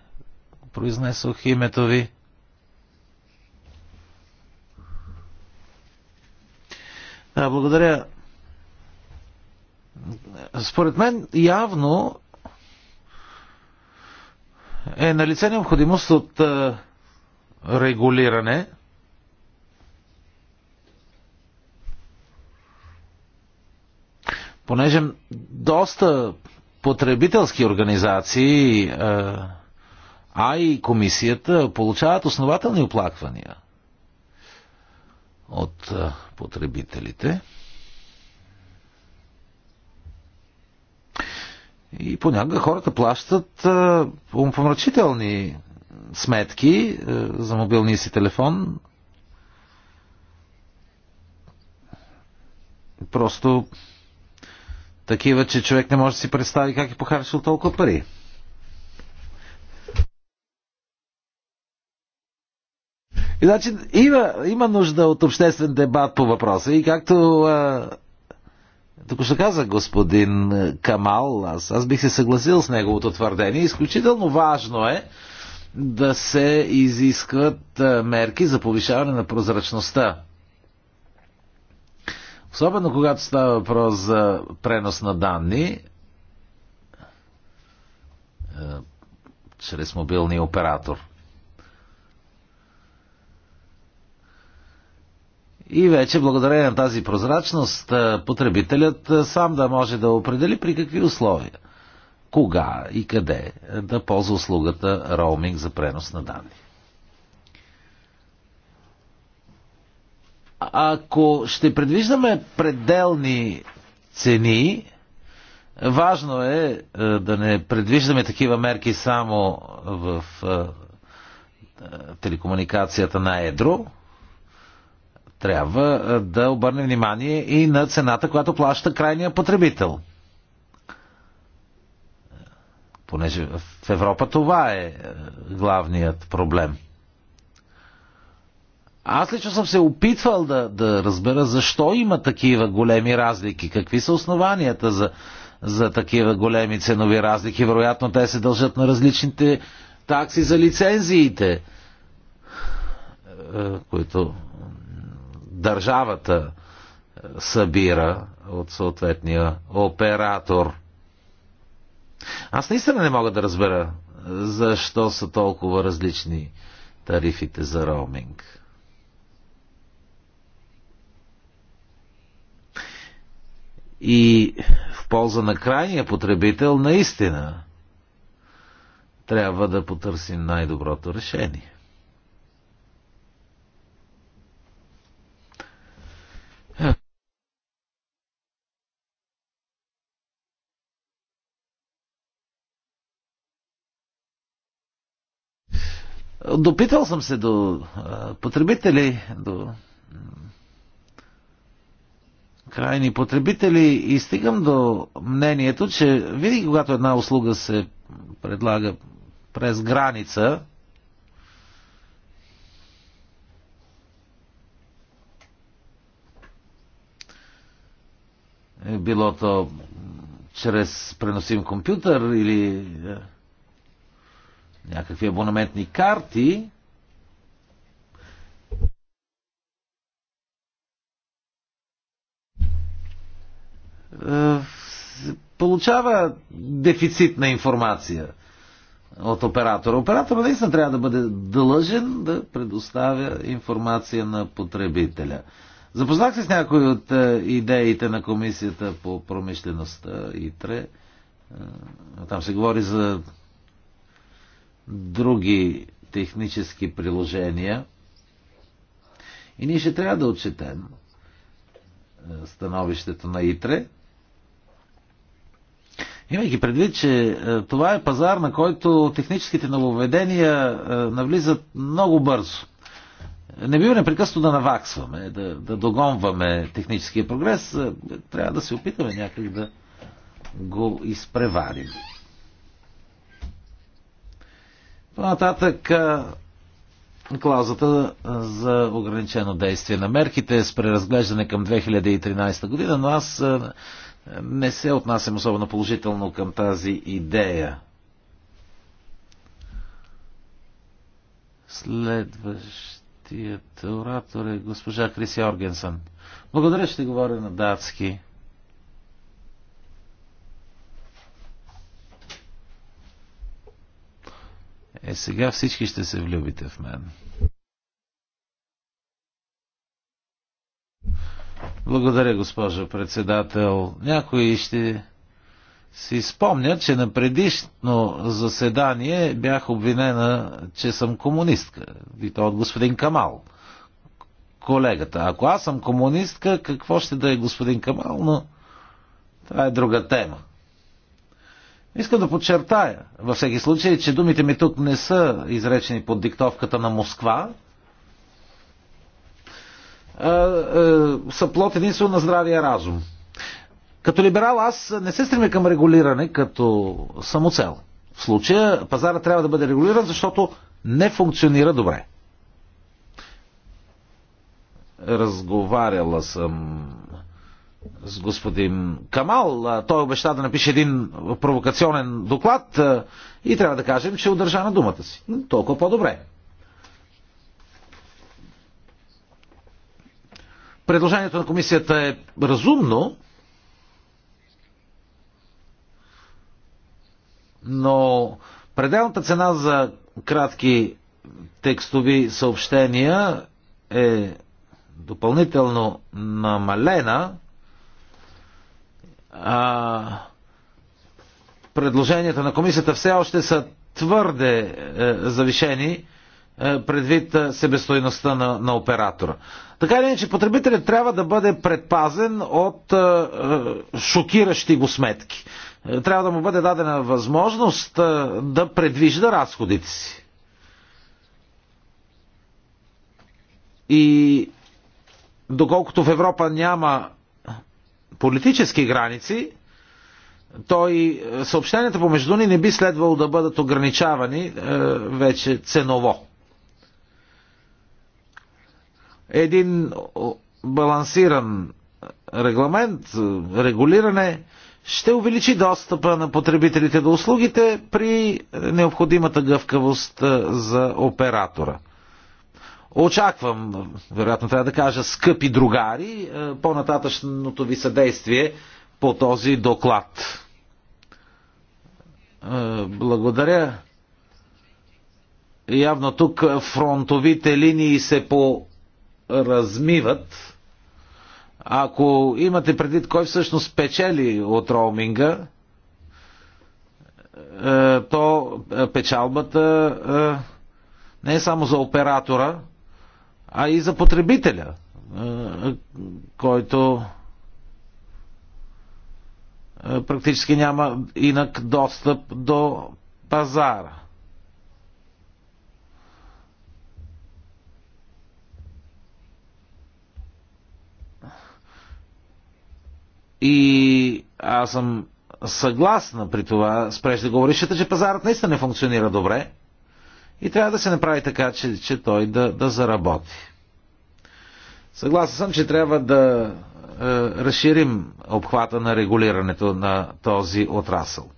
произнесох името ви. Благодаря. Според мен явно е на лице необходимост от регулиране. Понеже доста потребителски организации, а и комисията получават основателни оплаквания – от потребителите. И понякога хората плащат умпомрачителни сметки за мобилния си телефон. Просто такива, че човек не може да си представи как е похарчил толкова пари. И значи има, има нужда от обществен дебат по въпроса и както а, тук ще каза господин Камал, аз, аз бих се съгласил с неговото твърдение. Изключително важно е да се изискват мерки за повишаване на прозрачността. Особено когато става въпрос за пренос на данни чрез мобилния оператор – И вече благодарение на тази прозрачност потребителят сам да може да определи при какви условия, кога и къде да ползва услугата роуминг за пренос на данни. Ако ще предвиждаме пределни цени, важно е да не предвиждаме такива мерки само в телекомуникацията на Едро, трябва да обърне внимание и на цената, която плаща крайния потребител. Понеже в Европа това е, е главният проблем. Аз лично съм се опитвал да, да разбера защо има такива големи разлики, какви са основанията за, за такива големи ценови разлики. Вероятно те се дължат на различните такси за лицензиите, е, които държавата е, събира от съответния оператор. Аз наистина не мога да разбера е, защо са толкова различни тарифите за роуминг. И в полза на крайния потребител наистина трябва да потърсим най-доброто решение. Допитал съм се до потребители, до крайни потребители и стигам до мнението, че винаги когато една услуга се предлага през граница, е било то чрез преносим компютър или е, някакви абонаментни карти, е, получава дефицит на информация от оператора. Оператора наистина трябва да бъде дължен да предоставя информация на потребителя. Запознах се с някои от е, идеите на комисията по промишлеността и ТРЕ. Е, там се говори за други технически приложения. И ние ще трябва да отчетем е, становището на ИТРЕ. Имайки предвид, че е, това е пазар, на който техническите нововведения е, навлизат много бързо. Не бива непрекъсно да наваксваме, да, да догонваме техническия прогрес. Трябва да се опитаме някак да го изпреварим. По-нататък клаузата за ограничено действие на мерките с преразглеждане към 2013 година, но аз не се отнасям особено положително към тази идея. Следващият оратор е госпожа Крис Йоргенсън. Благодаря, ще говоря на датски. Е, сега всички ще се влюбите в мен. Благодаря, госпожо председател. Някои ще си спомнят, че на предишно заседание бях обвинена, че съм комунистка. И то от господин Камал. Колегата. Ако аз съм комунистка, какво ще да е господин Камал, но това е друга тема. Искам да подчертая във всеки случай, че думите ми тук не са изречени под диктовката на Москва, са плод единствено на здравия разум. Като либерал аз не се стремя към регулиране като самоцел. В случая пазара трябва да бъде регулиран, защото не функционира добре. Разговаряла съм с господин Камал. Той обеща да напише един провокационен доклад и трябва да кажем, че удържа на думата си. Толкова по-добре. Предложението на комисията е разумно, но пределната цена за кратки текстови съобщения е допълнително намалена а, предложенията на комисията все още са твърде е, завишени е, предвид е, себестойността на, на оператора. Така или иначе, потребителят трябва да бъде предпазен от е, е шокиращи го сметки. Е, трябва да му бъде дадена възможност е, да предвижда разходите си. И доколкото в Европа няма политически граници, то и е, съобщенията помежду ни не би следвало да бъдат ограничавани е, вече ценово. Един балансиран регламент, е, регулиране, ще увеличи достъпа на потребителите до услугите при необходимата гъвкавост за оператора. Очаквам, вероятно трябва да кажа, скъпи другари, е, по-нататъчното ви съдействие по този доклад. Е, благодаря. Явно тук фронтовите линии се поразмиват. Ако имате предвид кой всъщност печели от роуминга, е, то печалбата не е само за оператора, а и за потребителя, който практически няма инак достъп до пазара. И аз съм съгласна при това с преждеговорившата, че пазарът наистина не функционира добре. И трябва да се направи така, че, че той да, да заработи. Съгласен съм, че трябва да е, разширим обхвата на регулирането на този отрасъл.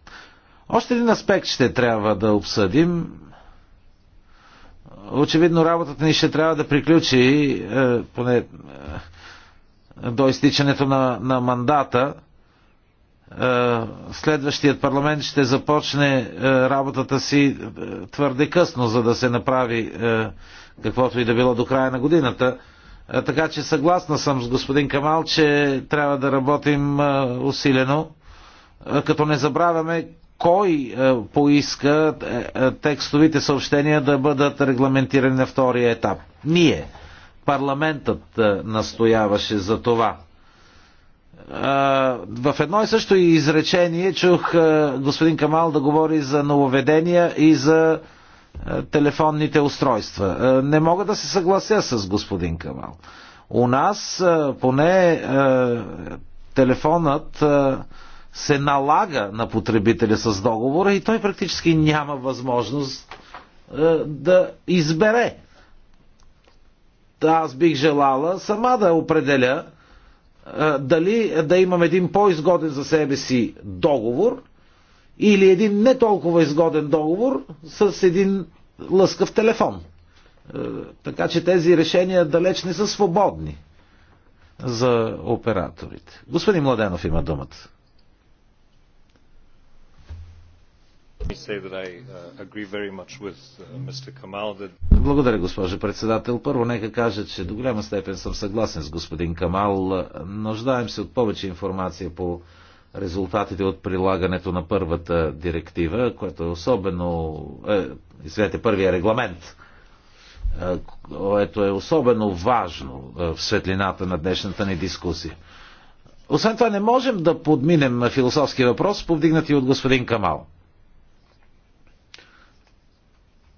Още един аспект ще трябва да обсъдим. Очевидно работата ни ще трябва да приключи е, поне е, до изтичането на, на мандата. Е, следващият парламент ще започне е, работата си е, твърде късно, за да се направи каквото и да било до края на годината. Така че съгласна съм с господин Камал, че трябва да работим усилено, като не забравяме кой поиска текстовите съобщения да бъдат регламентирани на втория етап. Ние. Парламентът настояваше за това в едно и също изречение чух господин Камал да говори за нововедения и за телефонните устройства. Не мога да се съглася с господин Камал. У нас поне телефонът се налага на потребителя с договора и той практически няма възможност да избере. Аз бих желала сама да определя дали да имам един по-изгоден за себе си договор или един не толкова изгоден договор с един лъскав телефон. Така че тези решения далеч не са свободни за операторите. Господин Младенов има думата. Uh, uh, Благодаря, госпожо председател. Първо нека кажа, че до голяма степен съм съгласен с господин Камал. Нуждаем се от повече информация по резултатите от прилагането на първата директива, което е особено... Е, извинете, първия регламент, е, което е особено важно е, в светлината на днешната ни дискусия. Освен това не можем да подминем философски въпрос, повдигнати от господин Камал.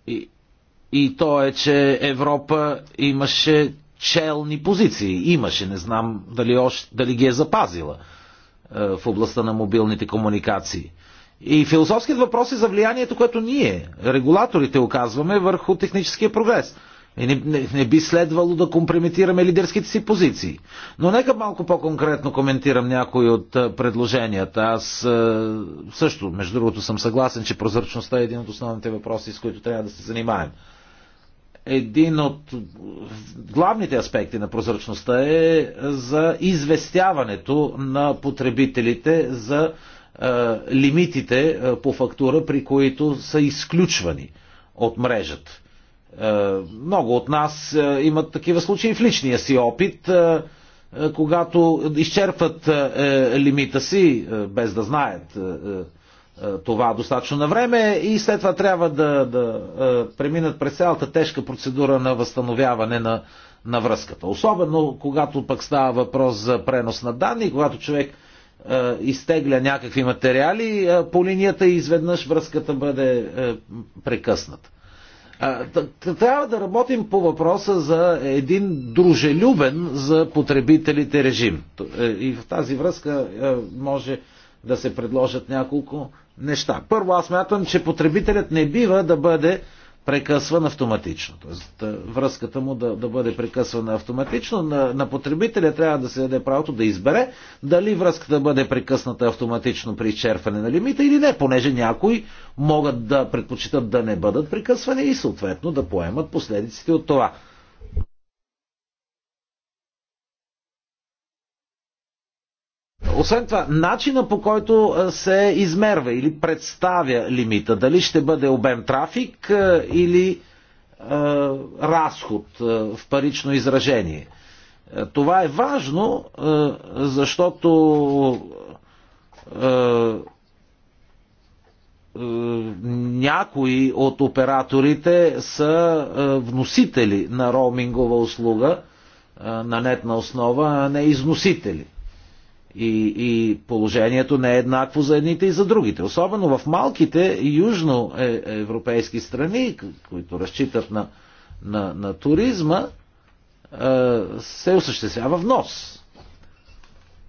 И, и то е, че Европа имаше челни позиции. Имаше, не знам дали, още, дали ги е запазила е, в областта на мобилните комуникации. И философският въпрос е за влиянието, което ние, регулаторите, оказваме върху техническия прогрес. И не, не, не би следвало да компрометираме лидерските си позиции. Но нека малко по-конкретно коментирам някои от предложенията. Аз също, между другото, съм съгласен, че прозрачността е един от основните въпроси, с които трябва да се занимаем. Един от главните аспекти на прозрачността е за известяването на потребителите за е, лимитите по фактура, при които са изключвани от мрежата е, много от нас е, имат такива случаи в личния си опит, е, когато изчерпват лимита си, без да знаят това достатъчно на време и след това трябва да, да преминат през цялата тежка процедура на възстановяване на, на връзката. Особено когато пък става въпрос за пренос на данни, когато човек изтегля някакви материали, по линията и изведнъж връзката бъде прекъсната. Трябва да работим по въпроса за един дружелюбен за потребителите режим. Е, и в тази връзка е, може да се предложат няколко неща. Първо, аз мятам, че потребителят не бива да бъде прекъсван автоматично. Тоест, е, връзката му да, да бъде прекъсвана автоматично. На, на потребителя трябва да се даде правото да избере дали връзката бъде прекъсната автоматично при изчерпване на лимита или не, понеже някои могат да предпочитат да не бъдат прекъсвани и съответно да поемат последиците от това. Освен това, начина по който се измерва или представя лимита, дали ще бъде обем трафик или е, разход в парично изражение. Това е важно, е, защото е, някои от операторите са вносители на роумингова услуга на нетна основа, а не износители. И, и положението не е еднакво за едните и за другите. Особено в малките южноевропейски е, страни, които разчитат на, на, на туризма, е, се осъществява внос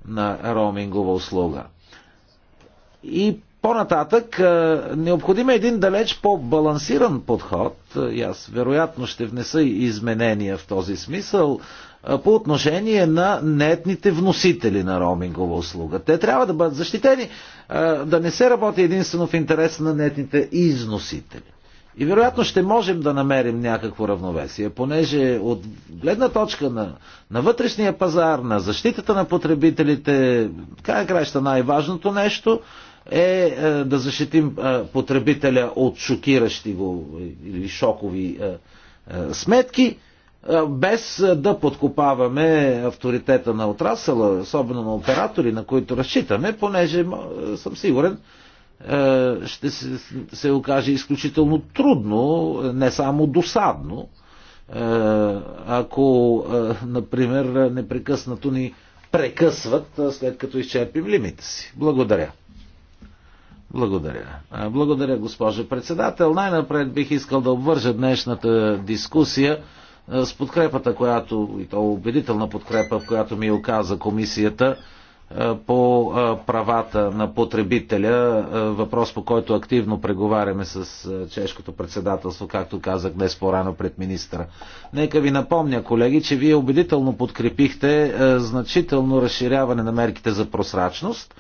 на роумингова услуга. И по-нататък е, необходим е един далеч по-балансиран подход. И аз вероятно ще внеса изменения в този смисъл по отношение на нетните вносители на роумингова услуга. Те трябва да бъдат защитени, да не се работи единствено в интерес на нетните износители. И вероятно ще можем да намерим някакво равновесие, понеже от гледна точка на, на вътрешния пазар, на защитата на потребителите, края краща най-важното нещо е, е да защитим е, потребителя от шокиращи го или шокови е, сметки без да подкопаваме авторитета на отрасъла, особено на оператори, на които разчитаме, понеже съм сигурен, ще се, се окаже изключително трудно, не само досадно, ако, например, непрекъснато ни прекъсват, след като изчерпим лимите си. Благодаря. Благодаря. Благодаря, госпожо председател. Най-напред бих искал да обвържа днешната дискусия е, с подкрепата, която, и то убедителна подкрепа, която ми оказа комисията е, по е, правата на потребителя, въпрос по който активно преговаряме с чешкото председателство, както казах днес по-рано пред министра. Нека ви напомня, колеги, че вие убедително подкрепихте значително разширяване на мерките за просрачност,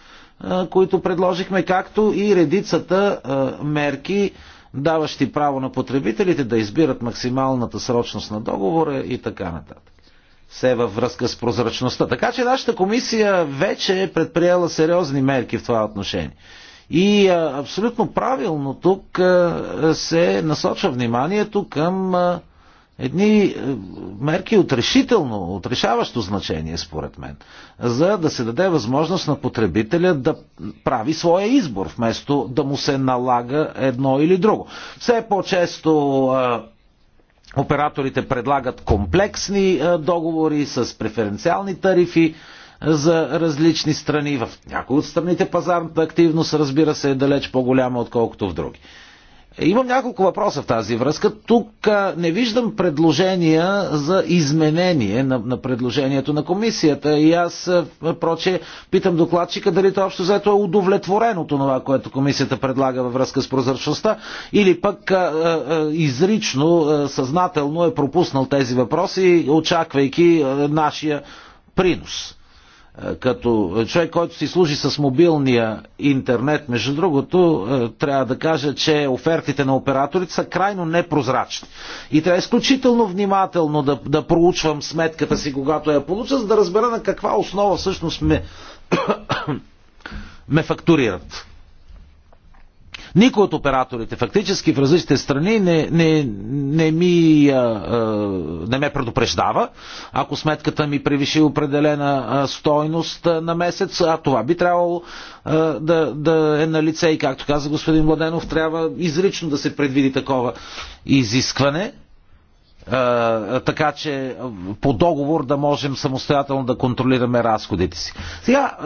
които предложихме, както и редицата мерки, даващи право на потребителите да избират максималната срочност на договора и така нататък. Все във връзка с прозрачността. Така че нашата комисия вече е предприела сериозни мерки в това отношение. И а, абсолютно правилно тук а, се насочва вниманието към а, Едни е, мерки от решително, от решаващо значение, според мен, за да се даде възможност на потребителя да прави своя избор, вместо да му се налага едно или друго. Все по-често е, операторите предлагат комплексни е, договори с преференциални тарифи за различни страни. В някои от страните пазарната активност, разбира се, е далеч по-голяма, отколкото в други. Имам няколко въпроса в тази връзка. Тук не виждам предложения за изменение на, на предложението на комисията и аз, проче, питам докладчика дали то общо заето е удовлетворено от това, което комисията предлага във връзка с прозрачността или пък а, а, изрично, а, съзнателно е пропуснал тези въпроси, очаквайки а, нашия принос като човек, който си служи с мобилния интернет, между другото, е, трябва да кажа, че офертите на операторите са крайно непрозрачни. И трябва изключително внимателно да, да проучвам сметката си, когато я получа, за да разбера на каква основа всъщност ме, ме фактурират. Никой от операторите фактически в различните страни не, не, не, ми, а, а, не ме предупреждава, ако сметката ми превиши определена а, стойност а, на месец, а това би трябвало а, да, да е на лице и както каза господин Младенов, трябва изрично да се предвиди такова изискване така че по договор да можем самостоятелно да контролираме разходите си. Сега,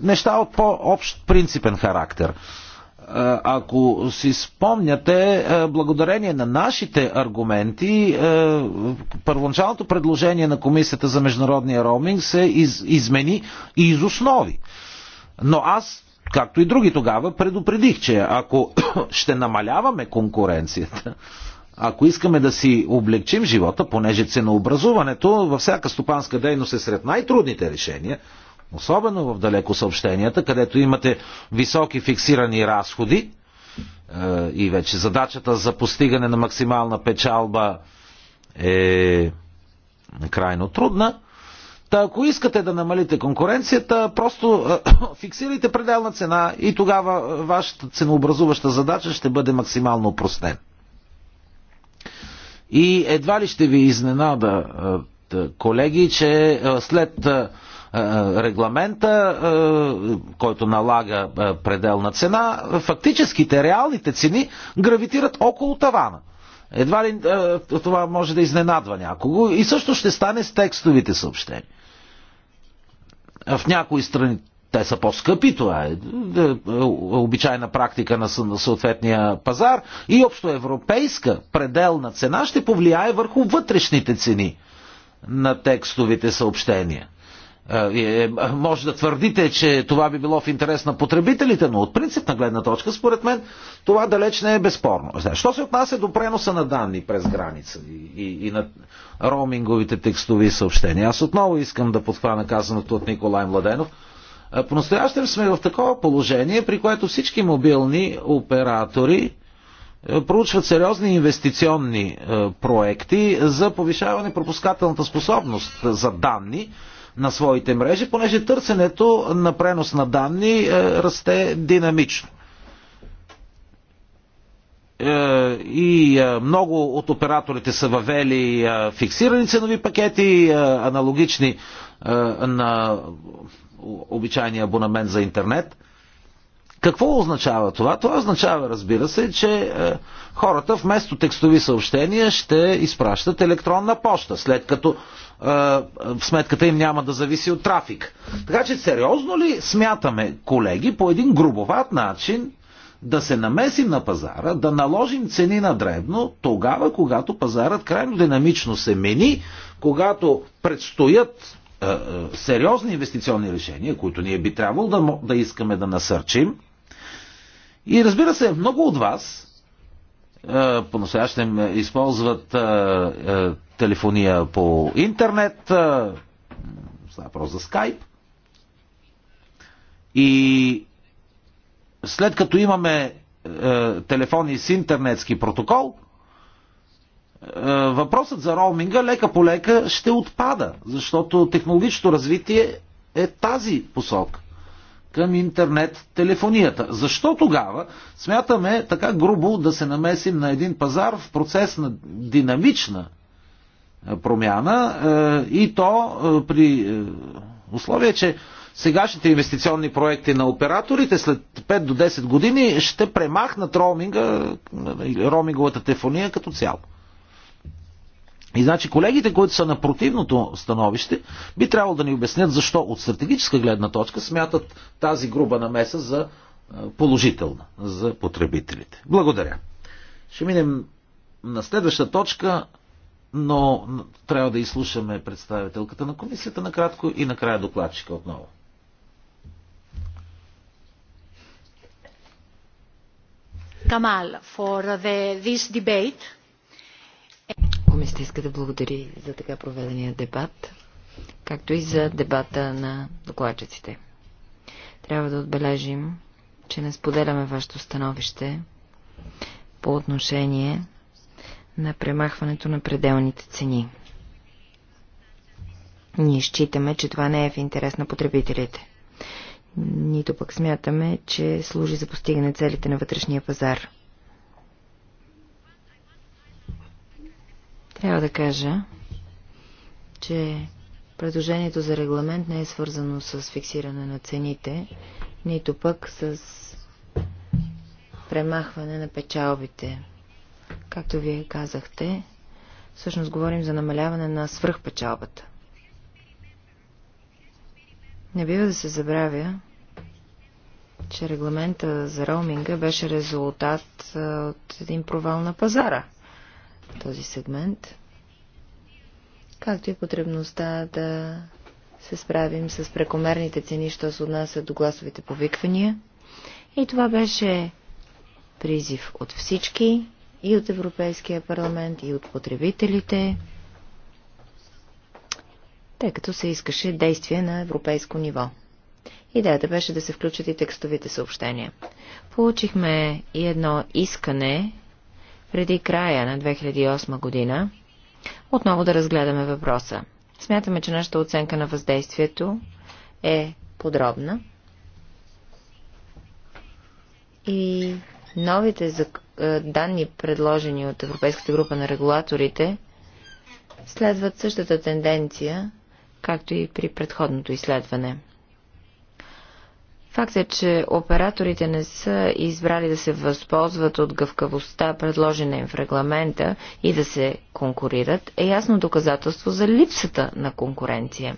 неща от по-общ принципен характер. Ако си спомняте, благодарение на нашите аргументи, първоначалното предложение на Комисията за международния роуминг се из, измени и из основи. Но аз, както и други тогава, предупредих, че ако ще намаляваме конкуренцията, ако искаме да си облегчим живота, понеже ценообразуването във всяка стопанска дейност е сред най-трудните решения, особено в далеко съобщенията, където имате високи фиксирани разходи е, и вече задачата за постигане на максимална печалба е крайно трудна. Та ако искате да намалите конкуренцията, просто е, фиксирайте пределна цена и тогава е, вашата ценообразуваща задача ще бъде максимално упростена. И едва ли ще ви изненада, колеги, че след е, е, регламента, е, който налага пределна цена, фактическите, реалните цени гравитират около тавана. Едва ли това може да изненадва някого и също ще стане с текстовите съобщения. В някои страни те са по-скъпи, това е обичайна практика на съответния пазар и общо европейска пределна цена ще повлияе върху вътрешните цени на текстовите съобщения. Е, е, е, може да твърдите, че това би било в интерес на потребителите, но от принципна гледна точка, според мен, това далеч не е безспорно. Що се отнася до преноса на данни през граница и, и на роуминговите текстови съобщения? Аз отново искам да подхвана казаното от Николай Младенов. По-настоящем сме в такова положение, при което всички мобилни оператори проучват сериозни инвестиционни проекти за повишаване пропускателната способност за данни, на своите мрежи, понеже търсенето на пренос на данни е, расте динамично. Е, и е, много от операторите са въвели фиксирани ценови пакети, аналогични на обичайния абонамент за интернет – какво означава това? Това означава, разбира се, че е, хората вместо текстови съобщения ще изпращат електронна почта, след като е, е, сметката им няма да зависи от трафик. Така че сериозно ли смятаме, колеги, по един грубоват начин да се намесим на пазара, да наложим цени на дребно, тогава, когато пазарът крайно динамично се мени, когато предстоят сериозни инвестиционни решения, които ние би трябвало да, да искаме да насърчим, и разбира се, много от вас е, по-настоящем използват е, е, телефония по интернет, става просто за скайп. И след като имаме телефони с интернетски протокол, въпросът за роуминга лека по лека ще отпада, защото технологичното развитие е тази посока към интернет телефонията. Защо тогава смятаме така грубо да се намесим на един пазар в процес на динамична е, промяна е, и то е, при условие, че сегашните инвестиционни проекти на операторите след 5 до 10 години ще премахнат роуминга или роуминговата телефония като цяло. И значи колегите, които са на противното становище, би трябвало да ни обяснят защо от стратегическа гледна точка смятат тази груба намеса за положителна за потребителите. Благодаря. Ще минем на следваща точка, но трябва да изслушаме представителката на комисията накратко и накрая докладчика отново. Камал, for the, this debate. Комисията иска да благодари за така проведения дебат, както и за дебата на докладчиците. Трябва да отбележим, че не споделяме вашето становище по отношение на премахването на пределните цени. Ние считаме, че това не е в интерес на потребителите. Нито пък смятаме, че служи за постигане целите на вътрешния пазар. Трябва да кажа, че предложението за регламент не е свързано с фиксиране на цените, нито пък с премахване на печалбите. Както вие казахте, всъщност говорим за намаляване на свръхпечалбата. Не бива да се забравя, че регламента за роуминга беше резултат от един провал на пазара – този сегмент, както и потребността да се справим с прекомерните цени, що се отнася до гласовите повиквания. И това беше призив от всички, и от Европейския парламент, и от потребителите, тъй като се искаше действие на европейско ниво. Идеята беше да се включат и текстовите съобщения. Получихме и едно искане преди края на 2008 година, отново да разгледаме въпроса. Смятаме, че нашата оценка на въздействието е подробна и новите е, данни, предложени от Европейската група на регулаторите, следват същата тенденция, както и при предходното изследване. Факт е, че операторите не са избрали да се възползват от гъвкавостта, предложена им в регламента и да се конкурират, е ясно доказателство за липсата на конкуренция.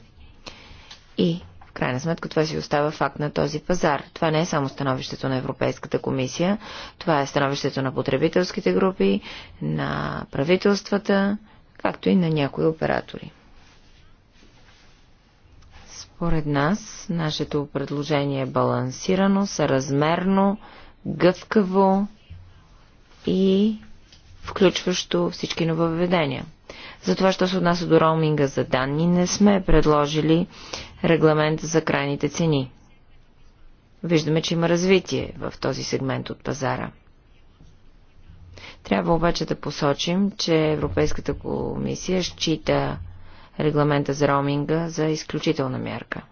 И в крайна сметка това си остава факт на този пазар. Това не е само становището на Европейската комисия, това е становището на потребителските групи, на правителствата, както и на някои оператори. Според нас, нашето предложение е балансирано, съразмерно, гъвкаво и включващо всички нововведения. Затова, що се отнася до роуминга за данни, не сме предложили регламент за крайните цени. Виждаме, че има развитие в този сегмент от пазара. Трябва обаче да посочим, че Европейската комисия счита регламента за роуминга за изключителна мярка.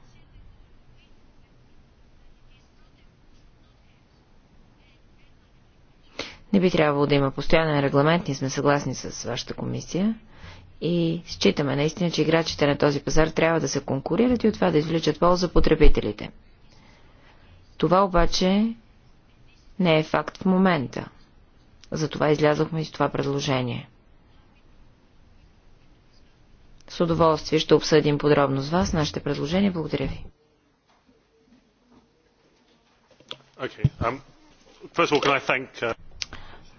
Не би трябвало да има постоянен регламент, ние сме съгласни с вашата комисия и считаме наистина, че играчите на този пазар трябва да се конкурират и от това да извличат полза потребителите. Това обаче не е факт в момента. Затова излязохме и с това предложение. С удоволствие ще обсъдим подробно с вас нашите предложения. Благодаря ви. Okay. Um, all, thank... Uh,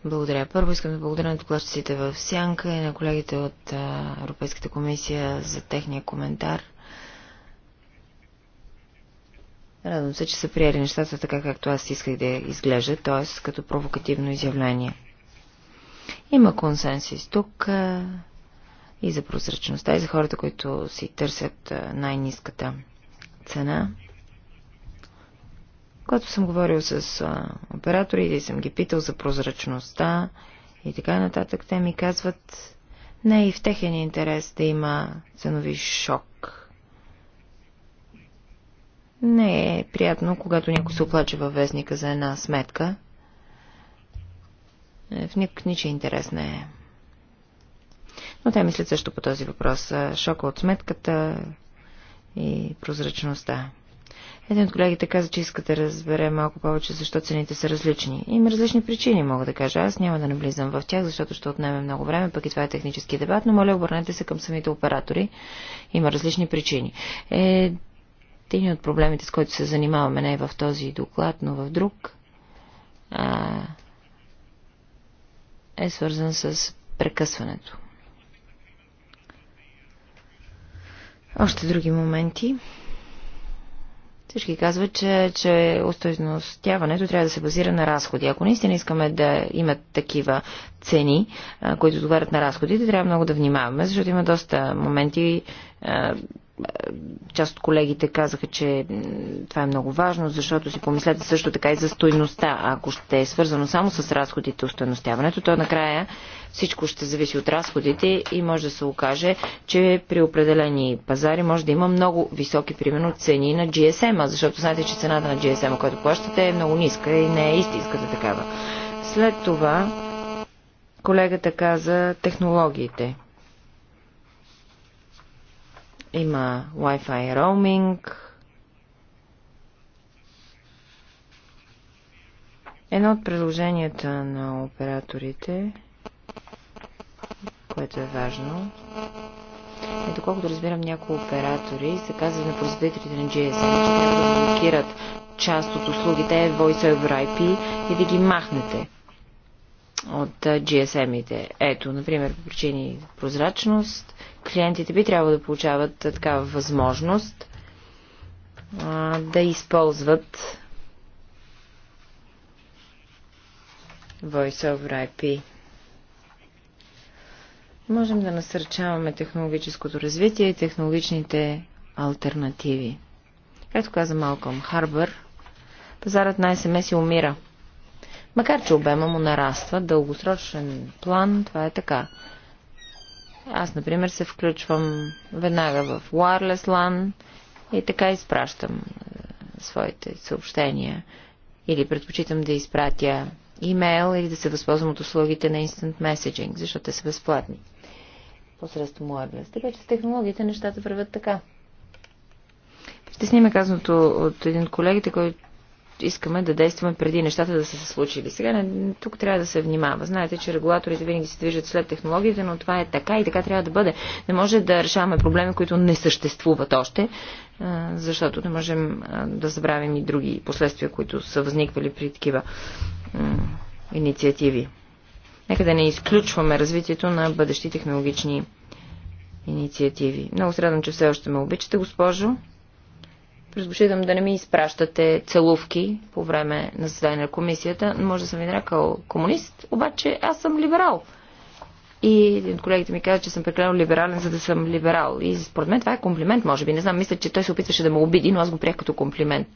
благодаря. Първо искам да благодаря на докладчиците в Сянка и на колегите от Европейската комисия за техния коментар. Радвам се, че са приели нещата така, както аз исках да изглежда, т.е. като провокативно изявление. Има консенсис тук и за прозрачността, и за хората, които си търсят най-низката цена. Когато съм говорил с операторите и съм ги питал за прозрачността и така нататък, те ми казват, не и в техен интерес да има ценови шок. Не е приятно, когато някой се оплаче във вестника за една сметка. Е, в никакъв ничи интерес не е но те мислят също по този въпрос. Шока от сметката и прозрачността. Един от колегите каза, че иска да разбере малко повече защо цените са различни. Има различни причини, мога да кажа. Аз няма да наблизам в тях, защото ще отнеме много време, пък и това е технически дебат, но моля обърнете се към самите оператори. Има различни причини. Е, един от проблемите, с който се занимаваме не е в този доклад, но в друг, а, е свързан с прекъсването. Още други моменти. Всички казват, че, че устойностяването трябва да се базира на разходи. Ако наистина искаме да имат такива цени, които отговарят на разходите, трябва много да внимаваме, защото има доста моменти. Част от колегите казаха, че това е много важно, защото си помислете също така и за стойността. Ако ще е свързано само с разходите устойностяването, то накрая всичко ще зависи от разходите и може да се окаже, че при определени пазари може да има много високи, примерно, цени на GSM-а, защото знаете, че цената на GSM-а, която плащате, е много ниска и не е истинската такава. След това колегата каза технологиите. Има Wi-Fi roaming, Едно от предложенията на операторите което е важно. И доколкото разбирам, някои оператори се казва на производителите на GSM, че трябва да блокират част от услугите Voice over IP и да ги махнете от GSM-ите. Ето, например, по причини прозрачност, клиентите би трябвало да получават такава възможност а, да използват Voice over IP можем да насърчаваме технологическото развитие и технологичните альтернативи. Както каза Малком Харбър, пазарът на СМС и умира. Макар, че обема му нараства, дългосрочен план, това е така. Аз, например, се включвам веднага в Wireless LAN и така изпращам е, своите съобщения. Или предпочитам да изпратя имейл или да се възползвам от услугите на Instant Messaging, защото те са безплатни посредством Wireless. Така че с технологиите нещата върват така. Притесниме казаното от един от колегите, който искаме да действаме преди нещата да са се случили. Сега не, тук трябва да се внимава. Знаете, че регулаторите винаги се движат след технологиите, но това е така и така трябва да бъде. Не може да решаваме проблеми, които не съществуват още, защото не можем да забравим и други последствия, които са възниквали при такива инициативи. Нека да не изключваме развитието на бъдещи технологични инициативи. Много се радвам, че все още ме обичате, госпожо. Предпочитам да не ми изпращате целувки по време на заседание на комисията. Може да съм ви нарекал комунист, обаче аз съм либерал. И един от колегите ми каза, че съм прекалено либерален, за да съм либерал. И според мен това е комплимент, може би. Не знам, мисля, че той се опитваше да ме обиди, но аз го приех като комплимент.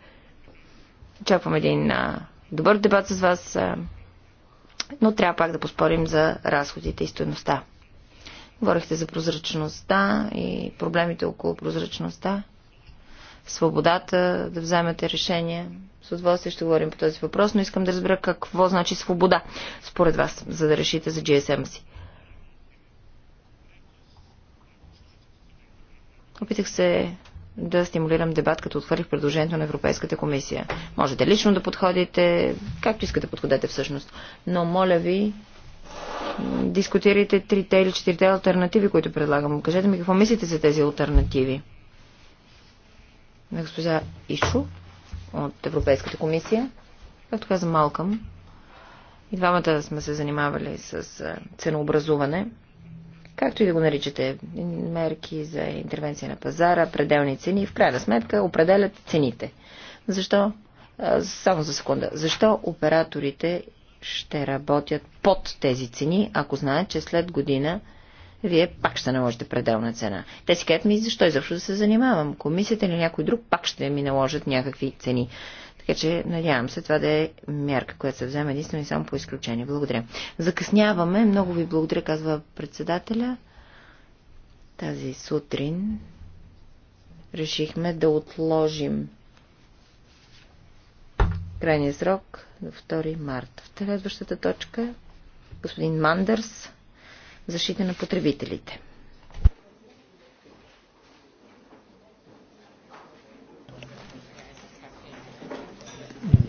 Очаквам един а, добър дебат с вас. А, но трябва пак да поспорим за разходите и стоеността. Говорихте за прозрачността и проблемите около прозрачността, свободата да вземете решения. С удоволствие ще говорим по този въпрос, но искам да разбера какво значи свобода според вас, за да решите за GSM си. Опитах се да стимулирам дебат, като отхвърлих предложението на Европейската комисия. Можете лично да подходите, както искате да подходете всъщност. Но моля ви, дискутирайте трите или четирите альтернативи, които предлагам. Кажете ми какво мислите за тези альтернативи. На госпожа Ишо от Европейската комисия, както каза Малкам, и двамата сме се занимавали с ценообразуване както и да го наричате, мерки за интервенция на пазара, пределни цени, в крайна сметка определят цените. Защо? Само за секунда. Защо операторите ще работят под тези цени, ако знаят, че след година вие пак ще наложите пределна цена. Те си казват ми, защо изобщо да се занимавам? Комисията или някой друг пак ще ми наложат някакви цени. Така че надявам се това да е мярка, която се взема единствено и само по изключение. Благодаря. Закъсняваме. Много ви благодаря, казва председателя. Тази сутрин решихме да отложим крайния срок до 2 март В следващата точка господин Мандърс защита на потребителите.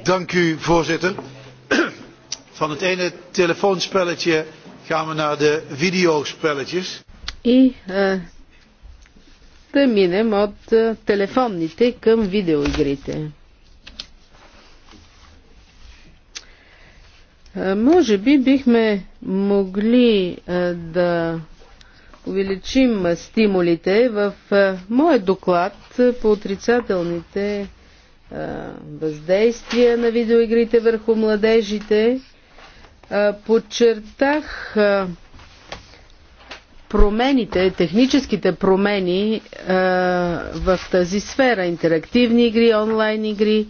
voorzitter van het ene telefoonspelletje gaan we naar de videospelletjes. И а, да минем от а, към видеоигрите. А, може би бихме могли а, да увеличим стимулите. В а, eh, моят доклад по отрицателните а, въздействие на видеоигрите върху младежите. Подчертах промените, техническите промени в тази сфера. Интерактивни игри, онлайн игри,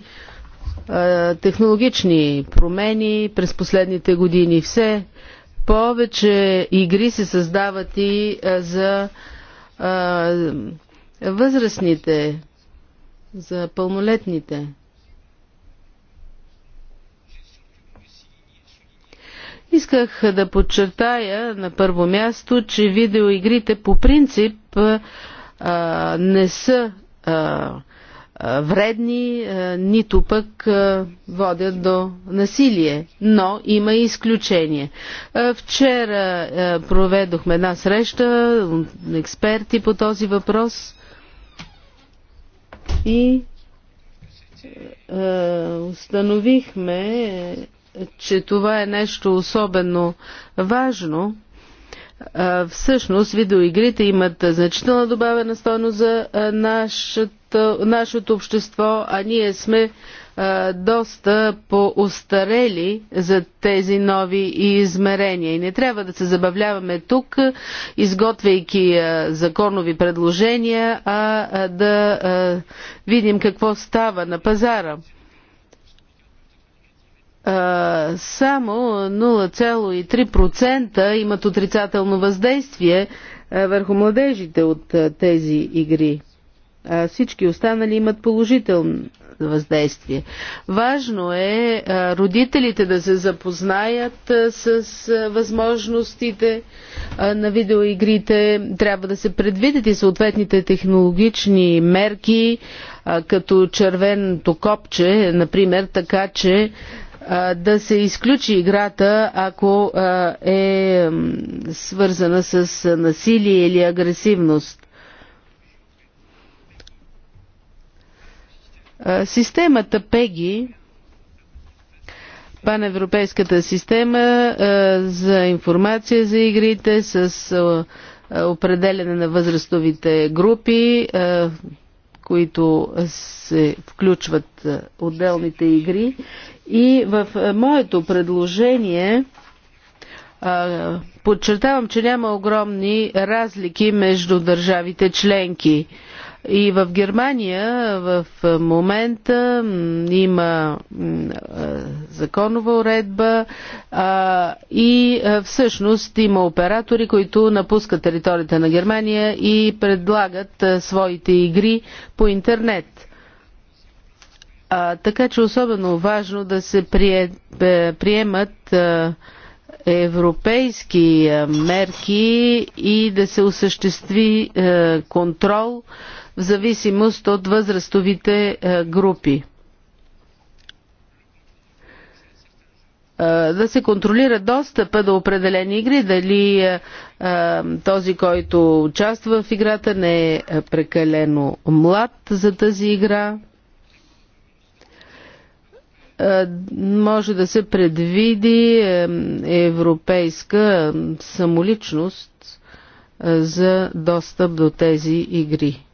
технологични промени през последните години. Все повече игри се създават и за възрастните за пълнолетните. Исках да подчертая на първо място, че видеоигрите по принцип а, не са а, а, вредни, а, нито пък а, водят до насилие, но има и изключение. А, вчера а, проведохме една среща експерти по този въпрос и е, установихме, че това е нещо особено важно. Всъщност, видеоигрите имат значителна добавена стойност за нашето, нашето общество, а ние сме доста по за тези нови измерения. И не трябва да се забавляваме тук, изготвяйки законови предложения, а да видим какво става на пазара само 0,3% имат отрицателно въздействие върху младежите от тези игри. А всички останали имат положителен въздействие. Важно е родителите да се запознаят с възможностите на видеоигрите. Трябва да се предвидят и съответните технологични мерки, като червеното копче, например, така че да се изключи играта, ако е свързана с насилие или агресивност. Системата ПЕГИ, паневропейската система за информация за игрите с определене на възрастовите групи, които се включват отделните игри. И в моето предложение подчертавам, че няма огромни разлики между държавите членки. И в Германия в момента има законова уредба и всъщност има оператори, които напускат територията на Германия и предлагат своите игри по интернет. така че особено важно да се е, приемат европейски мерки и да се осъществи е, контрол в зависимост от възрастовите е, групи. Е, да се контролира достъпа до определени игри, дали е, този, който участва в играта, не е прекалено млад за тази игра. Може да се предвиди европейска самоличност за достъп до тези игри.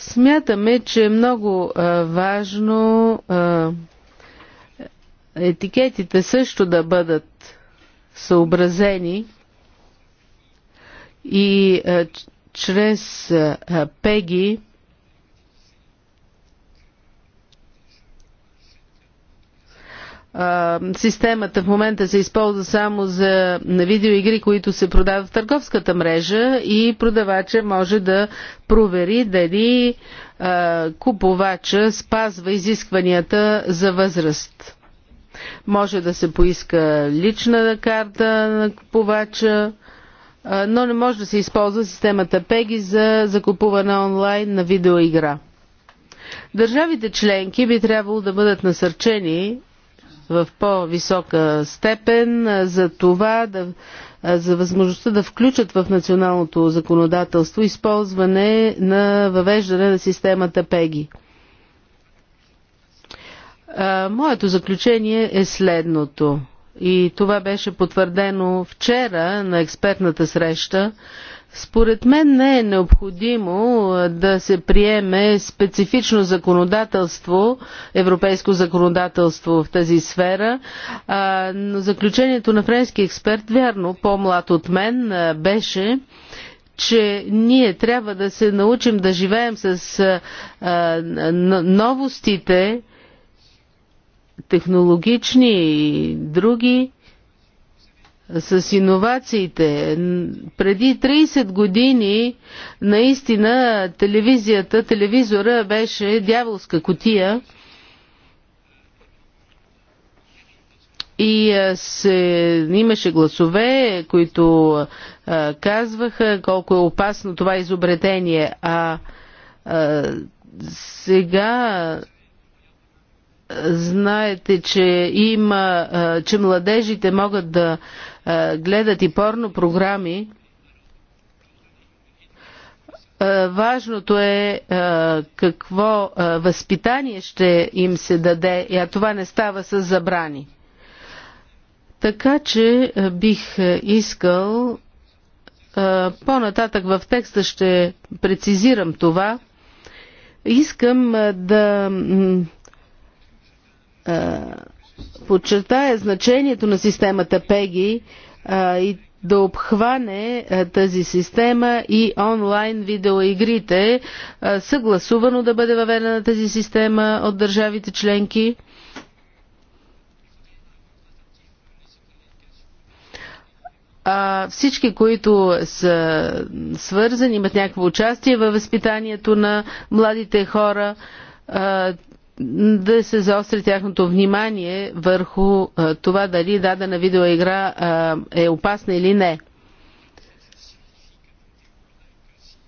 Смятаме, че е много важно етикетите също да бъдат съобразени и чрез ПЕГИ системата в момента се използва само за видеоигри, които се продават в търговската мрежа и продавача може да провери дали купувача спазва изискванията за възраст. Може да се поиска лична карта на купувача, но не може да се използва системата PEGI за закупуване онлайн на видеоигра. Държавите членки би трябвало да бъдат насърчени в по-висока степен за това да за възможността да включат в националното законодателство използване на въвеждане на системата ПЕГИ. Моето заключение е следното. И това беше потвърдено вчера на експертната среща според мен не е необходимо да се приеме специфично законодателство, европейско законодателство в тази сфера, но заключението на френски експерт, вярно, по-млад от мен, беше, че ние трябва да се научим да живеем с новостите, технологични и други, с иновациите. Преди 30 години наистина телевизията, телевизора беше дяволска котия и се, имаше гласове, които а, казваха колко е опасно това изобретение. А, а сега знаете, че има, че младежите могат да е, гледат и порно програми, е, важното е, е какво възпитание ще им се даде, а това не става с забрани. Така че бих искал по-нататък в текста ще прецизирам това. Искам да подчертая значението на системата ПЕГИ и да обхване тази система и онлайн видеоигрите, съгласувано да бъде въведена тази система от държавите членки. а, всички, които са свързани, имат някакво участие във възпитанието на младите хора, а, да се заостри тяхното внимание върху това дали дадена видеоигра е опасна или не.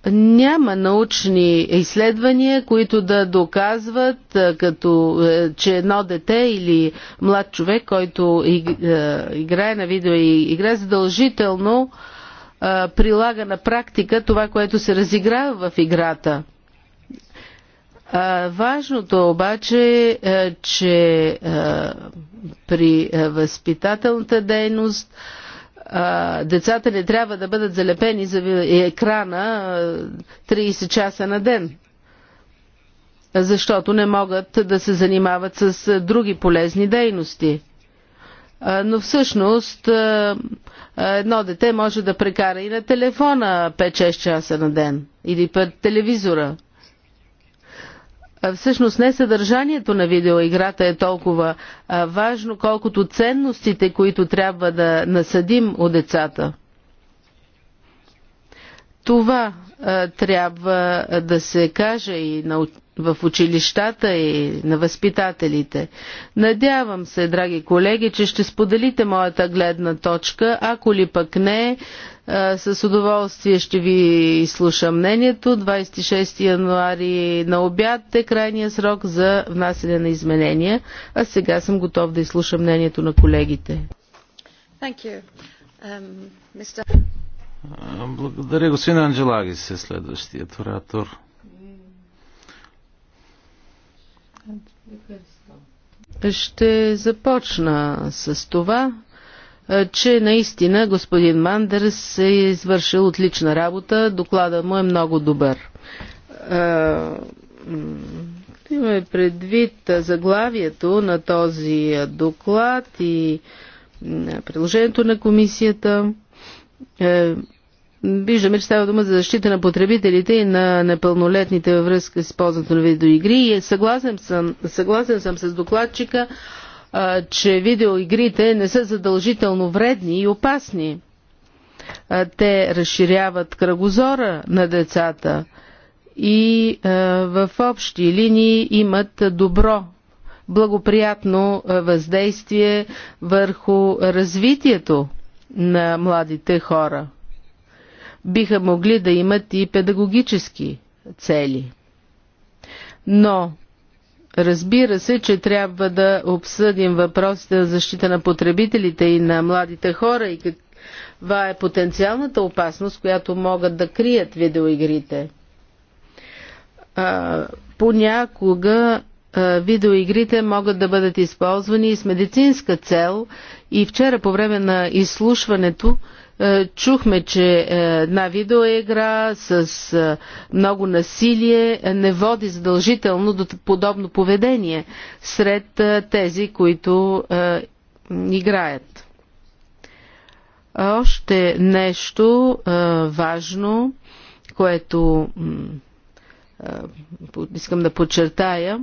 Няма научни изследвания, които да доказват, като, че едно дете или млад човек, който играе на видеоигра, задължително прилага на практика това, което се разиграва в играта. Важното обаче е, че при възпитателната дейност децата не трябва да бъдат залепени за екрана 30 часа на ден, защото не могат да се занимават с други полезни дейности. Но всъщност едно дете може да прекара и на телефона 5-6 часа на ден или път телевизора. Е, всъщност не съдържанието на видеоиграта е толкова е, важно, колкото ценностите, които трябва да насъдим у децата. Това е, трябва да се каже и на в училищата и на възпитателите. Надявам се, драги колеги, че ще споделите моята гледна точка, ако ли пък не, с удоволствие ще ви изслуша мнението. 26 януари на обяд е крайния срок за внасяне на изменения, а сега съм готов да изслуша мнението на колегите. Um, благодаря, господин Анджелагис е следващият оратор. Ще започна с това, че наистина господин Мандерс е извършил отлична работа. Доклада му е много добър. Имаме предвид заглавието на този доклад и приложението на комисията е, Виждаме, че става дума за защита на потребителите и на непълнолетните във връзка с използването на видеоигри. И е съгласен съм, съгласен съм с докладчика, че видеоигрите не са задължително вредни и опасни. Те разширяват кръгозора на децата и в общи линии имат добро, благоприятно въздействие върху развитието на младите хора биха могли да имат и педагогически цели. Но Разбира се, че трябва да обсъдим въпросите за защита на потребителите и на младите хора и каква е потенциалната опасност, която могат да крият видеоигрите. А, понякога а, видеоигрите могат да бъдат използвани и с медицинска цел и вчера по време на изслушването е, чухме, че е, една видеоигра с е, много насилие не води задължително до подобно поведение сред тези, които играят. Още нещо важно, което искам да подчертая,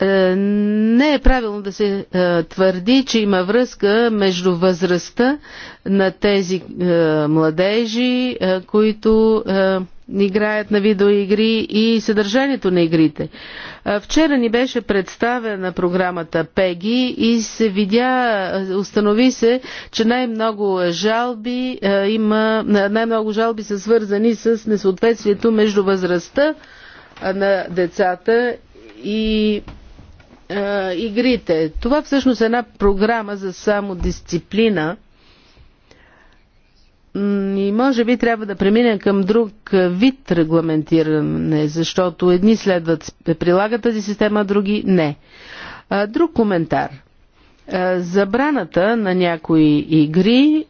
е, не е правилно да се е, твърди, че има връзка между възрастта на тези е, младежи, които играят на видеоигри и съдържанието на игрите. Вчера ни беше представена програмата Пеги и се видя, установи се, че най-много жалби има, най-много жалби са свързани с несъответствието между възрастта на децата и е, игрите. Това всъщност е една програма за самодисциплина. И може би трябва да преминем към друг е, вид регламентиране, защото едни следват, е, прилагат тази система, а други не. Друг коментар. Е, забраната на някои игри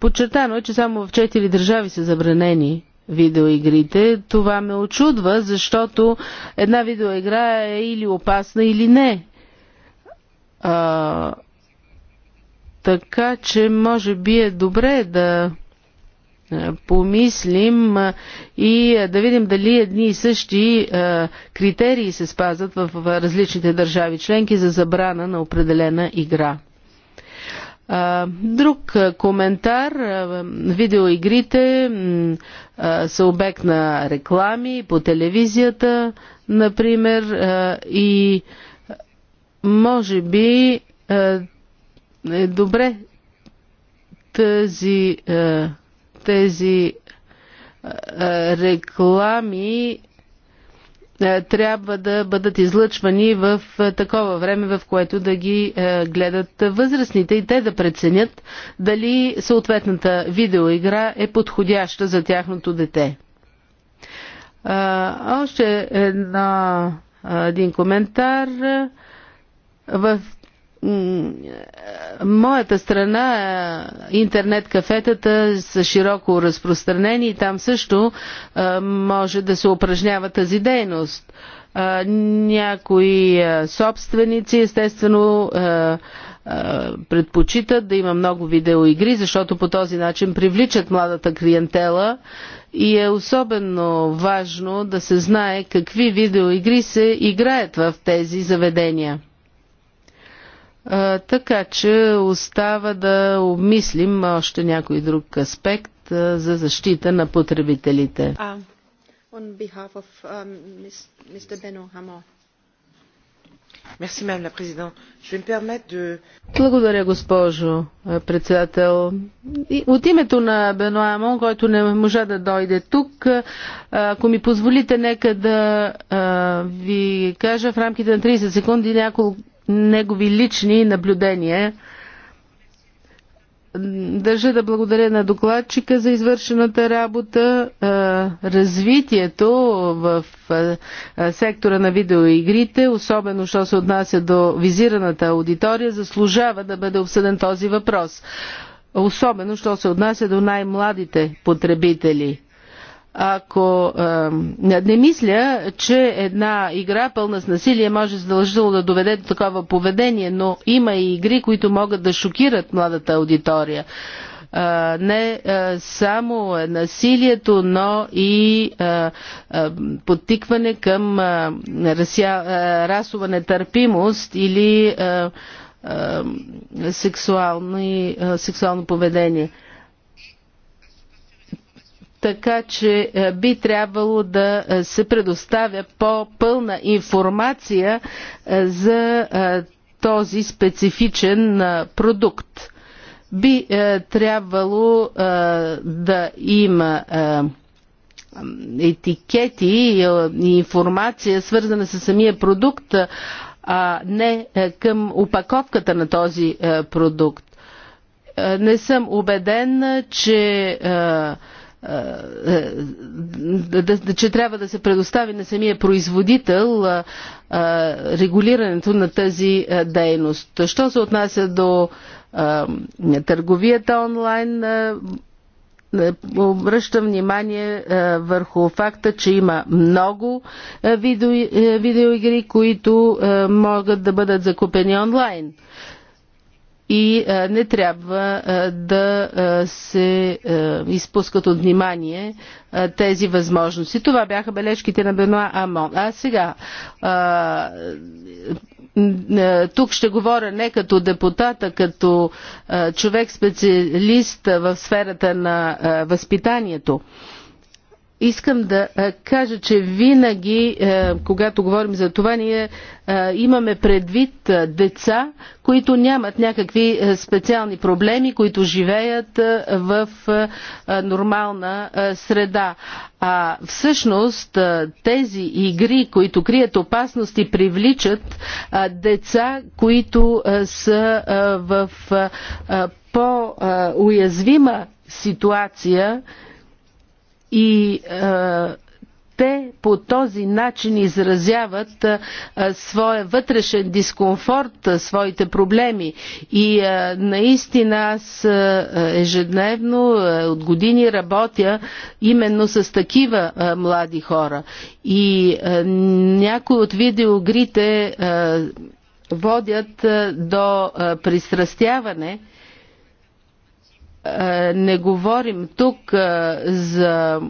Подчертано е, че само в четири държави са забранени видеоигрите. Това ме очудва, защото една видеоигра е или опасна, или не. А, така че може би е добре да помислим и да видим дали едни и същи критерии се спазват в различните държави членки за забрана на определена игра. Друг коментар. Видеоигрите са обект на реклами по телевизията, например, и може би е добре тези, тези реклами е, трябва да бъдат излъчвани в е, такова време, в което да ги е, гледат възрастните и те да преценят дали съответната видеоигра е подходяща за тяхното дете. Още една, един коментар. В е, моята страна е, интернет кафетата са широко разпространени и там също е, може да се упражнява тази дейност. Някои собственици естествено предпочитат да има много видеоигри, защото по този начин привличат младата клиентела и е особено важно да се знае какви видеоигри се играят в тези заведения така че остава да обмислим още някой друг аспект за защита на потребителите. Um, Благодаря, госпожо председател. От името на Бено Амон, който не можа да дойде тук, ако ми позволите, нека да ви кажа в рамките на 30 секунди няколко негови лични наблюдения. Държа да благодаря на докладчика за извършената работа. Развитието в сектора на видеоигрите, особено що се отнася до визираната аудитория, заслужава да бъде обсъден този въпрос. Особено що се отнася до най-младите потребители. Ако не мисля, че една игра пълна с насилие може задължително да доведе до такова поведение, но има и игри, които могат да шокират младата аудитория не само насилието, но и подтикване към расова нетърпимост или сексуално поведение така че е, би трябвало да е, се предоставя по-пълна информация е, за този специфичен продукт. Би трябвало да има етикети и информация свързана с самия продукт, а не към упаковката на този продукт. Не съм убеден, че е, е, че трябва да се предостави на самия производител е, регулирането на тази дейност. Що се отнася до търговията онлайн, обръщам внимание върху факта, че има много видео, видеоигри, които могат да бъдат закупени онлайн и е, не трябва е, да е, се изпускат от внимание тези възможности. Това бяха бележките на Бенуа Амон. А сега, тук ще говоря не като депутат, а като човек специалист в сферата на възпитанието. Искам да е, кажа, че винаги, е, когато говорим за това, ние е, имаме предвид деца, които нямат някакви специални проблеми, които живеят в нормална среда. А всъщност тези игри, които крият опасности, привличат деца, които са в по-уязвима ситуация и е, те по този начин изразяват а, е, своя вътрешен дискомфорт, а, е, своите проблеми. И а, наистина аз а, ежедневно а, от години работя именно с такива а, млади хора. И а, някои от видеогрите а, водят а, до а, пристрастяване. А, е, не говорим тук е, за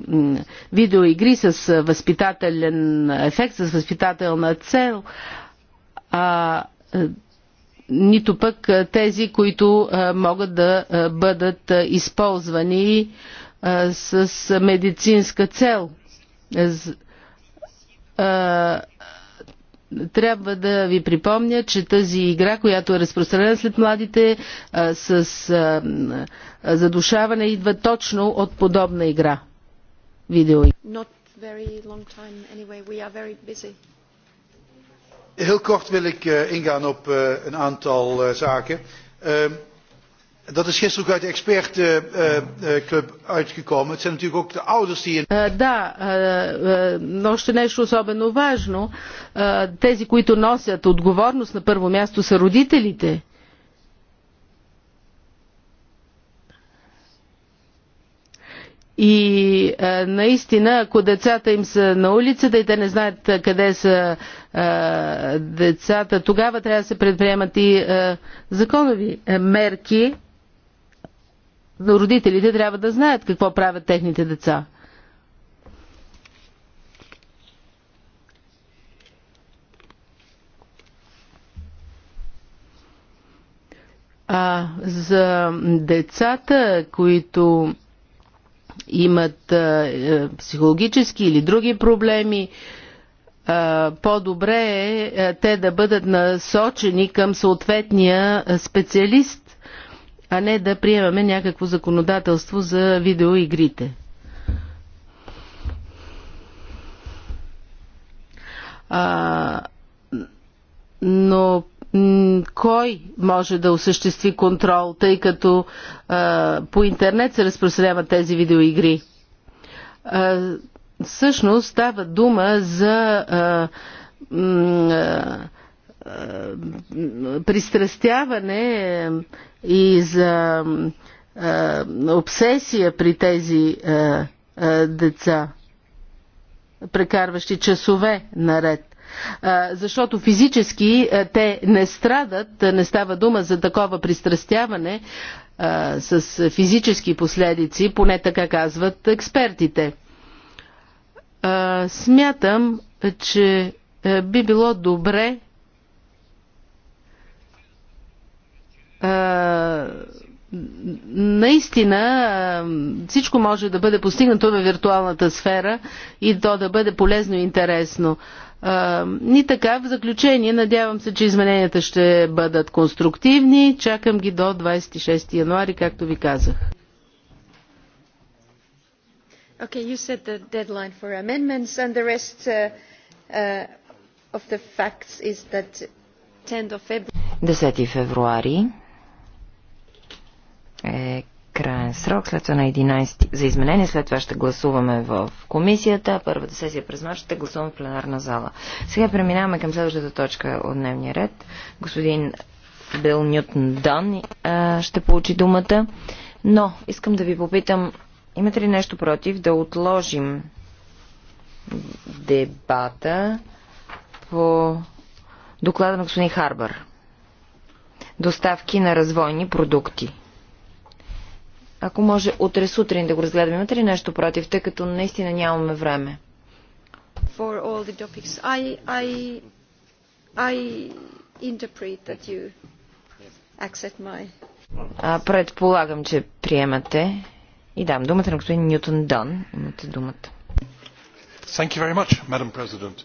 видеоигри с възпитателен ефект, с възпитателна цел, а е, нито пък тези, които могат да бъдат използвани с медицинска цел трябва да ви припомня, че тази игра, която е разпространена след младите, с задушаване идва точно от подобна игра. Видео. Heel kort wil ik eh, ingaan op eh, een aantal eh, zaken. Ehm, Dat is gisteren ook uit de uh, uitgekomen. Het zijn natuurlijk ook de ouders die... Eh, да, още нещо особено важно. Е, тези, които носят отговорност на първо място са родителите. И а, е, наистина, ако децата им са на улицата и те не знаят е, къде са а, децата, тогава трябва да се предприемат и а, законови мерки родителите трябва да знаят какво правят техните деца. А за децата, които имат а, е, психологически или други проблеми, по-добре е, е те да бъдат насочени към съответния специалист, а не да приемаме някакво законодателство за видеоигрите. А, но кой може да осъществи контрол, тъй като а, по интернет се разпространяват тези видеоигри? А, всъщност става дума за а, пристрастяване е, и за е, обсесия при тези е, деца, прекарващи часове наред защото физически те не страдат, не става дума за такова пристрастяване с физически последици, поне така казват експертите. Смятам, че би било добре наистина всичко може да бъде постигнато във виртуалната сфера и то да бъде полезно и интересно. И така, в заключение, надявам се, че измененията ще бъдат конструктивни. Чакам ги до 26 януари, както ви казах. Okay, you said the deadline for amendments and the rest uh, uh, of the facts is that 10 of February. 10 февруари е краен срок, след това на 11 за изменение, след това ще гласуваме в комисията, първата сесия през нощ ще гласуваме в пленарна зала. Сега преминаваме към следващата точка от дневния ред. Господин Бил Нютон Дон е, ще получи думата, но искам да ви попитам, имате ли нещо против да отложим дебата по доклада на господин Харбър? Доставки на развойни продукти. Ако може утре сутрин да го разгледаме, имате ли нещо против, тъй като наистина нямаме време? For all the topics. I, I, I interpret that you accept my... А, предполагам, че приемате. И дам думата на господин Ньютон Дон. Имате думата. Thank you very much, Madam President.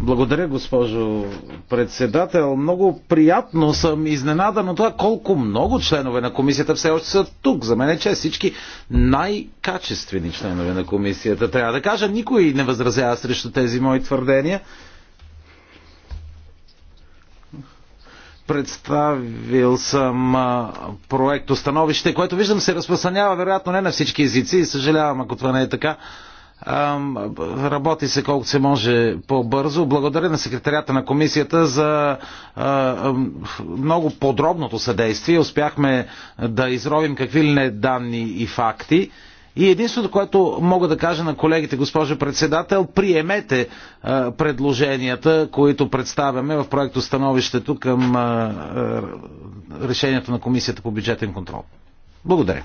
Благодаря, госпожо председател. Много приятно съм изненадан от това колко много членове на комисията все още са тук. За мен е че всички най-качествени членове на комисията. Трябва да кажа, никой не възразява срещу тези мои твърдения. представил съм проект установище, което виждам се разпространява вероятно не на всички езици и съжалявам ако това не е така. Работи се колкото се може по-бързо. Благодаря на секретарята на комисията за много подробното съдействие. Успяхме да изровим какви ли не данни и факти. И единството, което мога да кажа на колегите, госпожо председател, приемете предложенията, които представяме в проекто становището към решението на Комисията по бюджетен контрол. Благодаря.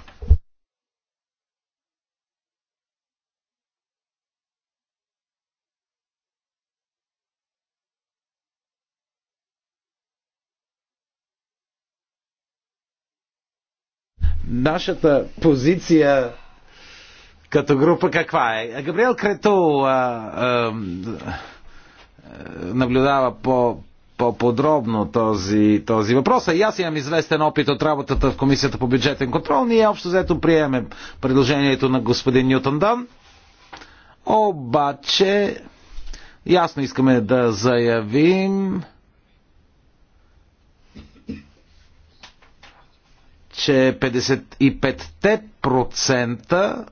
нашата позиция като група каква е? Габриел Крето а, а, наблюдава по, по-подробно този, този въпрос. А и аз имам известен опит от работата в Комисията по бюджетен контрол. Ние общо взето приемем предложението на господин Ньютон Дан. Обаче, ясно искаме да заявим, че 55%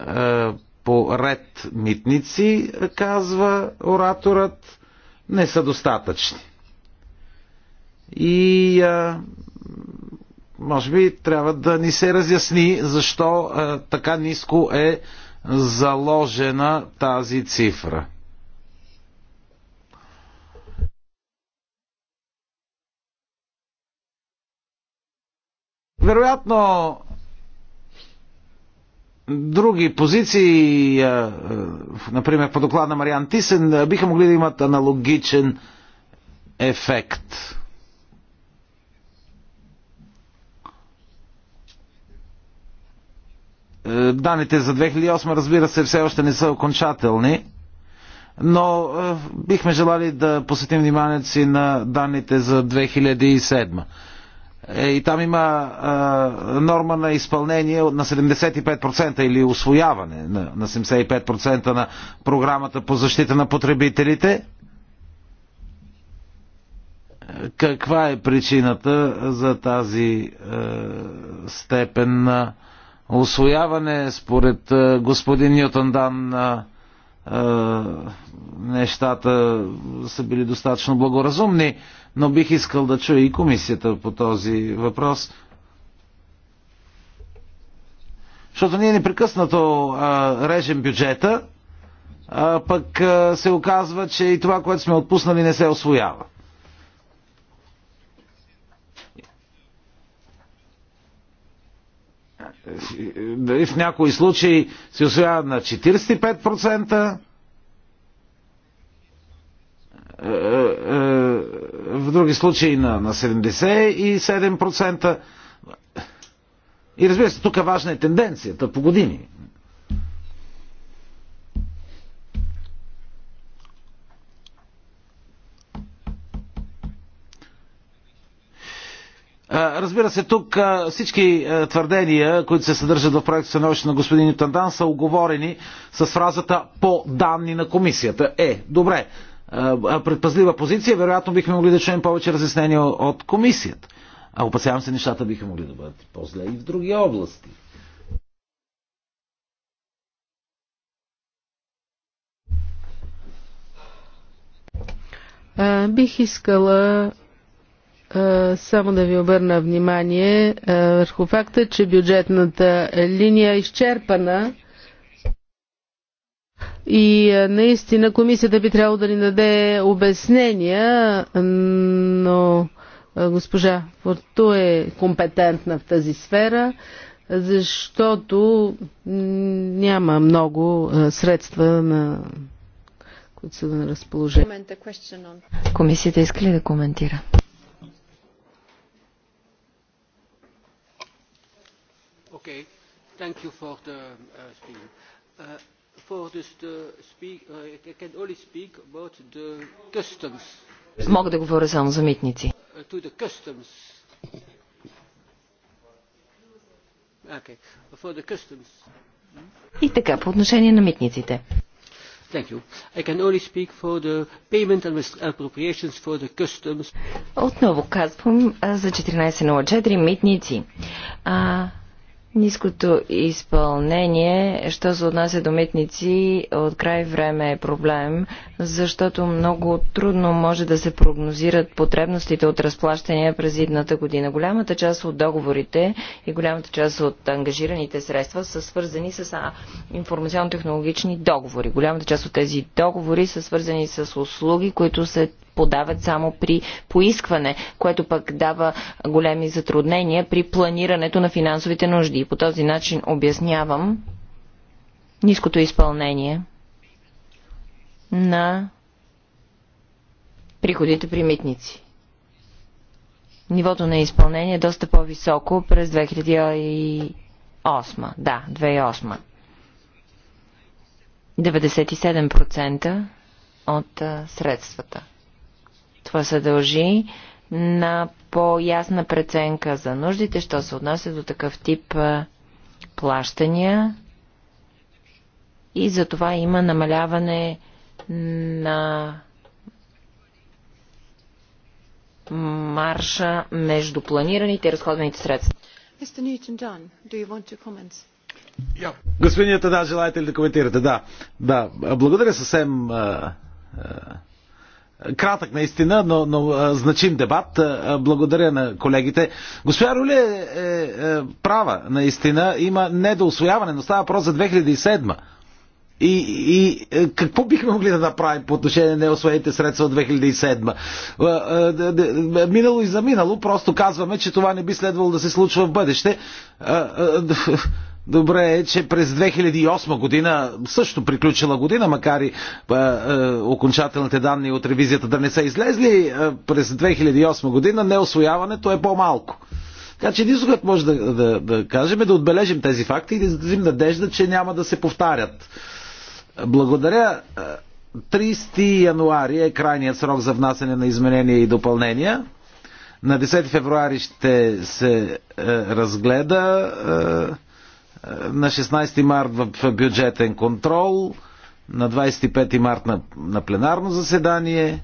е, по ред митници, казва ораторът, не са достатъчни. И а, е, може би трябва да ни се разясни защо а, е, така ниско е заложена тази цифра. Вероятно, други позиции, например по доклада на Мариан Тисен, биха могли да имат аналогичен ефект. Е, Даните за 2008, разбира се, все още не са окончателни, но е, бихме желали да посетим вниманието си на данните за 2007. Е, и там има а, норма на изпълнение на 75% или освояване на, на 75% на програмата по защита на потребителите. Каква е причината за тази а, е, степен на освояване? Според а, е, господин Ньютон Дан а, а, нещата са били достатъчно благоразумни но бих искал да чуя и комисията по този въпрос. Защото ние непрекъснато а, режем бюджета, а, пък а, се оказва, че и това, което сме отпуснали, не се освоява. в някои случаи се освоява на 45%, е, е, е, в други случаи на, на 77%. И разбира се, тук важна е тенденцията по години. Разбира се, тук всички твърдения, които се съдържат в проекта научна на господин Тандан, са оговорени с фразата по данни на комисията. Е, добре, предпазлива позиция, вероятно бихме могли да чуем повече разяснения от комисията. А опасявам се, нещата биха могли да бъдат по-зле и в други области. А, бих искала а, само да ви обърна внимание а, върху факта, че бюджетната линия е изчерпана и е, наистина комисията би трябвало да ни даде обяснения, но е, госпожа Форту е компетентна в тази сфера, защото няма много е, средства на които са на разположение. Комисията иска ли да коментира? Okay. Thank you for the uh, for the speak, I can only speak about the customs. Мога да говоря само за митници. To the customs. Okay. For the customs. И така, по отношение на митниците. Thank you. I can only speak for the payment and appropriations for the customs. Отново казвам за 1404 митници. А, Ниското изпълнение, що се отнася до митници, от край време е проблем, защото много трудно може да се прогнозират потребностите от разплащания през едната година. Голямата част от договорите и голямата част от ангажираните средства са свързани с информационно-технологични договори. Голямата част от тези договори са свързани с услуги, които се подават само при поискване, което пък дава големи затруднения при планирането на финансовите нужди. И по този начин обяснявам ниското изпълнение на приходите при митници. Нивото на изпълнение е доста по-високо през 2008. Да, 2008. 97% от средствата. Това се дължи на по-ясна преценка за нуждите, що се отнася до такъв тип плащания и за това има намаляване на марша между планираните и разходваните средства. Господин Ятана, желаете ли да коментирате? Да, да. Благодаря съвсем Кратък наистина, но, но а, значим дебат. А, благодаря на колегите. Госпожа Руле е, е, е права, наистина. Има недоосвояване, но става въпрос за 2007. И, и е, какво бихме могли да направим по отношение на неосвоените средства от 2007? Минало и заминало, просто казваме, че това не би следвало да се случва в бъдеще. Добре е, че през 2008 година, също приключила година, макар и е, е, окончателните данни от ревизията да не са излезли, е, през 2008 година неосвояването е по-малко. Така че единствено, което може да, да, да кажем е да отбележим тези факти и да изразим надежда, че няма да се повтарят. Благодаря. 30 януари е крайният срок за внасяне на изменения и допълнения. На 10 февруари ще се е, разгледа. Е, на 16 март в бюджетен контрол, на 25 март на, на пленарно заседание.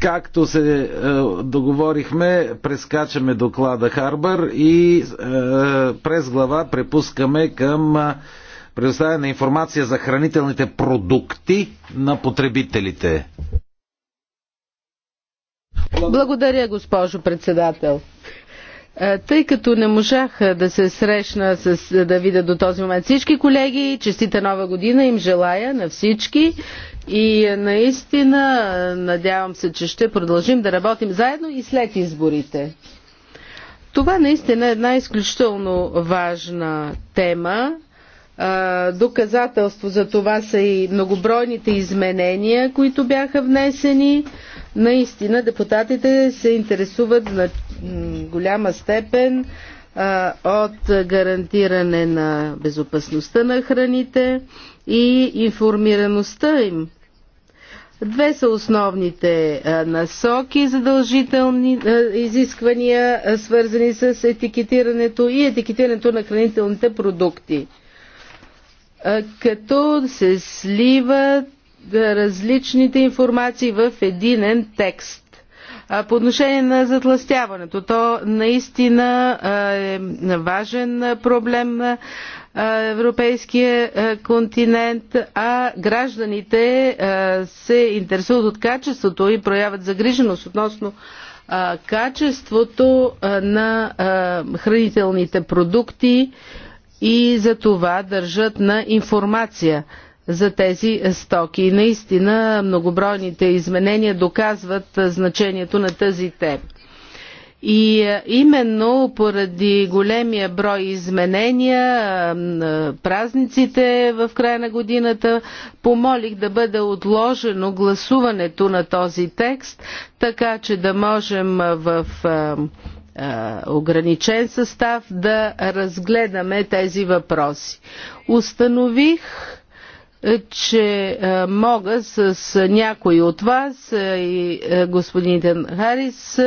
Както се е, договорихме, прескачаме доклада Харбър и е, през глава препускаме към е, предоставяне на информация за хранителните продукти на потребителите. Благодаря, госпожо председател. Е, тъй като не можах да се срещна с, да видя до този момент всички колеги, честита нова година им желая на всички и е, наистина е, надявам се, че ще продължим да работим заедно и след изборите. Това наистина е една изключително важна тема. Доказателство за това са и многобройните изменения, които бяха внесени. Наистина депутатите се интересуват на голяма степен от гарантиране на безопасността на храните и информираността им. Две са основните насоки, задължителни изисквания, свързани с етикетирането и етикетирането на хранителните продукти. Като се сливат различните информации в единен текст. По отношение на затластяването, то наистина е важен проблем на европейския континент, а гражданите се интересуват от качеството и проявят загриженост относно качеството на хранителните продукти и за това държат на информация за тези стоки. И наистина многобройните изменения доказват значението на тази тема. И именно поради големия брой изменения, празниците в края на годината, помолих да бъде отложено гласуването на този текст, така че да можем в ограничен състав да разгледаме тези въпроси. Установих че е, мога с е, някой от вас е, и господин Харис,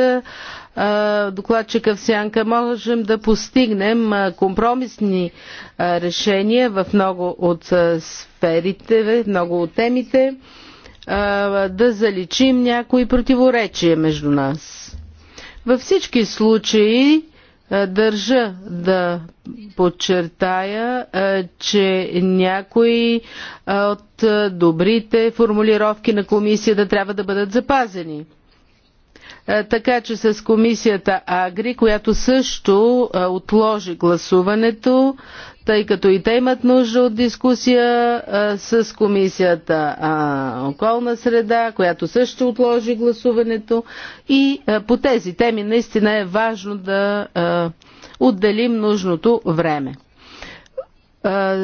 докладчика в Сянка, можем да постигнем компромисни решения в много от сферите, в много от темите, да заличим някои противоречия между нас. Във всички случаи е, държа да подчертая, е, че някои е, от добрите формулировки на комисията трябва да бъдат запазени. Така че с комисията Агри, която също отложи гласуването, тъй като и те имат нужда от дискусия а, с комисията а, околна среда, която също отложи гласуването. И а, по тези теми наистина е важно да а, отделим нужното време. А,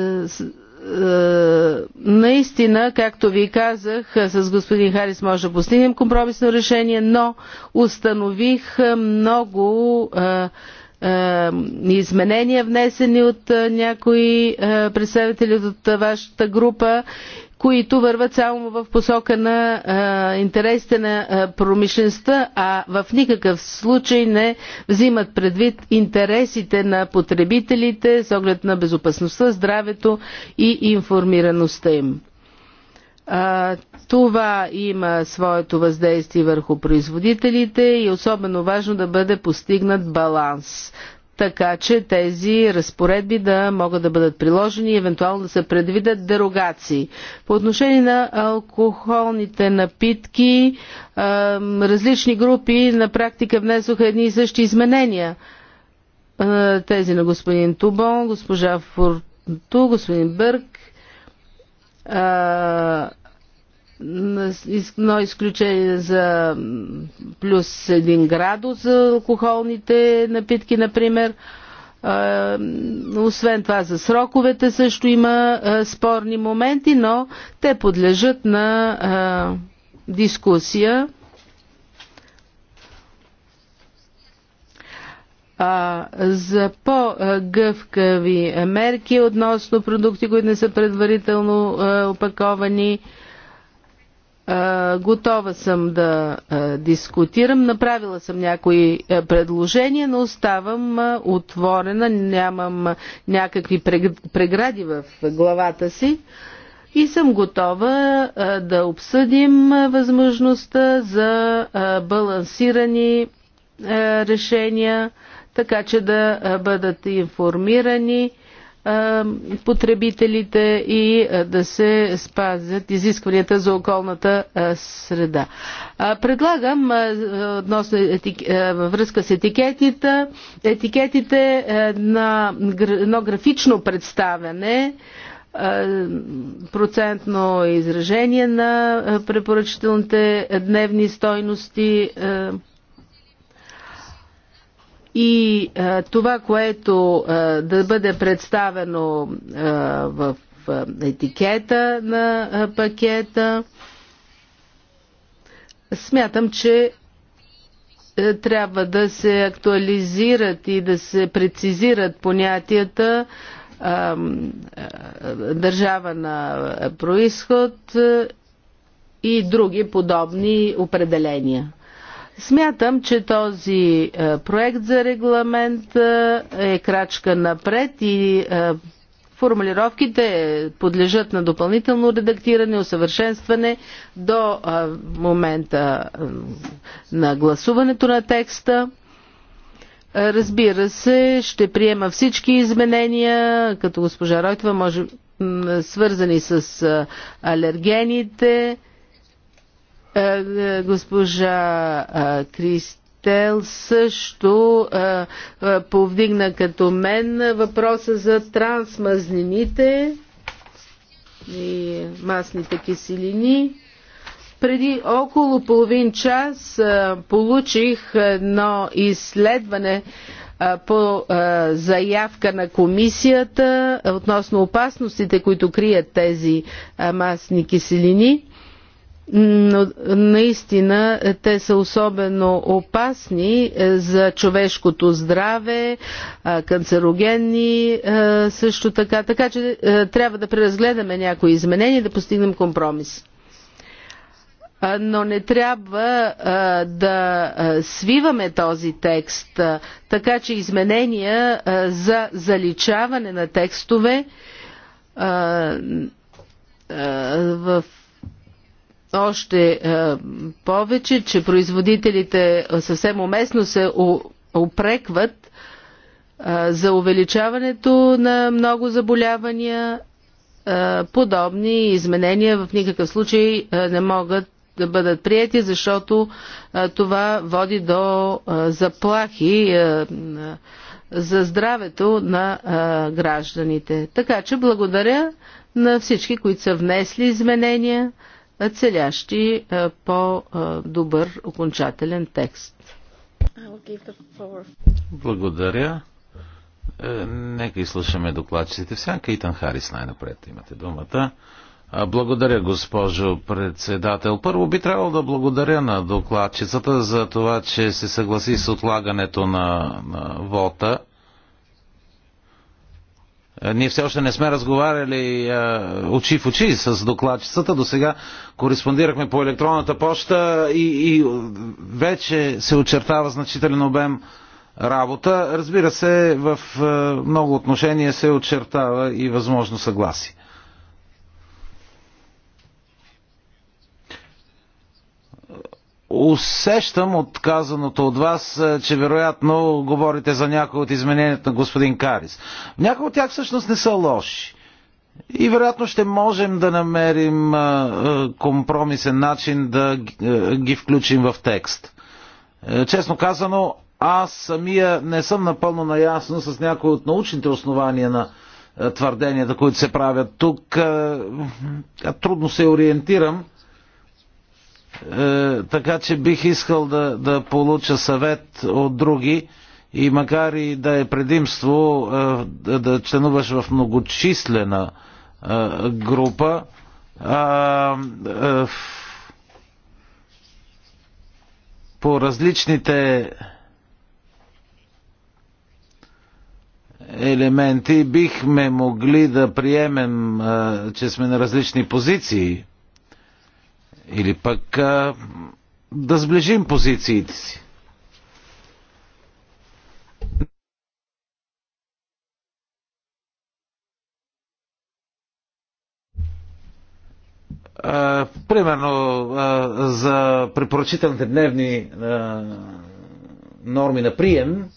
наистина, както ви казах, с господин Харис може да постигнем компромисно решение, но установих много е, изменения, внесени от е, някои е, представители от вашата група, които върват само в посока на интересите на промишленства, промишлеността, а в никакъв случай не взимат предвид интересите на потребителите с оглед на безопасността, здравето и информираността им. А, това има своето въздействие върху производителите и е особено важно да бъде постигнат баланс, така че тези разпоредби да могат да бъдат приложени и евентуално да се предвидят дерогации. По отношение на алкохолните напитки, различни групи на практика внесоха едни и същи изменения. тези на господин Тубон, госпожа Фурту, господин Бърк, едно изключение за плюс 1 градус за алкохолните напитки, например. Освен това за сроковете също има спорни моменти, но те подлежат на дискусия. а, за по-гъвкави мерки относно продукти, които не са предварително а, опаковани готова съм да дискутирам. Направила съм някои предложения, но оставам отворена, нямам някакви прегради в главата си и съм готова да обсъдим възможността за балансирани решения, така че да бъдат информирани потребителите и да се спазят изискванията за околната среда. Предлагам относно във връзка с етикетите, етикетите на едно графично представяне процентно изражение на препоръчителните дневни стойности и а, е, това, което а, е, да бъде представено а, е, в а, етикета на а, пакета, смятам, че а, трябва да се актуализират и да се прецизират понятията а, а, държава на происход и други подобни определения. Смятам, че този е, проект за регламент е, е крачка напред и е, формулировките подлежат на допълнително редактиране, усъвършенстване до момента на гласуването на текста. Разбира се, ще приема всички изменения, като госпожа Ройтва може свързани с алергените, е, е, госпожа е, Кристел също повдигна като мен въпроса за трансмазнините и масните киселини. Преди около половин час получих едно изследване по заявка на комисията относно опасностите, които крият тези масни киселини но наистина е, те са особено опасни е, за човешкото здраве, е, канцерогенни също така. Така че трябва да преразгледаме някои изменения и да постигнем компромис. Но не трябва да свиваме този текст, така че изменения за заличаване на текстове в още е, повече, че производителите е, съвсем уместно се опрекват е, за увеличаването на много заболявания. Подобни изменения в никакъв случай не могат да бъдат прияти, защото това води до заплахи за здравето на гражданите. Така че благодаря на всички, които са внесли изменения целящи е, по-добър окончателен текст. Благодаря. Е, нека изслушаме докладчиците. Всяка Итан Харис най-напред имате думата. Благодаря, госпожо председател. Първо би трябвало да благодаря на докладчицата за това, че се съгласи с отлагането на, на вота е, ние все още не сме разговаряли е, очи в очи с докладчицата. До сега кореспондирахме по електронната почта и, и вече се очертава значителен обем работа. Разбира се, в е, много отношения се очертава и възможно съгласие. Усещам от казаното от вас, е, че вероятно говорите за някои от измененията на господин Карис. Някои от тях всъщност не са лоши. И вероятно ще можем да намерим е, е, компромисен начин да ги включим в текст. Честно казано, аз самия не съм напълно наясно с някои от научните основания на твърденията, които се правят тук. Трудно се ориентирам е, така че бих искал да, да получа съвет от други и макар и да е предимство е, да, да членуваш в многочислена е, група, по различните елементи бихме могли да приемем, че сме на различни позиции или пък а, да сближим позициите си. А, примерно а, за препоръчителните дневни а, норми на прием,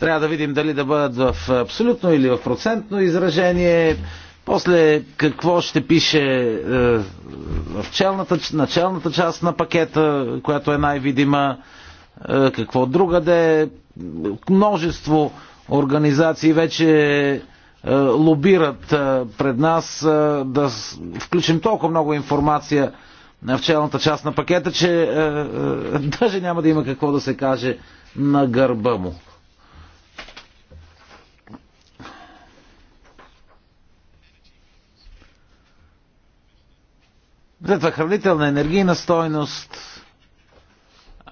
Трябва да видим дали да бъдат в абсолютно или в процентно изражение. После какво ще пише е, в челната, началната част на пакета, която е най-видима, е, какво друга да е. Множество организации вече е, лобират пред нас да включим толкова много информация в челната част на пакета, че даже няма да има какво да се каже на гърба му. бюджетната хранителна енергийна стойност.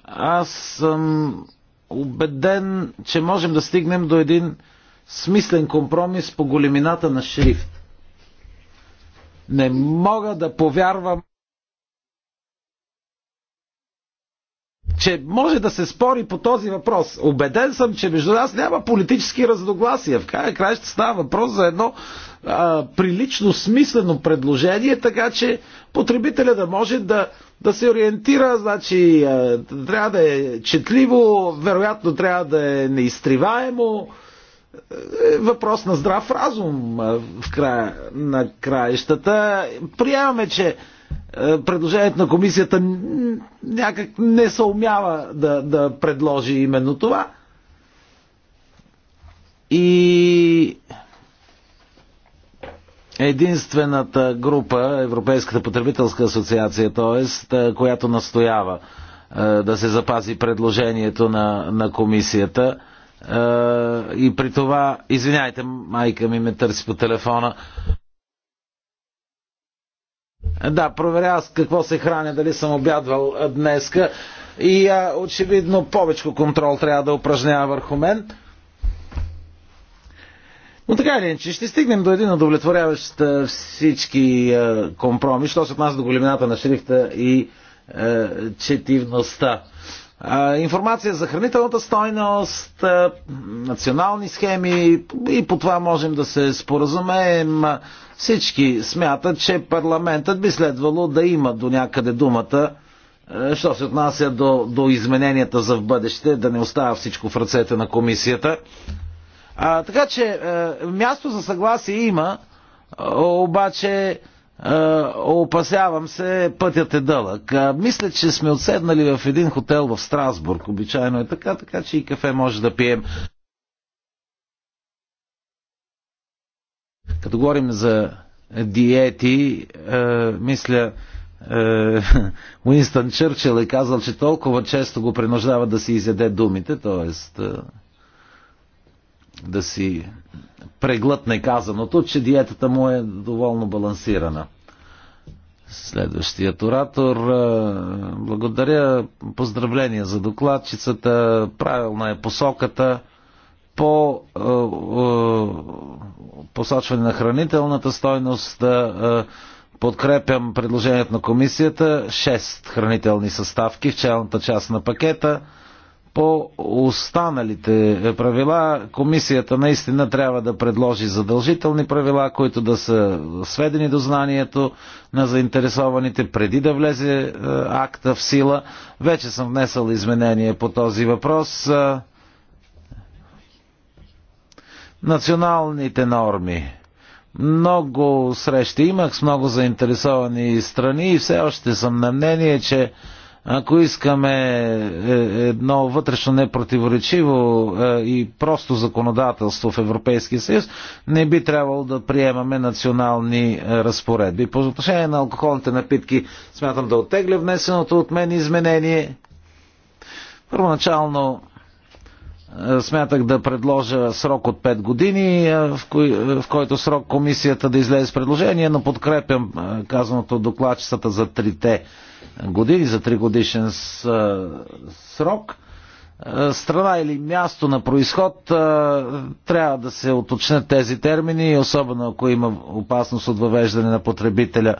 Аз съм убеден, че можем да стигнем до един смислен компромис по големината на шрифт. Не мога да повярвам, че може да се спори по този въпрос. Обеден съм, че между нас няма политически разногласия. В края край ще става въпрос за едно а, прилично смислено предложение, така че потребителя да може да, да се ориентира, значи а, трябва да е четливо, вероятно трябва да е неизтриваемо. Е, въпрос на здрав разум в края на краищата. Приемаме, че е, предложението на комисията някак не умява да, да предложи именно това. И единствената група, Европейската потребителска асоциация, т.е. която настоява е, да се запази предложението на, на комисията. Е, и при това, извиняйте, майка ми ме търси по телефона. Да, проверява с какво се храня, дали съм обядвал е, днеска. И очевидно повече контрол трябва да упражнява върху мен. Но така или иначе, ще стигнем до един удовлетворяващ всички компромис, що се отнася до големината на шрифта и е, четивността. Е, информация за хранителната стойност, е, национални схеми и по това можем да се споразумеем. Всички смятат, че парламентът би следвало да има до някъде думата що се отнася до, до измененията за в бъдеще, да не остава всичко в ръцете на комисията. А, така че а, е, място за съгласие има, е, обаче а, е, опасявам се, пътят е дълъг. А, мисля, че сме отседнали в един хотел в Страсбург. Обичайно е така, така че и кафе може да пием. Като говорим за диети, а, мисля, Уинстън Чърчил е казал, че толкова често го принуждава да си изяде думите, т.е да си преглътне казаното, че диетата му е доволно балансирана. Следващият оратор. Е, благодаря. Поздравления за докладчицата. Правилна е посоката по е, е, посочване на хранителната стойност. Подкрепям предложението на комисията. 6 хранителни съставки в челната част на пакета. По останалите правила комисията наистина трябва да предложи задължителни правила, които да са сведени до знанието на заинтересованите преди да влезе е, акта в сила. Вече съм внесъл изменение по този въпрос. Е, националните норми. Много срещи имах с много заинтересовани страни и все още съм на мнение, че ако искаме е, едно вътрешно непротиворечиво е, и просто законодателство в Европейския съюз, не би трябвало да приемаме национални е, разпоредби. По отношение на алкохолните напитки, смятам да оттегля внесеното от мен изменение. Първоначално смятах да предложа срок от 5 години, в, кой, в който срок комисията да излезе с предложение, но подкрепям казаното от докладчицата за трите години, за 3 годишен срок, страна или място на происход, трябва да се уточнят тези термини, особено ако има опасност от въвеждане на потребителя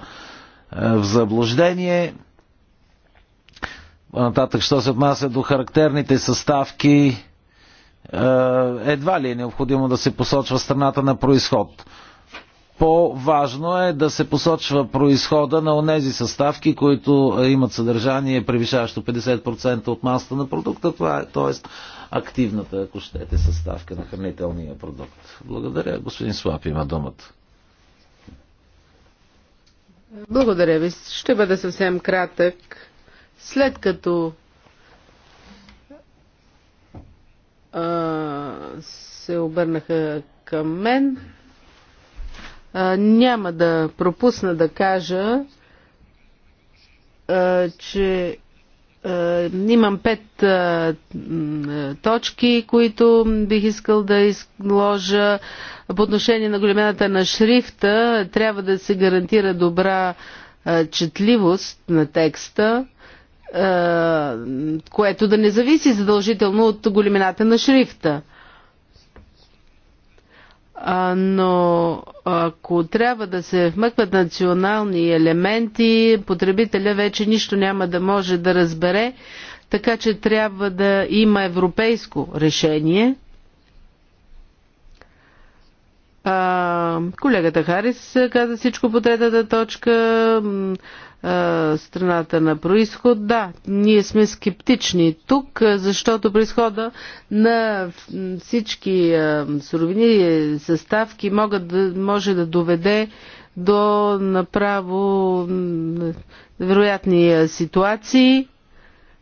в заблуждение. Нататък, що се отнася до характерните съставки, едва ли е необходимо да се посочва страната на происход по-важно е да се посочва происхода на онези съставки, които имат съдържание превишаващо 50% от масата на продукта, това е, т.е. активната, ако щете, съставка на хранителния продукт. Благодаря. Господин Слап има думата. Благодаря ви. Ще бъда съвсем кратък. След като а, се обърнаха към мен, няма да пропусна да кажа, че имам пет точки, които бих искал да изложа. По отношение на големината на шрифта, трябва да се гарантира добра четливост на текста, което да не зависи задължително от големината на шрифта но ако трябва да се вмъкват национални елементи, потребителя вече нищо няма да може да разбере, така че трябва да има европейско решение. колегата Харис каза всичко по третата точка. Е, страната на происход. Да, ние сме скептични тук, е, защото происхода на всички е, суровини, съставки могат да, може да доведе до направо вероятни ситуации,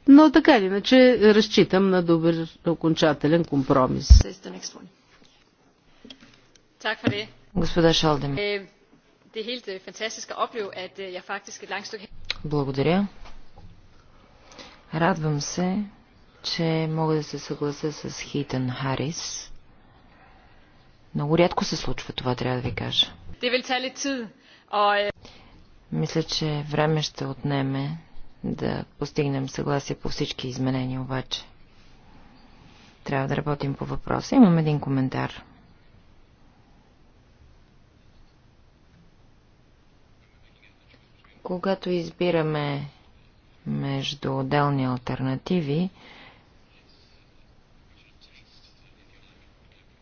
но така или иначе разчитам на добър окончателен компромис. Господа Шалдеми. Det er helt at opleve, at øh, jeg faktisk er et langt stykke... Благодаря. Радвам се, че мога да се съглася с Хитън Харис. Много рядко се случва това, трябва да ви кажа. Øh, Мисля, че време ще отнеме да постигнем съгласие по всички изменения, обаче. Трябва да работим по въпроса. Имам един коментар. Когато избираме между отделни альтернативи,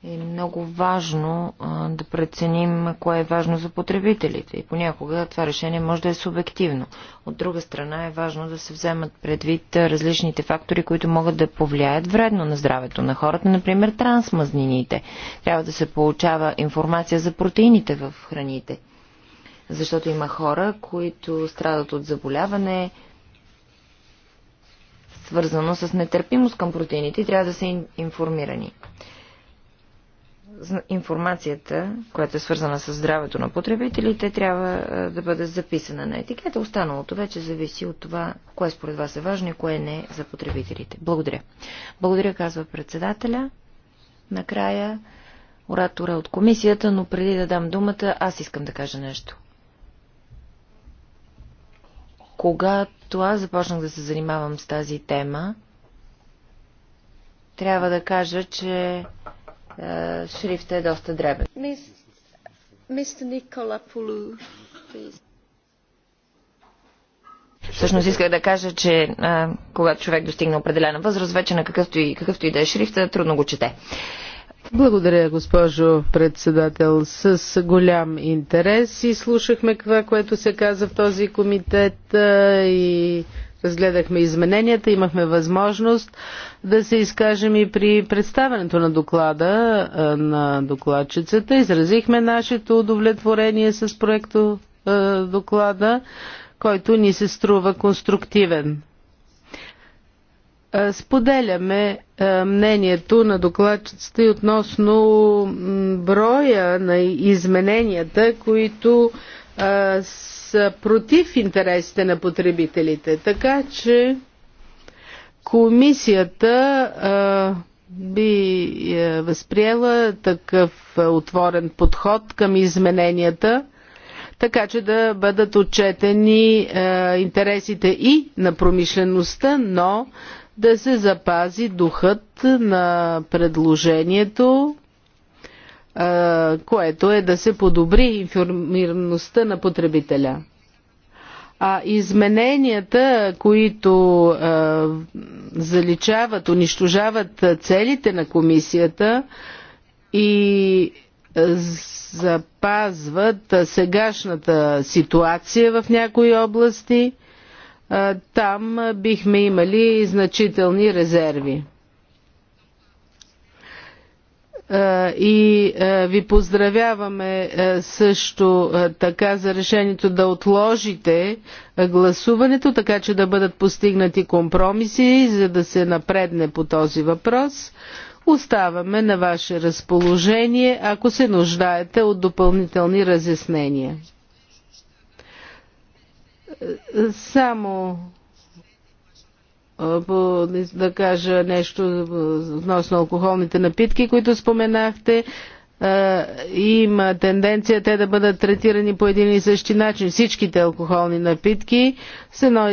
е много важно а, да преценим кое е важно за потребителите. И понякога това решение може да е субективно. От друга страна е важно да се вземат предвид различните фактори, които могат да повлияят вредно на здравето на хората, например трансмазнините. Трябва да се получава информация за протеините в храните. Защото има хора, които страдат от заболяване, свързано с нетърпимост към протеините и трябва да са информирани. Информацията, която е свързана с здравето на потребителите, трябва да бъде записана на етикета. Останалото вече зависи от това, кое според вас е важно и кое не е за потребителите. Благодаря. Благодаря, казва председателя. Накрая оратора от комисията, но преди да дам думата, аз искам да кажа нещо. Когато аз започнах да се занимавам с тази тема, трябва да кажа, че е, шрифта е доста дребен. Мистер Никола Полу, Всъщност исках да кажа, че а, когато човек достигне определена възраст, вече на какъвто и, какъвто и да е шрифта, трудно го чете. Благодаря, госпожо председател. С голям интерес и слушахме това, което се каза в този комитет и разгледахме измененията, имахме възможност да се изкажем и при представенето на доклада на докладчицата. Изразихме нашето удовлетворение с проекто доклада, който ни се струва конструктивен. Е, споделяме е, мнението на докладчицата и относно броя на измененията, които е, са против интересите на потребителите. Така че комисията би възприела такъв отворен подход към измененията така че да бъдат отчетени интересите и на промишлеността, но да се запази духът на предложението, което е да се подобри информираността на потребителя. А измененията, които а, заличават, унищожават целите на комисията и запазват сегашната ситуация в някои области – там бихме имали значителни резерви. И ви поздравяваме също така за решението да отложите гласуването, така че да бъдат постигнати компромиси, за да се напредне по този въпрос. Оставаме на ваше разположение, ако се нуждаете от допълнителни разяснения. Само по, да кажа нещо относно алкохолните напитки, които споменахте. Има тенденция те да бъдат третирани по един и същи начин. Всичките алкохолни напитки с едно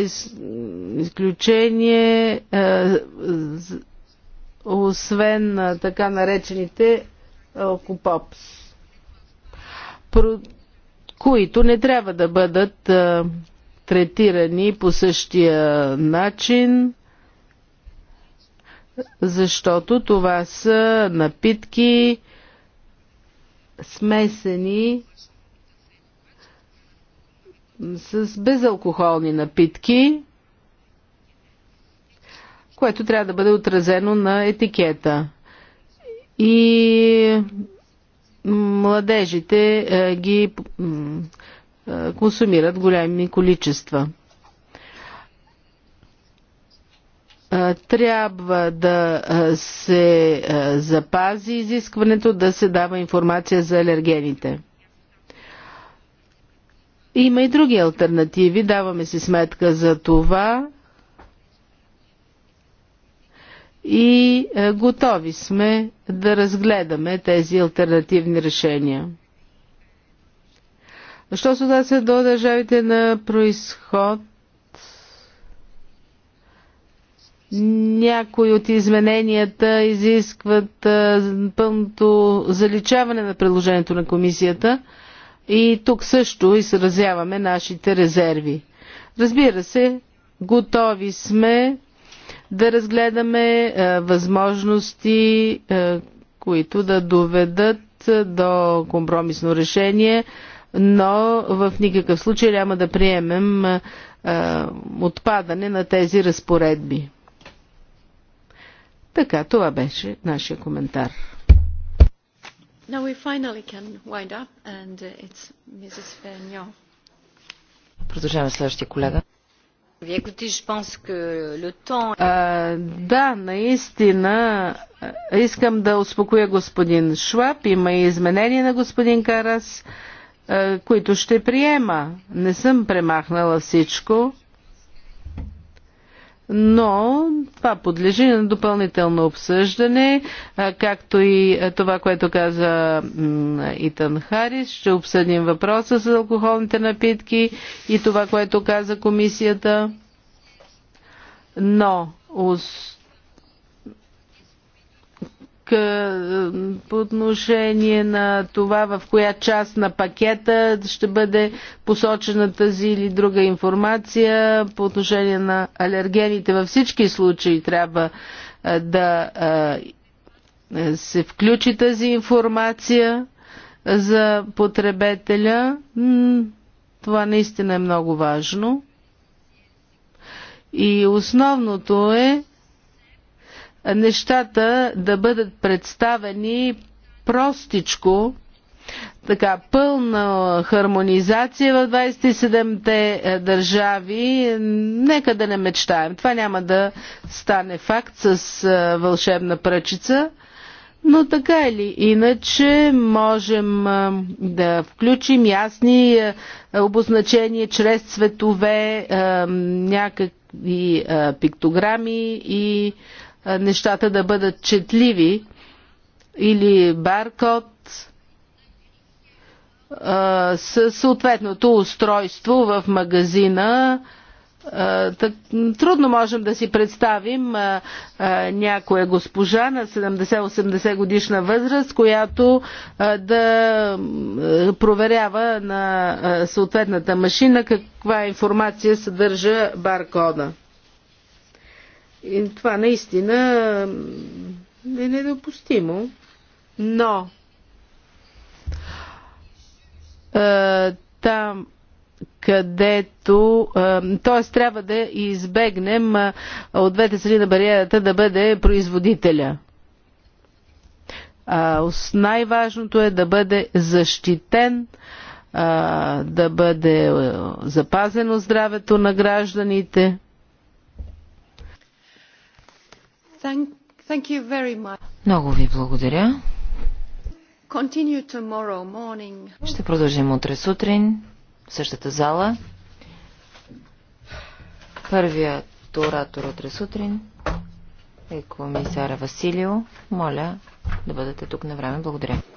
изключение, освен така наречените алкопопс, които не трябва да бъдат третирани по същия начин, защото това са напитки смесени с безалкохолни напитки, което трябва да бъде отразено на етикета. И младежите е, ги е, консумират големи количества. Е, трябва да е, се запази изискването да се дава информация за алергените. Има и други альтернативи, даваме си сметка за това и готови сме да разгледаме тези альтернативни решения. Що се отнася до държавите на происход, някои от измененията изискват пълното заличаване на предложението на комисията и тук също изразяваме нашите резерви. Разбира се, готови сме да разгледаме възможности, които да доведат до компромисно решение но в никакъв случай няма да приемем а, отпадане на тези разпоредби. Така, това беше нашия коментар. Now we finally can wind up and uh, it's Mrs. Fernio. Продължаваме следващия колега. А, да, наистина искам да успокоя господин Шваб. Има и изменение на господин Карас. Uh, е, които ще приема. Не съм премахнала всичко, но това подлежи на допълнително обсъждане, е, както и това, което каза Итан Харис. Ще обсъдим въпроса с алкохолните напитки и това, което каза комисията. Но е, по отношение на това в коя част на пакета ще бъде посочена тази или друга информация, по отношение на алергените във всички случаи трябва е, да е, се включи тази информация за потребителя. Това наистина е много важно. И основното е нещата да бъдат представени простичко, така пълна хармонизация в 27-те е, държави, нека да не мечтаем. Това няма да стане факт с е, вълшебна пръчица, но така или иначе можем е, да включим ясни обозначения чрез цветове, някакви пиктограми и нещата да бъдат четливи или баркод със съответното устройство в магазина. Трудно можем да си представим някоя госпожа на 70-80 годишна възраст, която да проверява на съответната машина каква информация съдържа баркода. И това наистина е недопустимо, но е, там където, т.е. трябва да избегнем е, от двете страни на бариерата да бъде производителя. Най-важното е да бъде защитен, е, да бъде запазено здравето на гражданите Много ви благодаря. Ще продължим утре сутрин в същата зала. Първият оратор утре сутрин е комисара Василио. Моля да бъдете тук на време. Благодаря.